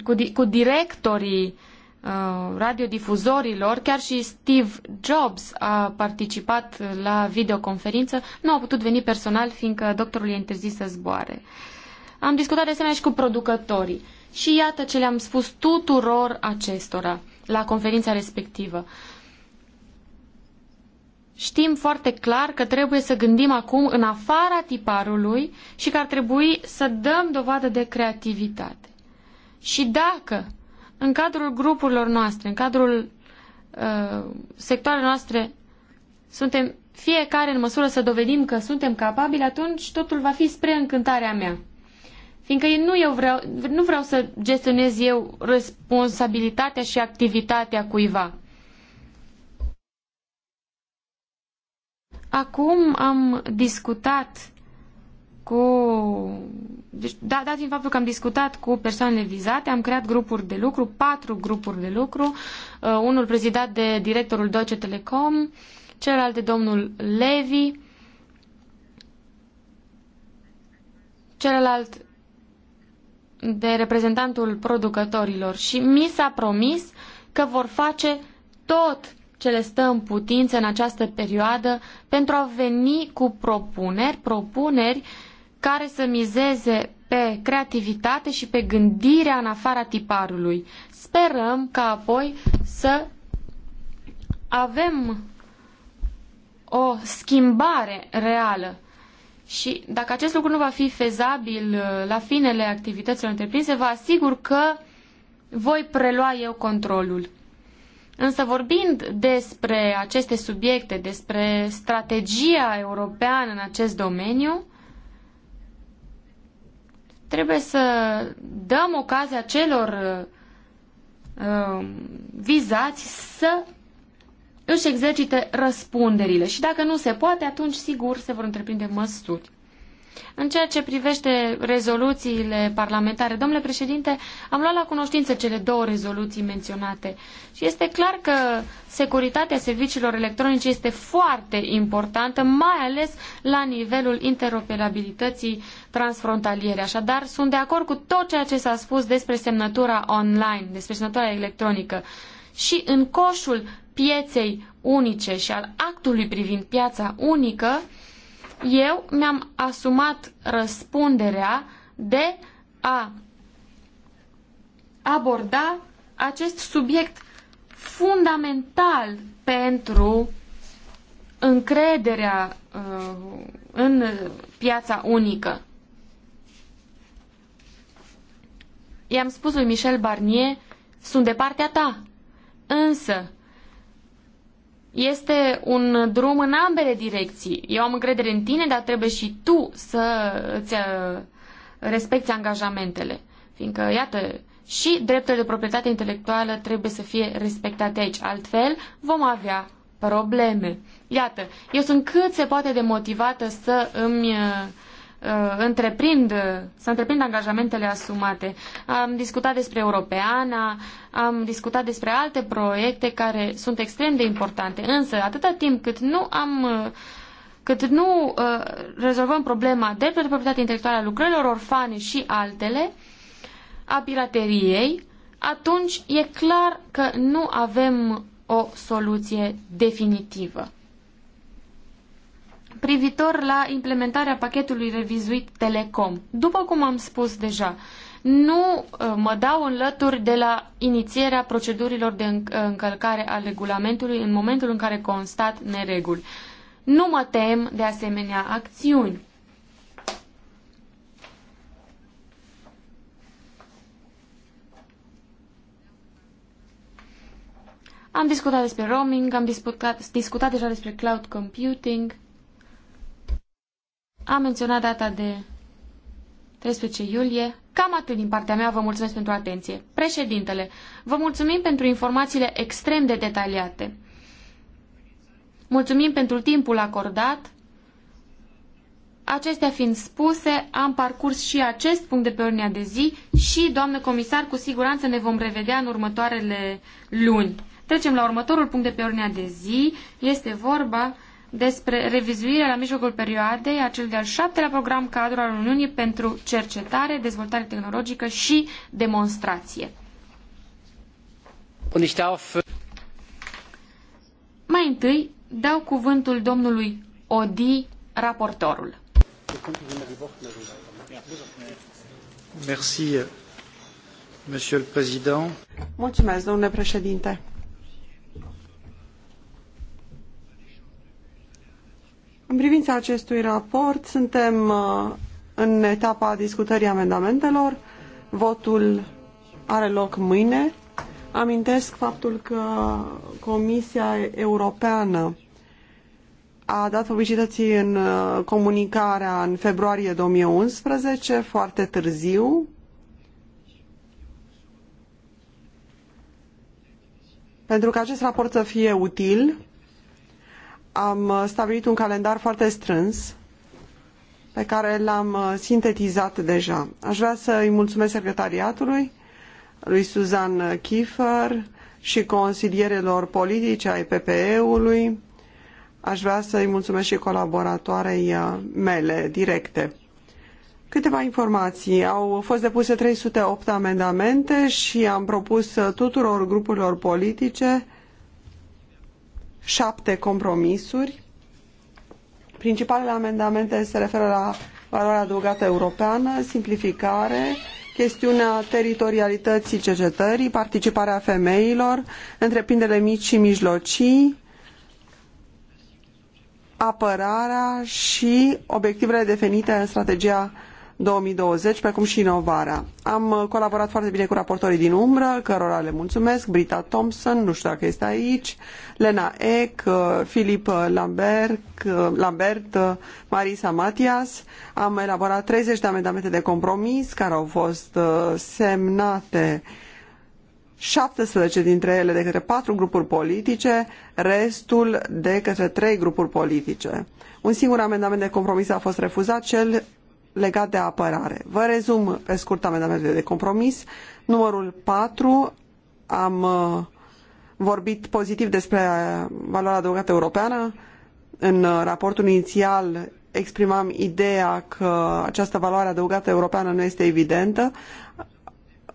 S3: cu, di- cu directorii uh, radiodifuzorilor, chiar și Steve Jobs a participat la videoconferință, nu a putut veni personal fiindcă doctorul i-a interzis să zboare. Am discutat de asemenea și cu producătorii. Și iată ce le-am spus tuturor acestora la conferința respectivă știm foarte clar că trebuie să gândim acum în afara tiparului și că ar trebui să dăm dovadă de creativitate. Și dacă în cadrul grupurilor noastre, în cadrul uh, sectoarelor noastre, suntem fiecare în măsură să dovedim că suntem capabili, atunci totul va fi spre încântarea mea. Fiindcă nu, eu vreau, nu vreau să gestionez eu responsabilitatea și activitatea cuiva. Acum am discutat cu... Deci, da, dat fiind faptul că am discutat cu persoanele vizate, am creat grupuri de lucru, patru grupuri de lucru, uh, unul prezidat de directorul Deutsche Telecom, celălalt de domnul Levi, celălalt de reprezentantul producătorilor și mi s-a promis că vor face tot ce le stă în putință în această perioadă pentru a veni cu propuneri, propuneri care să mizeze pe creativitate și pe gândirea în afara tiparului. Sperăm ca apoi să avem o schimbare reală. Și dacă acest lucru nu va fi fezabil uh, la finele activităților întreprinse, vă asigur că voi prelua eu controlul. Însă vorbind despre aceste subiecte, despre strategia europeană în acest domeniu, trebuie să dăm ocazia celor uh, vizați să își exercite răspunderile și dacă nu se poate, atunci sigur se vor întreprinde măsuri. În ceea ce privește rezoluțiile parlamentare, domnule președinte, am luat la cunoștință cele două rezoluții menționate și este clar că securitatea serviciilor electronice este foarte importantă, mai ales la nivelul interoperabilității transfrontaliere. Așadar, sunt de acord cu tot ceea ce s-a spus despre semnătura online, despre semnătura electronică. Și în coșul pieței unice și al actului privind piața unică, uh, eu mi-am asumat răspunderea de a aborda acest subiect fundamental pentru încrederea uh, în piața unică. I-am spus lui Michel Barnier, sunt de partea ta, însă este un drum în ambele direcții. Eu am încredere în tine, dar trebuie și tu să îți uh, respecti angajamentele. Fiindcă, iată, și drepturile de proprietate intelectuală trebuie să fie respectate aici. Altfel, vom avea probleme. Iată, eu sunt cât se poate de motivată să îmi uh, Uh, întreprind, uh, să întreprind angajamentele asumate. Am discutat despre Europeana, am discutat despre alte proiecte care sunt extrem de importante, însă atâta timp cât nu am uh, cât nu uh, rezolvăm problema dreptului de proprietate intelectuală a lucrărilor orfane și altele, a pirateriei, atunci e clar că nu avem o soluție definitivă privitor la implementarea pachetului revizuit Telecom. După cum am spus deja, nu uh, mă dau în lături de la inițierea procedurilor de încălcare a regulamentului în momentul în care constat nereguli. Nu mă tem de asemenea acțiuni. Am discutat despre roaming, am discutat, discutat deja despre cloud computing. Am menționat data de 13 iulie. Cam atât din partea mea, vă mulțumesc pentru atenție. Președintele, vă mulțumim pentru informațiile extrem de detaliate. Mulțumim pentru timpul acordat. Acestea fiind spuse, am parcurs și acest punct de pe ordinea de zi și, doamnă comisar, cu siguranță ne vom revedea în următoarele luni. Trecem la următorul punct de pe ordinea de zi. Este vorba despre revizuirea la mijlocul perioadei a cel de-al șaptelea program cadru al Uniunii pentru cercetare, dezvoltare tehnologică și demonstrație. Äh, Mai întâi dau cuvântul domnului Odi, raportorul.
S2: Mulțumesc, domnule președinte. În privința acestui raport, suntem uh, în etapa discutării amendamentelor. Votul are loc mâine. Amintesc faptul că Comisia Europeană a dat publicității în uh, comunicarea în februarie 2011, foarte târziu. Pentru că acest raport să fie util, am uh, stabilit un calendar foarte strâns pe care l-am uh, sintetizat deja. Aș vrea să îi mulțumesc secretariatului, lui Suzan Kiefer și consilierelor politice ai PPE-ului. Aș vrea să îi mulțumesc și colaboratoarei uh, mele directe. Câteva informații. Au fost depuse 308 amendamente și am propus tuturor grupurilor politice șapte compromisuri. Principalele amendamente se referă la valoarea adăugată europeană, simplificare, chestiunea teritorialității cercetării, participarea femeilor, întreprinderile mici și mijlocii, apărarea și obiectivele definite în strategia 2020, precum și inovarea. Am uh, colaborat foarte bine cu raportorii din umbră, cărora le mulțumesc, Brita Thompson, nu știu dacă este aici, Lena Eck, uh, Filip uh, Lambert, Lambert Marisa Matias. Am elaborat 30 de amendamente de compromis care au fost semnate 17 dintre ele de către patru grupuri politice, restul de către trei grupuri politice. Un singur amendament de compromis a fost refuzat, cel legat de apărare. Vă rezum pe scurt amendamentele de compromis. Numărul 4, am uh, vorbit pozitiv despre valoarea adăugată europeană. În uh, raportul inițial exprimam ideea că această valoare adăugată europeană nu este evidentă.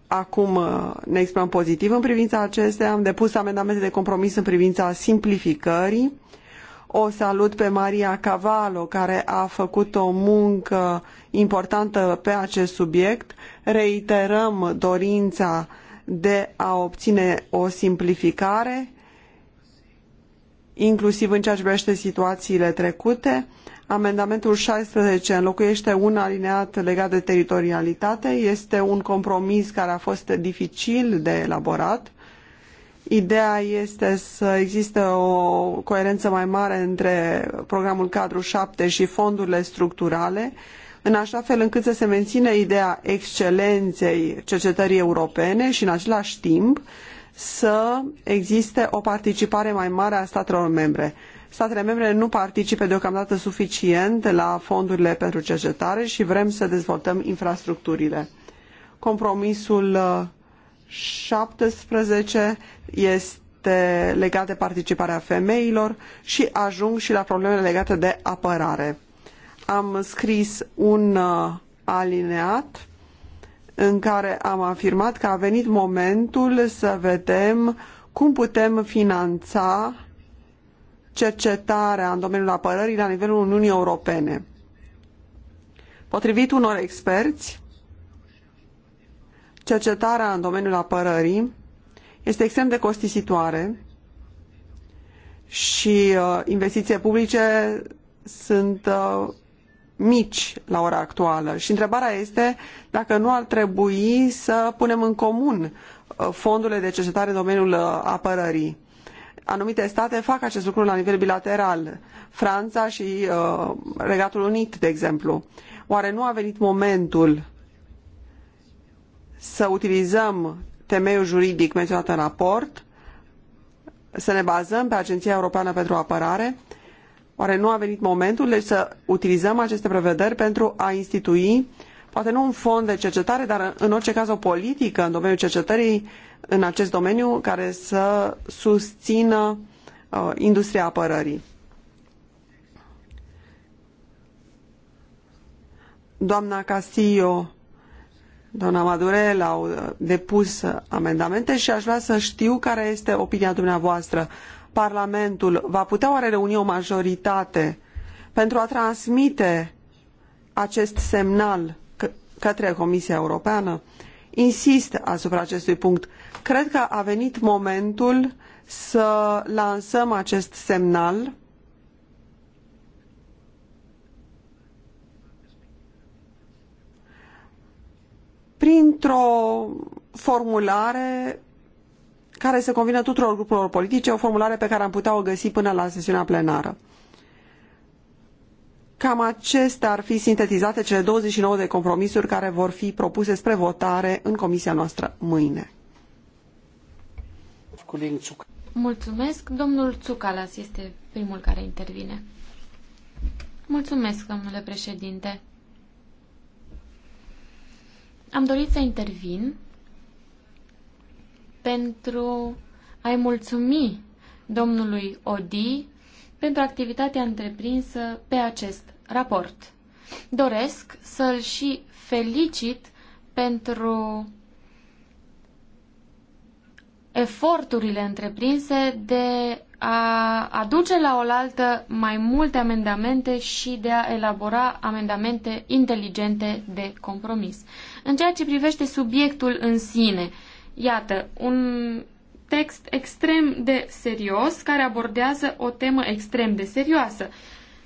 S2: Acum uh, ne exprimăm pozitiv în privința acestea. Am depus amendamente de compromis în privința simplificării. O salut pe Maria Cavallo, care a făcut o muncă importantă pe acest subiect. Reiterăm dorința de a obține o simplificare, inclusiv în ceea ce privește situațiile trecute. Amendamentul 16 înlocuiește un alineat legat de teritorialitate. Este un compromis care a fost dificil de elaborat. Ideea este să existe o coerență mai mare între programul cadru 7 și fondurile structurale în așa fel încât să se menține ideea excelenței cercetării europene și în același timp să existe o participare mai mare a statelor membre. Statele membre nu participe deocamdată suficient la fondurile pentru cercetare și vrem să dezvoltăm infrastructurile. Compromisul 17 uh, este legat de participarea femeilor și ajung și la problemele legate de apărare am scris un uh, alineat în care am afirmat că a venit momentul să vedem cum putem finanța cercetarea în domeniul apărării la nivelul Uniunii Europene. Potrivit unor experți, cercetarea în domeniul apărării este extrem de costisitoare și uh, investiții publice sunt uh, mici la ora actuală și întrebarea este dacă nu ar trebui să punem în comun uh, fondurile de cercetare în domeniul uh, apărării. Anumite state fac acest lucru la nivel bilateral, Franța și uh, Regatul Unit, de exemplu. Oare nu a venit momentul să utilizăm temeiul juridic menționat în raport, să ne bazăm pe Agenția Europeană pentru Apărare Oare nu a venit momentul deci, să utilizăm aceste prevederi pentru a institui, poate nu un fond de cercetare, dar în orice caz o politică în domeniul cercetării în acest domeniu care să susțină uh, industria apărării? Doamna Castillo, doamna Madurel au uh, depus amendamente și aș vrea să știu care este opinia dumneavoastră. Uh, Parlamentul va putea oare reuni o majoritate pentru a transmite acest semnal către Comisia Europeană? Insist asupra acestui punct. Cred că a venit momentul să lansăm acest semnal printr-o formulare care se convină tuturor grupurilor politice, o formulare pe care am putea o găsi până la sesiunea plenară. Cam acestea ar fi sintetizate cele 29 de compromisuri care vor fi propuse spre votare în comisia noastră mâine.
S3: Mulțumesc. Domnul Tsukalas este primul care intervine. Mulțumesc, domnule președinte. Am dorit să intervin pentru a-i mulțumi domnului Odi pentru activitatea întreprinsă pe acest raport. Doresc să-l și felicit pentru eforturile întreprinse de a aduce la oaltă mai multe amendamente și de a elabora amendamente inteligente de compromis. În ceea ce privește subiectul în sine, Iată, un text extrem de serios care abordează o temă extrem de serioasă.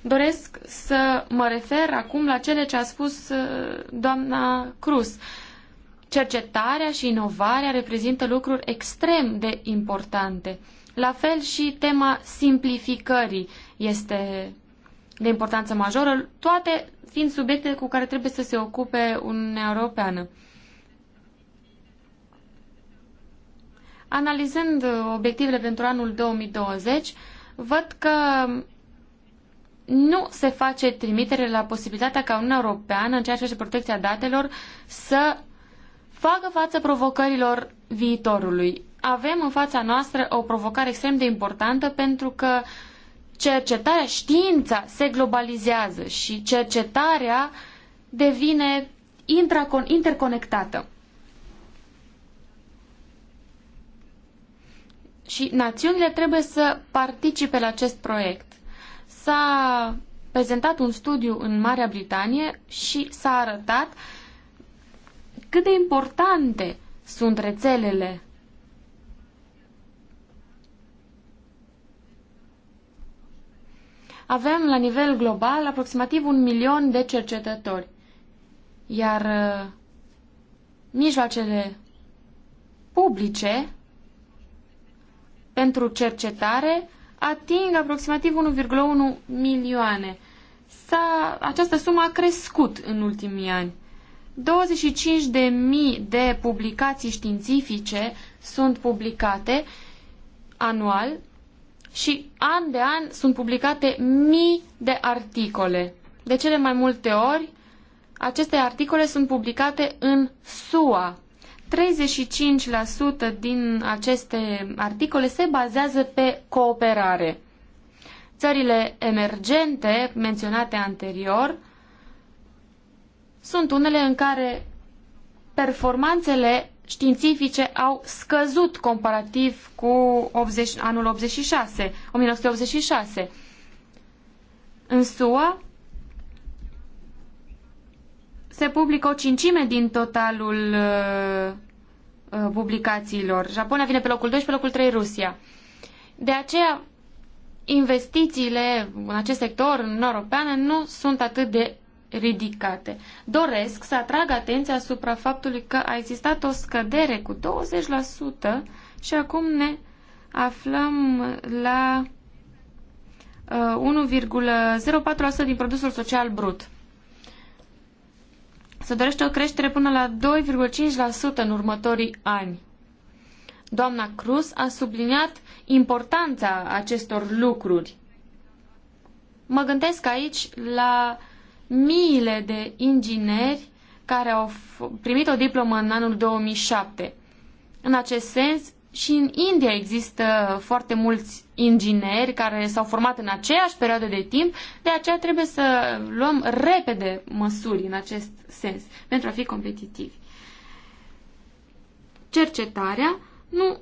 S3: Doresc să mă refer acum la cele ce a spus uh, doamna Cruz. Cercetarea și inovarea reprezintă lucruri extrem de importante. La fel și tema simplificării este de importanță majoră, toate fiind subiecte cu care trebuie să se ocupe Uniunea Europeană. Analizând uh, obiectivele pentru anul 2020, văd că nu se face trimitere la posibilitatea ca Uniunea Europeană, în ceea ce privește protecția datelor, să facă față provocărilor viitorului. Avem în fața noastră o provocare extrem de importantă pentru că cercetarea, știința se globalizează și cercetarea devine interconectată. și națiunile trebuie să participe la acest proiect. S-a prezentat un studiu în Marea Britanie și s-a arătat cât de importante sunt rețelele. Avem la nivel global aproximativ un milion de cercetători, iar uh, mijloacele publice pentru cercetare ating aproximativ 1,1 milioane. S-a, această sumă a crescut în ultimii ani. 25.000 de publicații științifice sunt publicate anual și an de an sunt publicate mii de articole. De cele mai multe ori, aceste articole sunt publicate în SUA, 35% din aceste articole se bazează pe cooperare. Țările emergente menționate anterior sunt unele în care performanțele științifice au scăzut comparativ cu 80, anul 86, 1986. În SUA, se publică o cincime din totalul uh, uh publicațiilor. Japonia vine pe locul 2 și pe locul 3 Rusia. De aceea, investițiile în acest sector, în europeană, nu sunt atât de ridicate. Doresc să atrag atenția asupra faptului că a existat o scădere cu 20% și acum ne aflăm la 1,04% uh, din produsul social brut. Se dorește o creștere până la 2,5% în următorii ani. Doamna Cruz a subliniat importanța acestor lucruri. Mă gândesc aici la miile de ingineri care au primit o diplomă în anul 2007. În acest sens, și în India există foarte mulți ingineri care s-au format în aceeași perioadă de timp, de aceea trebuie să luăm repede măsuri în acest sens pentru a fi competitivi. Cercetarea nu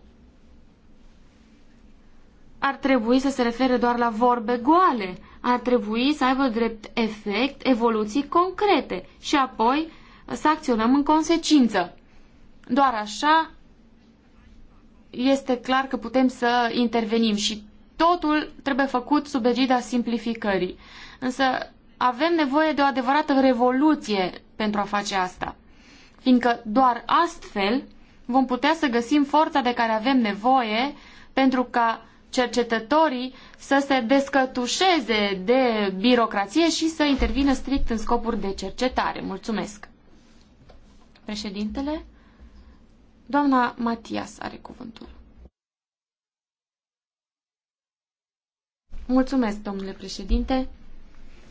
S3: ar trebui să se refere doar la vorbe goale, ar trebui să aibă drept efect evoluții concrete și apoi să acționăm în consecință. Doar așa este clar că putem să intervenim și totul trebuie făcut sub egida simplificării. Însă avem nevoie de o adevărată revoluție pentru a face asta, fiindcă doar astfel vom putea să găsim forța de care avem nevoie pentru ca cercetătorii să se descătușeze de birocrație și să intervină strict în scopuri de cercetare. Mulțumesc! Președintele? Doamna Matias are cuvântul. Mulțumesc, domnule președinte.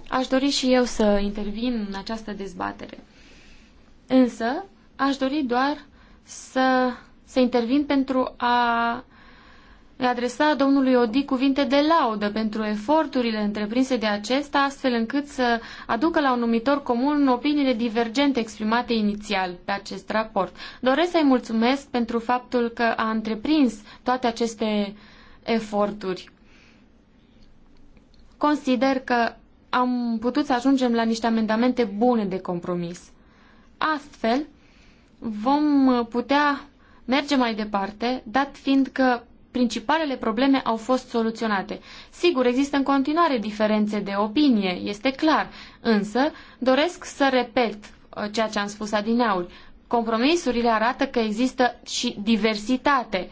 S3: Aș dori și eu să intervin în această dezbatere. Însă, aș dori doar să, să intervin pentru a adresa domnului Odi cuvinte de laudă pentru eforturile întreprinse de acesta, astfel încât să aducă la un numitor comun opiniile divergente exprimate inițial pe acest raport. Doresc să-i mulțumesc pentru faptul că a întreprins toate aceste eforturi. Consider că am putut să ajungem la niște amendamente bune de compromis. Astfel, vom putea merge mai departe, dat fiind că principalele probleme au fost soluționate. Sigur, există în continuare diferențe de opinie, este clar, însă doresc să repet uh, ceea ce am spus adineauri. Compromisurile arată că există și diversitate.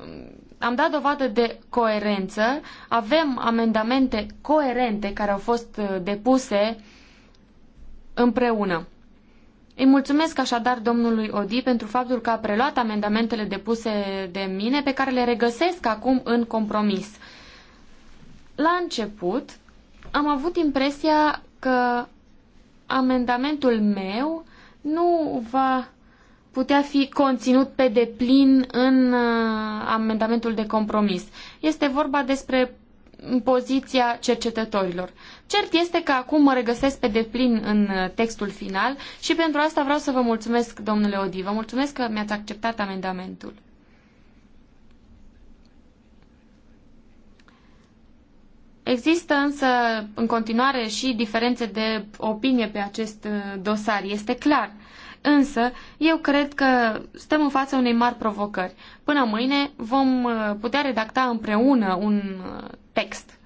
S3: Mm, am dat dovadă de coerență, avem amendamente coerente care au fost uh, depuse împreună. Îi mulțumesc așadar domnului Odi pentru faptul că a preluat amendamentele depuse de mine, pe care le regăsesc acum în compromis. La început, am avut impresia că amendamentul meu nu va putea fi conținut pe deplin în uh, amendamentul de compromis. Este vorba despre poziția cercetătorilor. Cert este că acum mă regăsesc pe deplin în uh, textul final și pentru asta vreau să vă mulțumesc, domnule Odi. Vă mulțumesc că mi-ați acceptat amendamentul. Există însă în continuare și diferențe de opinie pe acest uh, dosar, este clar. Însă, eu cred că stăm în fața unei mari provocări. Până mâine vom uh, putea redacta împreună un text.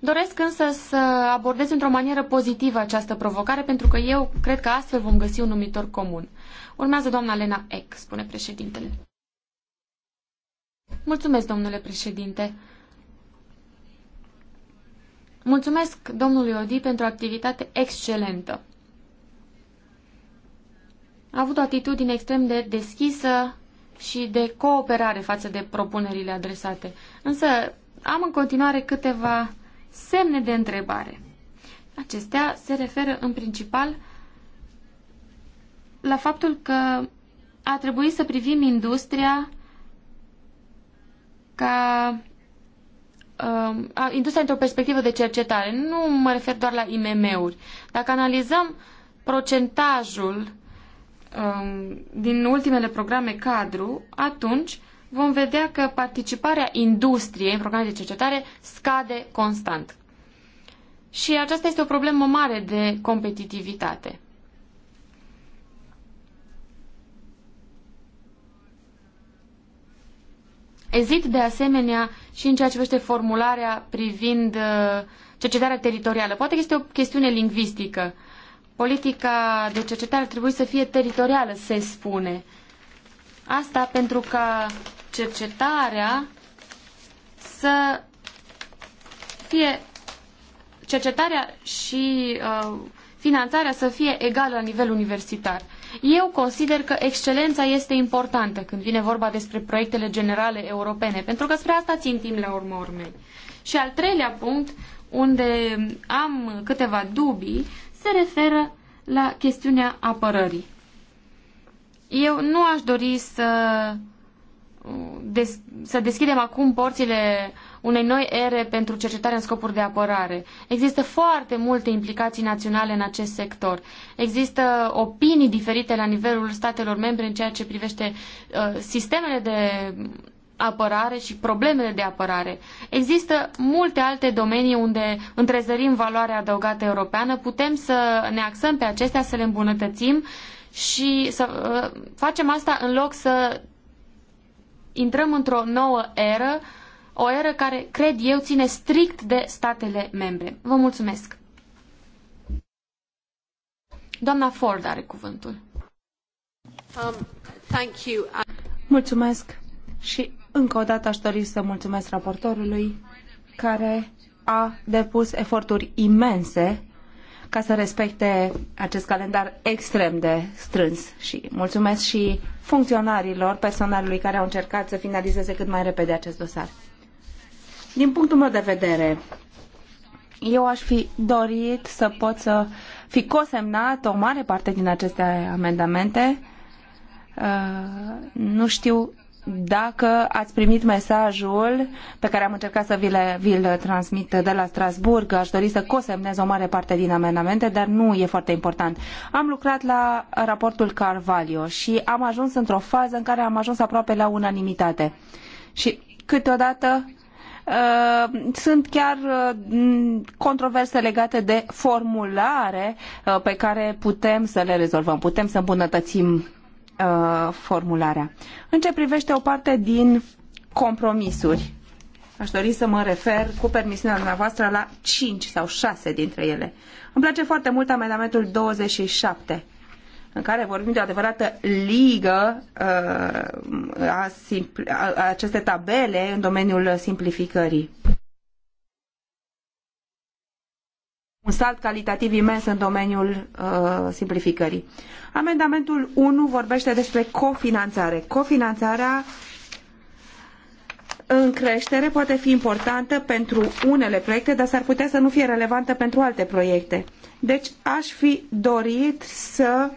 S3: Doresc însă să abordez într-o manieră pozitivă această provocare, pentru că eu cred că astfel vom găsi un numitor comun. Urmează doamna Lena Eck, spune președintele. Mulțumesc, domnule președinte. Mulțumesc domnului Odi pentru o activitate excelentă. A avut o atitudine extrem de deschisă și de cooperare față de propunerile adresate. Însă am în continuare câteva semne de întrebare. Acestea se referă în principal la faptul că a trebuit să privim industria ca uh, industria într-o perspectivă de cercetare. Nu mă refer doar la IMM-uri. Dacă analizăm procentajul uh, din ultimele programe cadru, atunci vom vedea că participarea industriei în programele de cercetare scade constant. Și aceasta este o problemă mare de competitivitate. Ezit de asemenea și în ceea ce vește formularea privind uh, cercetarea teritorială. Poate că este o chestiune lingvistică. Politica de cercetare trebuie să fie teritorială, se spune. Asta pentru ca cercetarea să fie cercetarea și uh, finanțarea să fie egală la nivel universitar. Eu consider că excelența este importantă când vine vorba despre proiectele generale europene, pentru că spre asta timp la urmă urmei. Și al treilea punct, unde am câteva dubii, se referă la chestiunea apărării. Eu nu aș dori să des, să deschidem acum porțile unei noi ere pentru cercetare în scopuri de apărare. Există foarte multe implicații naționale în acest sector. Există opinii diferite la nivelul statelor membre în ceea ce privește uh, sistemele de apărare și problemele de apărare. Există multe alte domenii unde întrezărim valoarea adăugată europeană, putem să ne axăm pe acestea, să le îmbunătățim și să uh, facem asta în loc să intrăm într-o nouă eră, o eră care, cred eu, ține strict de statele membre. Vă mulțumesc! Doamna Ford are cuvântul.
S2: Um, thank you.
S4: Mulțumesc și încă o dată aș dori să mulțumesc raportorului care a depus eforturi imense ca să respecte acest calendar extrem de strâns și mulțumesc și funcționarilor, personalului care au încercat să finalizeze cât mai repede acest dosar. Din punctul meu de vedere, eu aș fi dorit să pot să fi cosemnat o mare parte din aceste amendamente. Uh, nu știu dacă ați primit mesajul pe care am încercat să vi-l vi, transmit de la Strasburg. Aș dori să cosemnez o mare parte din amendamente, dar nu e foarte important. Am lucrat la raportul Carvalho și am ajuns într-o fază în care am ajuns aproape la unanimitate. Și câteodată uh, sunt chiar uh, controverse legate de formulare uh, pe care putem să le rezolvăm, putem să îmbunătățim uh, formularea. În ce privește o parte din compromisuri, aș dori să mă refer cu permisiunea dumneavoastră la 5 sau 6 dintre ele. Îmi place foarte mult amendamentul 27 în care vorbim de o adevărată ligă uh, a, a, a aceste tabele în domeniul simplificării. un salt calitativ imens în domeniul uh, simplificării. Amendamentul 1 vorbește despre cofinanțare. Cofinanțarea în creștere poate fi importantă pentru unele proiecte, dar s-ar putea să nu fie relevantă pentru alte proiecte. Deci aș fi dorit să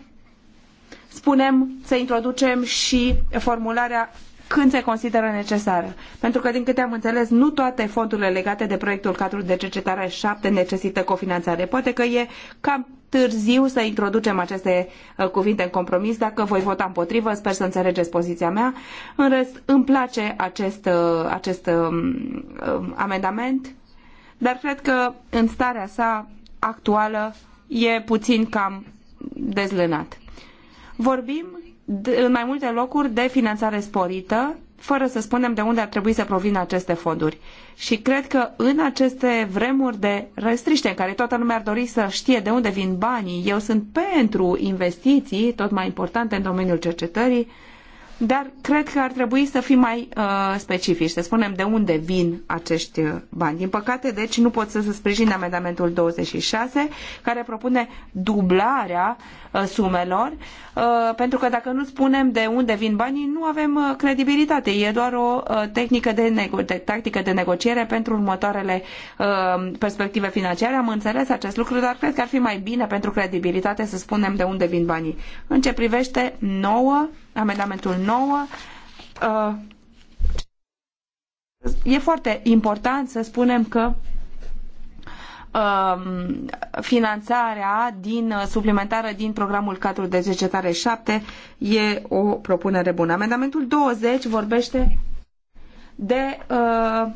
S4: spunem, să introducem și formularea când se consideră necesară. Pentru că, din câte am înțeles, nu toate fondurile legate de proiectul cadru de cercetare 7 necesită cofinanțare. Poate că e cam târziu să introducem aceste uh, cuvinte în compromis. Dacă voi vota împotrivă, sper să înțelegeți poziția mea. În rest, îmi place acest, uh, acest um, um, amendament, dar cred că în starea sa actuală e puțin cam dezlânat. Vorbim în mai multe locuri de finanțare sporită, fără să spunem de unde ar trebui să provină aceste fonduri. Și cred că în aceste vremuri de restriște, în care toată lumea ar dori să știe de unde vin banii, eu sunt pentru investiții, tot mai importante în domeniul cercetării, dar cred că ar trebui să fim mai uh, specifici, să spunem de unde vin acești uh, bani. Din păcate, deci, nu pot să se sprijin amendamentul 26, care propune dublarea Uh, sumelor, uh, pentru că dacă nu spunem de unde vin banii, nu avem uh, credibilitate. E doar o tehnică de, nego- de tactică de negociere pentru următoarele perspective financiare. Am înțeles acest lucru, dar cred că ar fi mai bine pentru credibilitate să spunem de unde vin banii. În ce privește 9, amendamentul 9, E foarte important să spunem că Um, finanțarea din uh, suplimentară din programul 4 de cercetare 7 e o propunere bună. Amendamentul 20 vorbește de uh,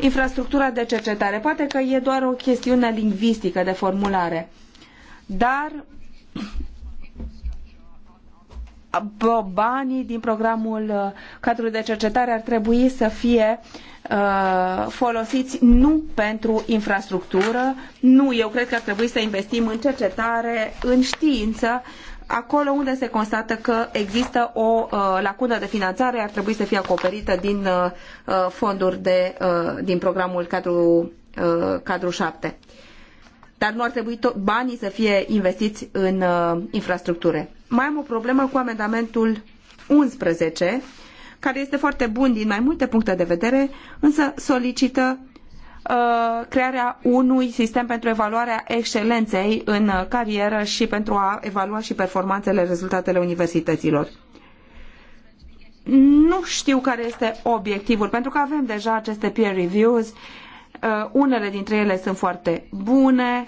S4: infrastructura de cercetare. Poate că e doar o chestiune lingvistică de formulare, dar banii din programul 4 uh, de cercetare ar trebui să fie uh, Uh, folosiți nu pentru infrastructură, nu, eu cred că ar trebui să investim în cercetare, în știință, acolo unde se constată că există o uh, lacună de finanțare, ar trebui să fie acoperită din uh, fonduri de, din programul cadru, cadru 7. Dar nu ar trebui to- banii să fie investiți în infrastructură. Mai am o problemă cu amendamentul 11 care este foarte bun din mai multe puncte de vedere, însă solicită uh, crearea unui sistem pentru evaluarea excelenței în carieră și pentru a evalua și performanțele, rezultatele universităților. Nu știu care este obiectivul, pentru că avem deja aceste peer reviews, uh, unele dintre ele sunt foarte bune,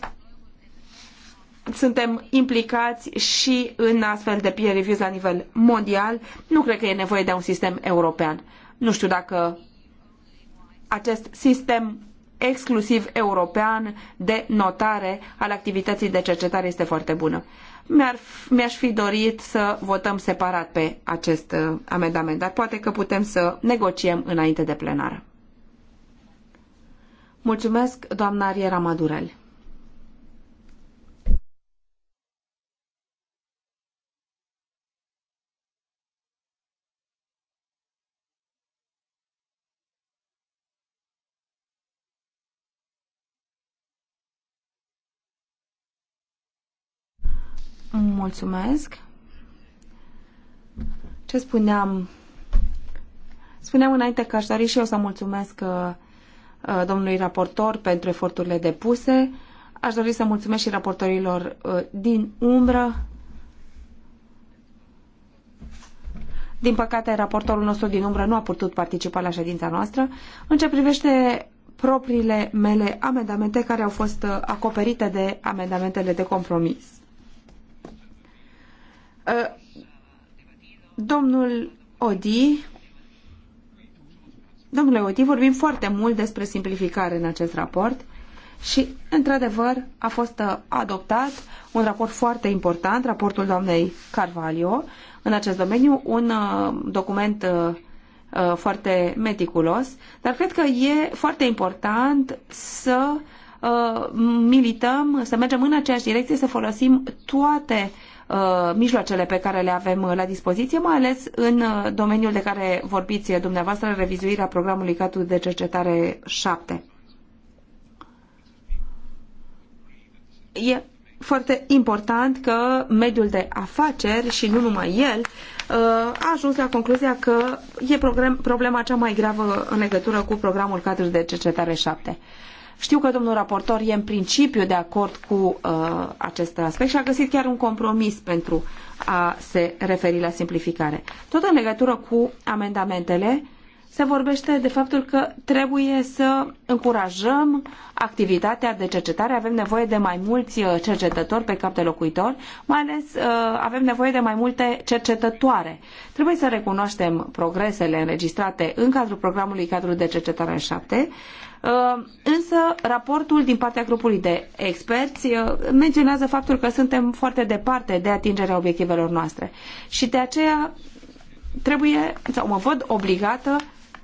S4: suntem implicați și în astfel de peer reviews la nivel mondial. Nu cred că e nevoie de un sistem european. Nu știu dacă acest sistem exclusiv european de notare al activității de cercetare este foarte bună. mi aș fi dorit să votăm separat pe acest uh, amendament, dar poate că putem să negociem înainte de plenară. Mulțumesc, doamna Riera Madurel. Mulțumesc. Ce spuneam? Spuneam înainte că aș dori și eu să mulțumesc uh, uh, domnului raportor pentru eforturile depuse. Aș dori să mulțumesc și raportorilor uh, din umbră. Din păcate, raportorul nostru din umbră nu a putut participa la ședința noastră. În ce privește propriile mele amendamente care au fost acoperite de amendamentele de compromis. Uh, domnul Odi, domnule Odi, vorbim foarte mult despre simplificare în acest raport și, într-adevăr, a fost uh, adoptat un raport foarte important, raportul doamnei Carvalho, în acest domeniu, un uh, document foarte meticulos, dar cred că e foarte important să milităm, să mergem în aceeași direcție, să folosim toate Uh, mijloacele pe care le avem uh, la dispoziție, mai ales în uh, domeniul de care vorbiți dumneavoastră, revizuirea programului Catu de cercetare 7. E foarte important că mediul de afaceri și nu numai el a ajuns la concluzia că e problema cea mai gravă în legătură cu programul cadru de cercetare 7. Știu că domnul raportor e în principiu de acord cu uh, acest aspect și a găsit chiar un compromis pentru a se referi la simplificare. Tot în legătură cu amendamentele, se vorbește de faptul că trebuie să încurajăm activitatea de cercetare, avem nevoie de mai mulți uh, cercetători pe cap de locuitor, mai ales uh, avem nevoie de mai multe cercetătoare. Trebuie să recunoaștem progresele înregistrate în cadrul programului cadrul de cercetare 7, Uh, însă, raportul din partea grupului de experți uh, menționează faptul că suntem foarte departe de atingerea obiectivelor noastre și de aceea trebuie, sau mă văd obligată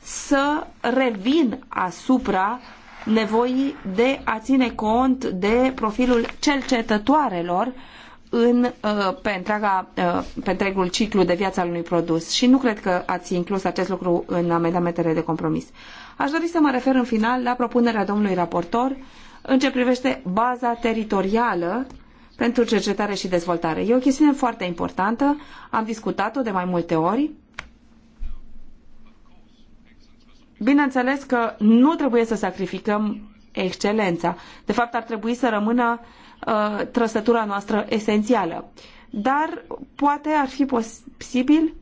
S4: să revin asupra nevoii de a ține cont de profilul cercetătoarelor în, uh, pe, întreaga, pe întregul ciclu de viață al unui produs. Și nu cred că ați inclus acest lucru în amendamentele de compromis. Aș dori să mă refer în final la propunerea domnului raportor în ce privește baza teritorială pentru cercetare și dezvoltare. E o chestiune foarte importantă, am discutat-o de mai multe ori. Bineînțeles că nu trebuie să sacrificăm excelența. De fapt, ar trebui să rămână uh, trăsătura noastră esențială. Dar poate ar fi posibil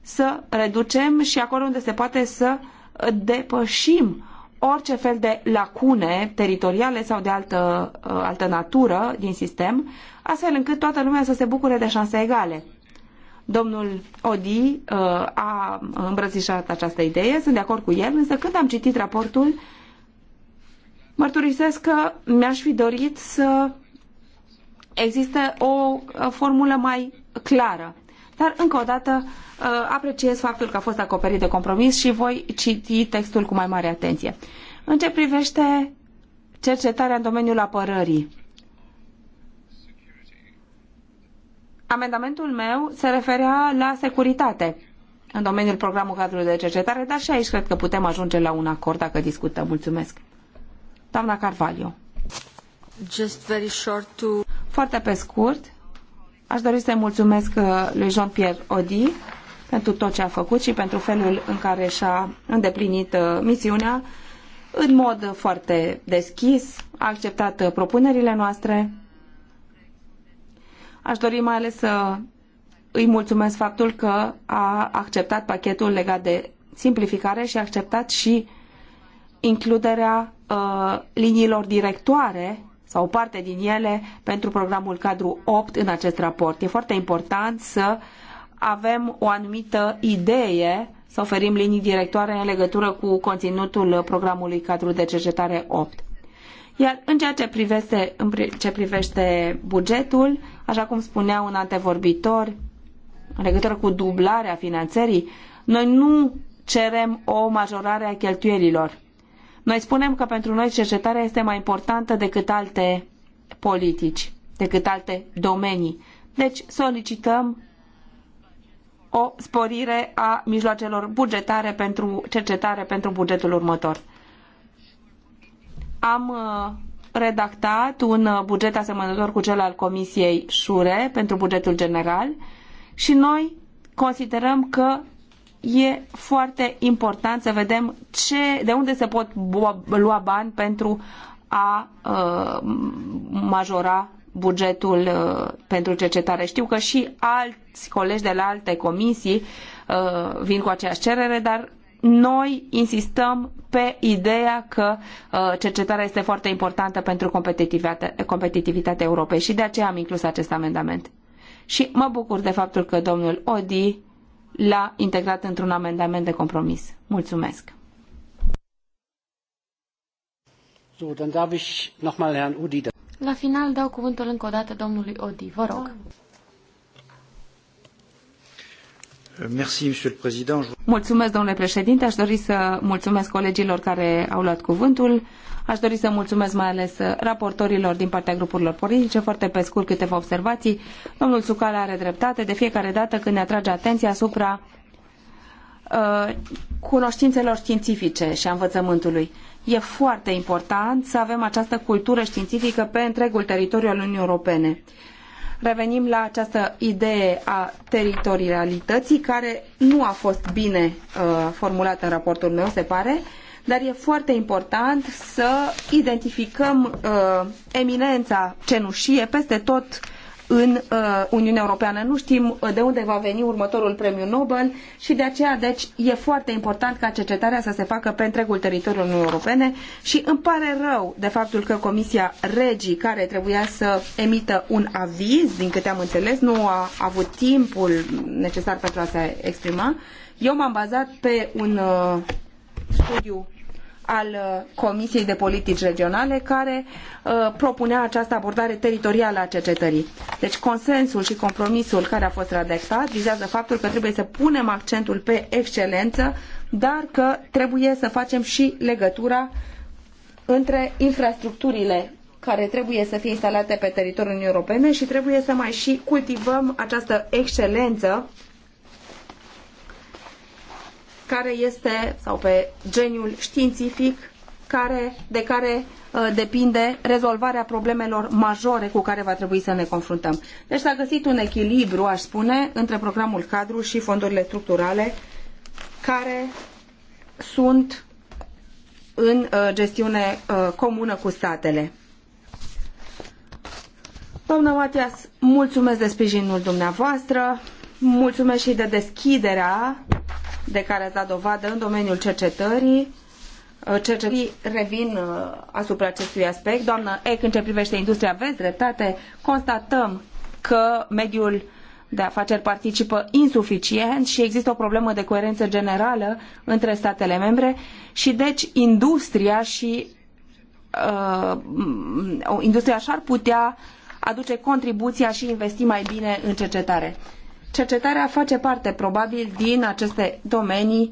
S4: să reducem și acolo unde se poate să uh, depășim orice fel de lacune teritoriale sau de altă, uh, altă natură din sistem, astfel încât toată lumea să se bucure de șanse egale. Domnul Odi uh, a îmbrățișat această idee, sunt de acord cu el, însă când am citit raportul, mărturisesc că mi-aș fi dorit să există o formulă mai clară. Dar, încă o dată, uh, apreciez faptul că a fost acoperit de compromis și voi citi textul cu mai mare atenție. În ce privește cercetarea în domeniul apărării, amendamentul meu se referea la securitate în domeniul programului cadrului de cercetare, dar și aici cred că putem ajunge la un acord dacă discutăm. Mulțumesc. Doamna Carvalho. Just very short to... Foarte pe scurt, Aș dori să-i mulțumesc uh, lui Jean-Pierre Odi pentru tot ce a făcut și pentru felul în care și-a îndeplinit uh, misiunea în mod foarte deschis, a acceptat uh, propunerile noastre. Aș dori mai ales să îi mulțumesc faptul că a acceptat pachetul legat de simplificare și a acceptat și includerea uh, liniilor directoare sau o parte din ele pentru programul cadru 8 în acest raport. E foarte important să avem o anumită idee, să oferim linii directoare în legătură cu conținutul programului cadru de cercetare 8. Iar în ceea ce privește, în ce privește bugetul, așa cum spunea un antevorbitor, în legătură cu dublarea finanțării, noi nu cerem o majorare a cheltuielilor noi spunem că pentru noi cercetarea este mai importantă decât alte politici, decât alte domenii. Deci solicităm o sporire a mijloacelor bugetare pentru cercetare pentru bugetul următor. Am uh, redactat un uh, buget asemănător cu cel al Comisiei Șure pentru bugetul general și noi considerăm că e foarte important să vedem ce, de unde se pot lua bani pentru a uh, majora bugetul uh, pentru cercetare. Știu că și alți colegi de la alte comisii uh, vin cu aceeași cerere, dar noi insistăm pe ideea că uh, cercetarea este foarte importantă pentru competitivitatea, competitivitatea Europei și de aceea am inclus acest amendament. Și mă bucur de faptul că domnul Odi l-a integrat într-un amendament de compromis. Mulțumesc!
S3: La final dau cuvântul încă o dată domnului Odi. Vă rog.
S1: Euh,
S3: mulțumesc, domnule președinte.
S4: Aș dori să mulțumesc colegilor care au luat cuvântul. Aș dori să mulțumesc mai ales raportorilor din partea grupurilor politice. Foarte pe scurt câteva observații. Domnul Sucala are dreptate de fiecare dată când ne atrage atenția asupra uh, cunoștințelor științifice și a învățământului. E foarte important să avem această cultură științifică pe întregul teritoriu al Uniunii Europene. Uh, revenim la această idee a teritorialității, care nu a fost bine uh, formulată în raportul meu, se pare, dar e foarte important să identificăm uh, eminența cenușie peste tot în uh, Uniunea Europeană. Nu știm uh, de unde va veni următorul premiu Nobel și de aceea deci, e foarte important ca cercetarea să se facă pe întregul teritoriul Uniunii Europene și îmi pare rău de faptul că Comisia Regii, care trebuia să emită un aviz, din câte am înțeles, nu a avut timpul necesar pentru a se exprima. Eu m-am bazat pe un uh, studiu al uh, Comisiei de Politici Regionale care uh, propunea această abordare teritorială a cercetării. Deci consensul și compromisul care a fost redactat vizează faptul că trebuie să punem accentul pe excelență, dar că trebuie să facem și legătura între infrastructurile care trebuie să fie instalate pe teritoriul Uniunii Europene și trebuie să mai și cultivăm această excelență care este, sau pe geniul științific, care, de care uh, depinde rezolvarea problemelor majore cu care va trebui să ne confruntăm. Deci s-a găsit un echilibru, aș spune, între programul cadru și fondurile structurale care sunt în uh, gestiune uh, comună cu statele. Doamna Matias, mulțumesc de sprijinul dumneavoastră, mulțumesc și de deschiderea de care ați dat dovadă în domeniul cercetării. Uh, cercetării revin uh, asupra acestui aspect. Doamnă Eck, în ce privește industria, aveți dreptate. Constatăm că mediul de afaceri participă insuficient și există o problemă de coerență generală între statele membre și deci industria și uh, industria așa ar putea aduce contribuția și investi mai bine în cercetare cercetarea face parte probabil din aceste domenii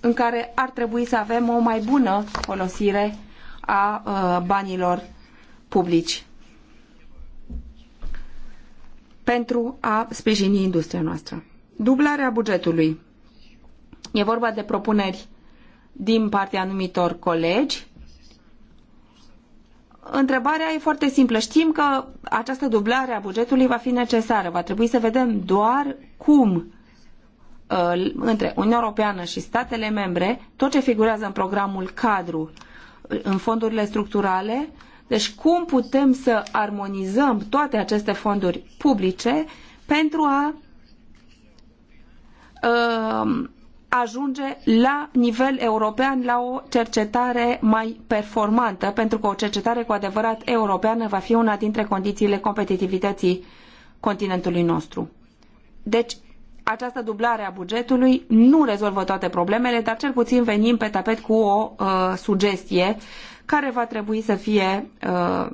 S4: în care ar trebui să avem o mai bună folosire a uh, banilor publici pentru a sprijini industria noastră. Dublarea bugetului. E vorba de propuneri din partea anumitor colegi întrebarea e foarte simplă. Știm că această dublare a bugetului va fi necesară. Va trebui să vedem doar cum uh, între Uniunea Europeană și statele membre, tot ce figurează în programul cadru, în fondurile structurale, deci cum putem să armonizăm toate aceste fonduri publice pentru a uh, ajunge la nivel european la o cercetare mai performantă, pentru că o cercetare cu adevărat europeană va fi una dintre condițiile competitivității continentului nostru. Deci, această dublare a bugetului nu rezolvă toate problemele, dar cel puțin venim pe tapet cu o uh, sugestie care va trebui să fie uh,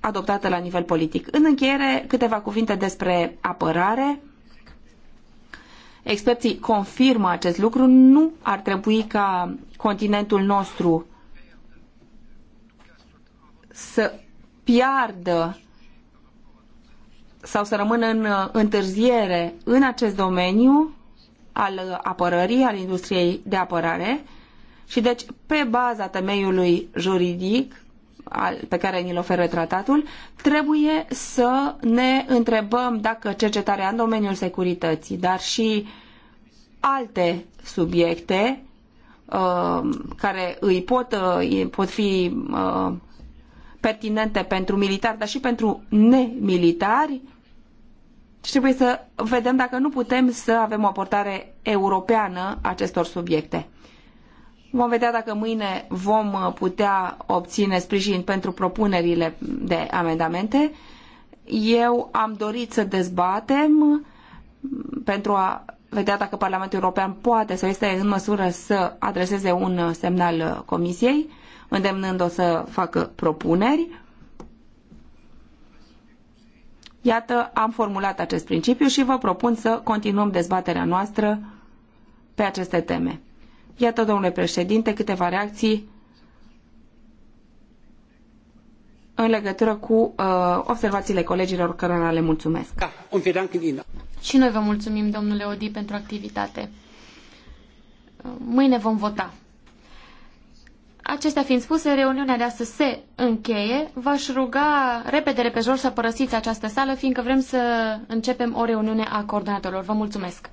S4: adoptată la nivel politic. În încheiere, câteva cuvinte despre apărare experții confirmă acest lucru, nu ar trebui ca continentul nostru să piardă sau să rămână în uh, întârziere în acest domeniu al uh, apărării, al industriei de apărare și deci pe baza temeiului juridic pe care ni-l oferă tratatul, trebuie să ne întrebăm dacă cercetarea în domeniul securității, dar și alte subiecte uh, care îi pot, uh, pot fi uh, pertinente pentru militari, dar și pentru nemilitari, și trebuie să vedem dacă nu putem să avem o portare europeană acestor subiecte. Vom vedea dacă mâine vom uh, putea obține sprijin pentru propunerile de amendamente. Eu am dorit să dezbatem uh, pentru a vedea dacă Parlamentul European poate sau este în măsură să adreseze un uh, semnal Comisiei, îndemnând-o să facă propuneri. Iată, am formulat acest principiu și vă propun să continuăm dezbaterea noastră pe aceste teme. Iată, domnule președinte, câteva reacții în legătură cu uh, observațiile colegilor cărora le mulțumesc. Da,
S3: Și noi vă mulțumim, domnule Odi, pentru activitate. Uh, mâine vom vota. Acestea fiind spuse, reuniunea de astăzi se încheie. V-aș ruga repede, repejor, să părăsiți această sală, fiindcă vrem să începem o reuniune a coordonatorilor. Vă mulțumesc!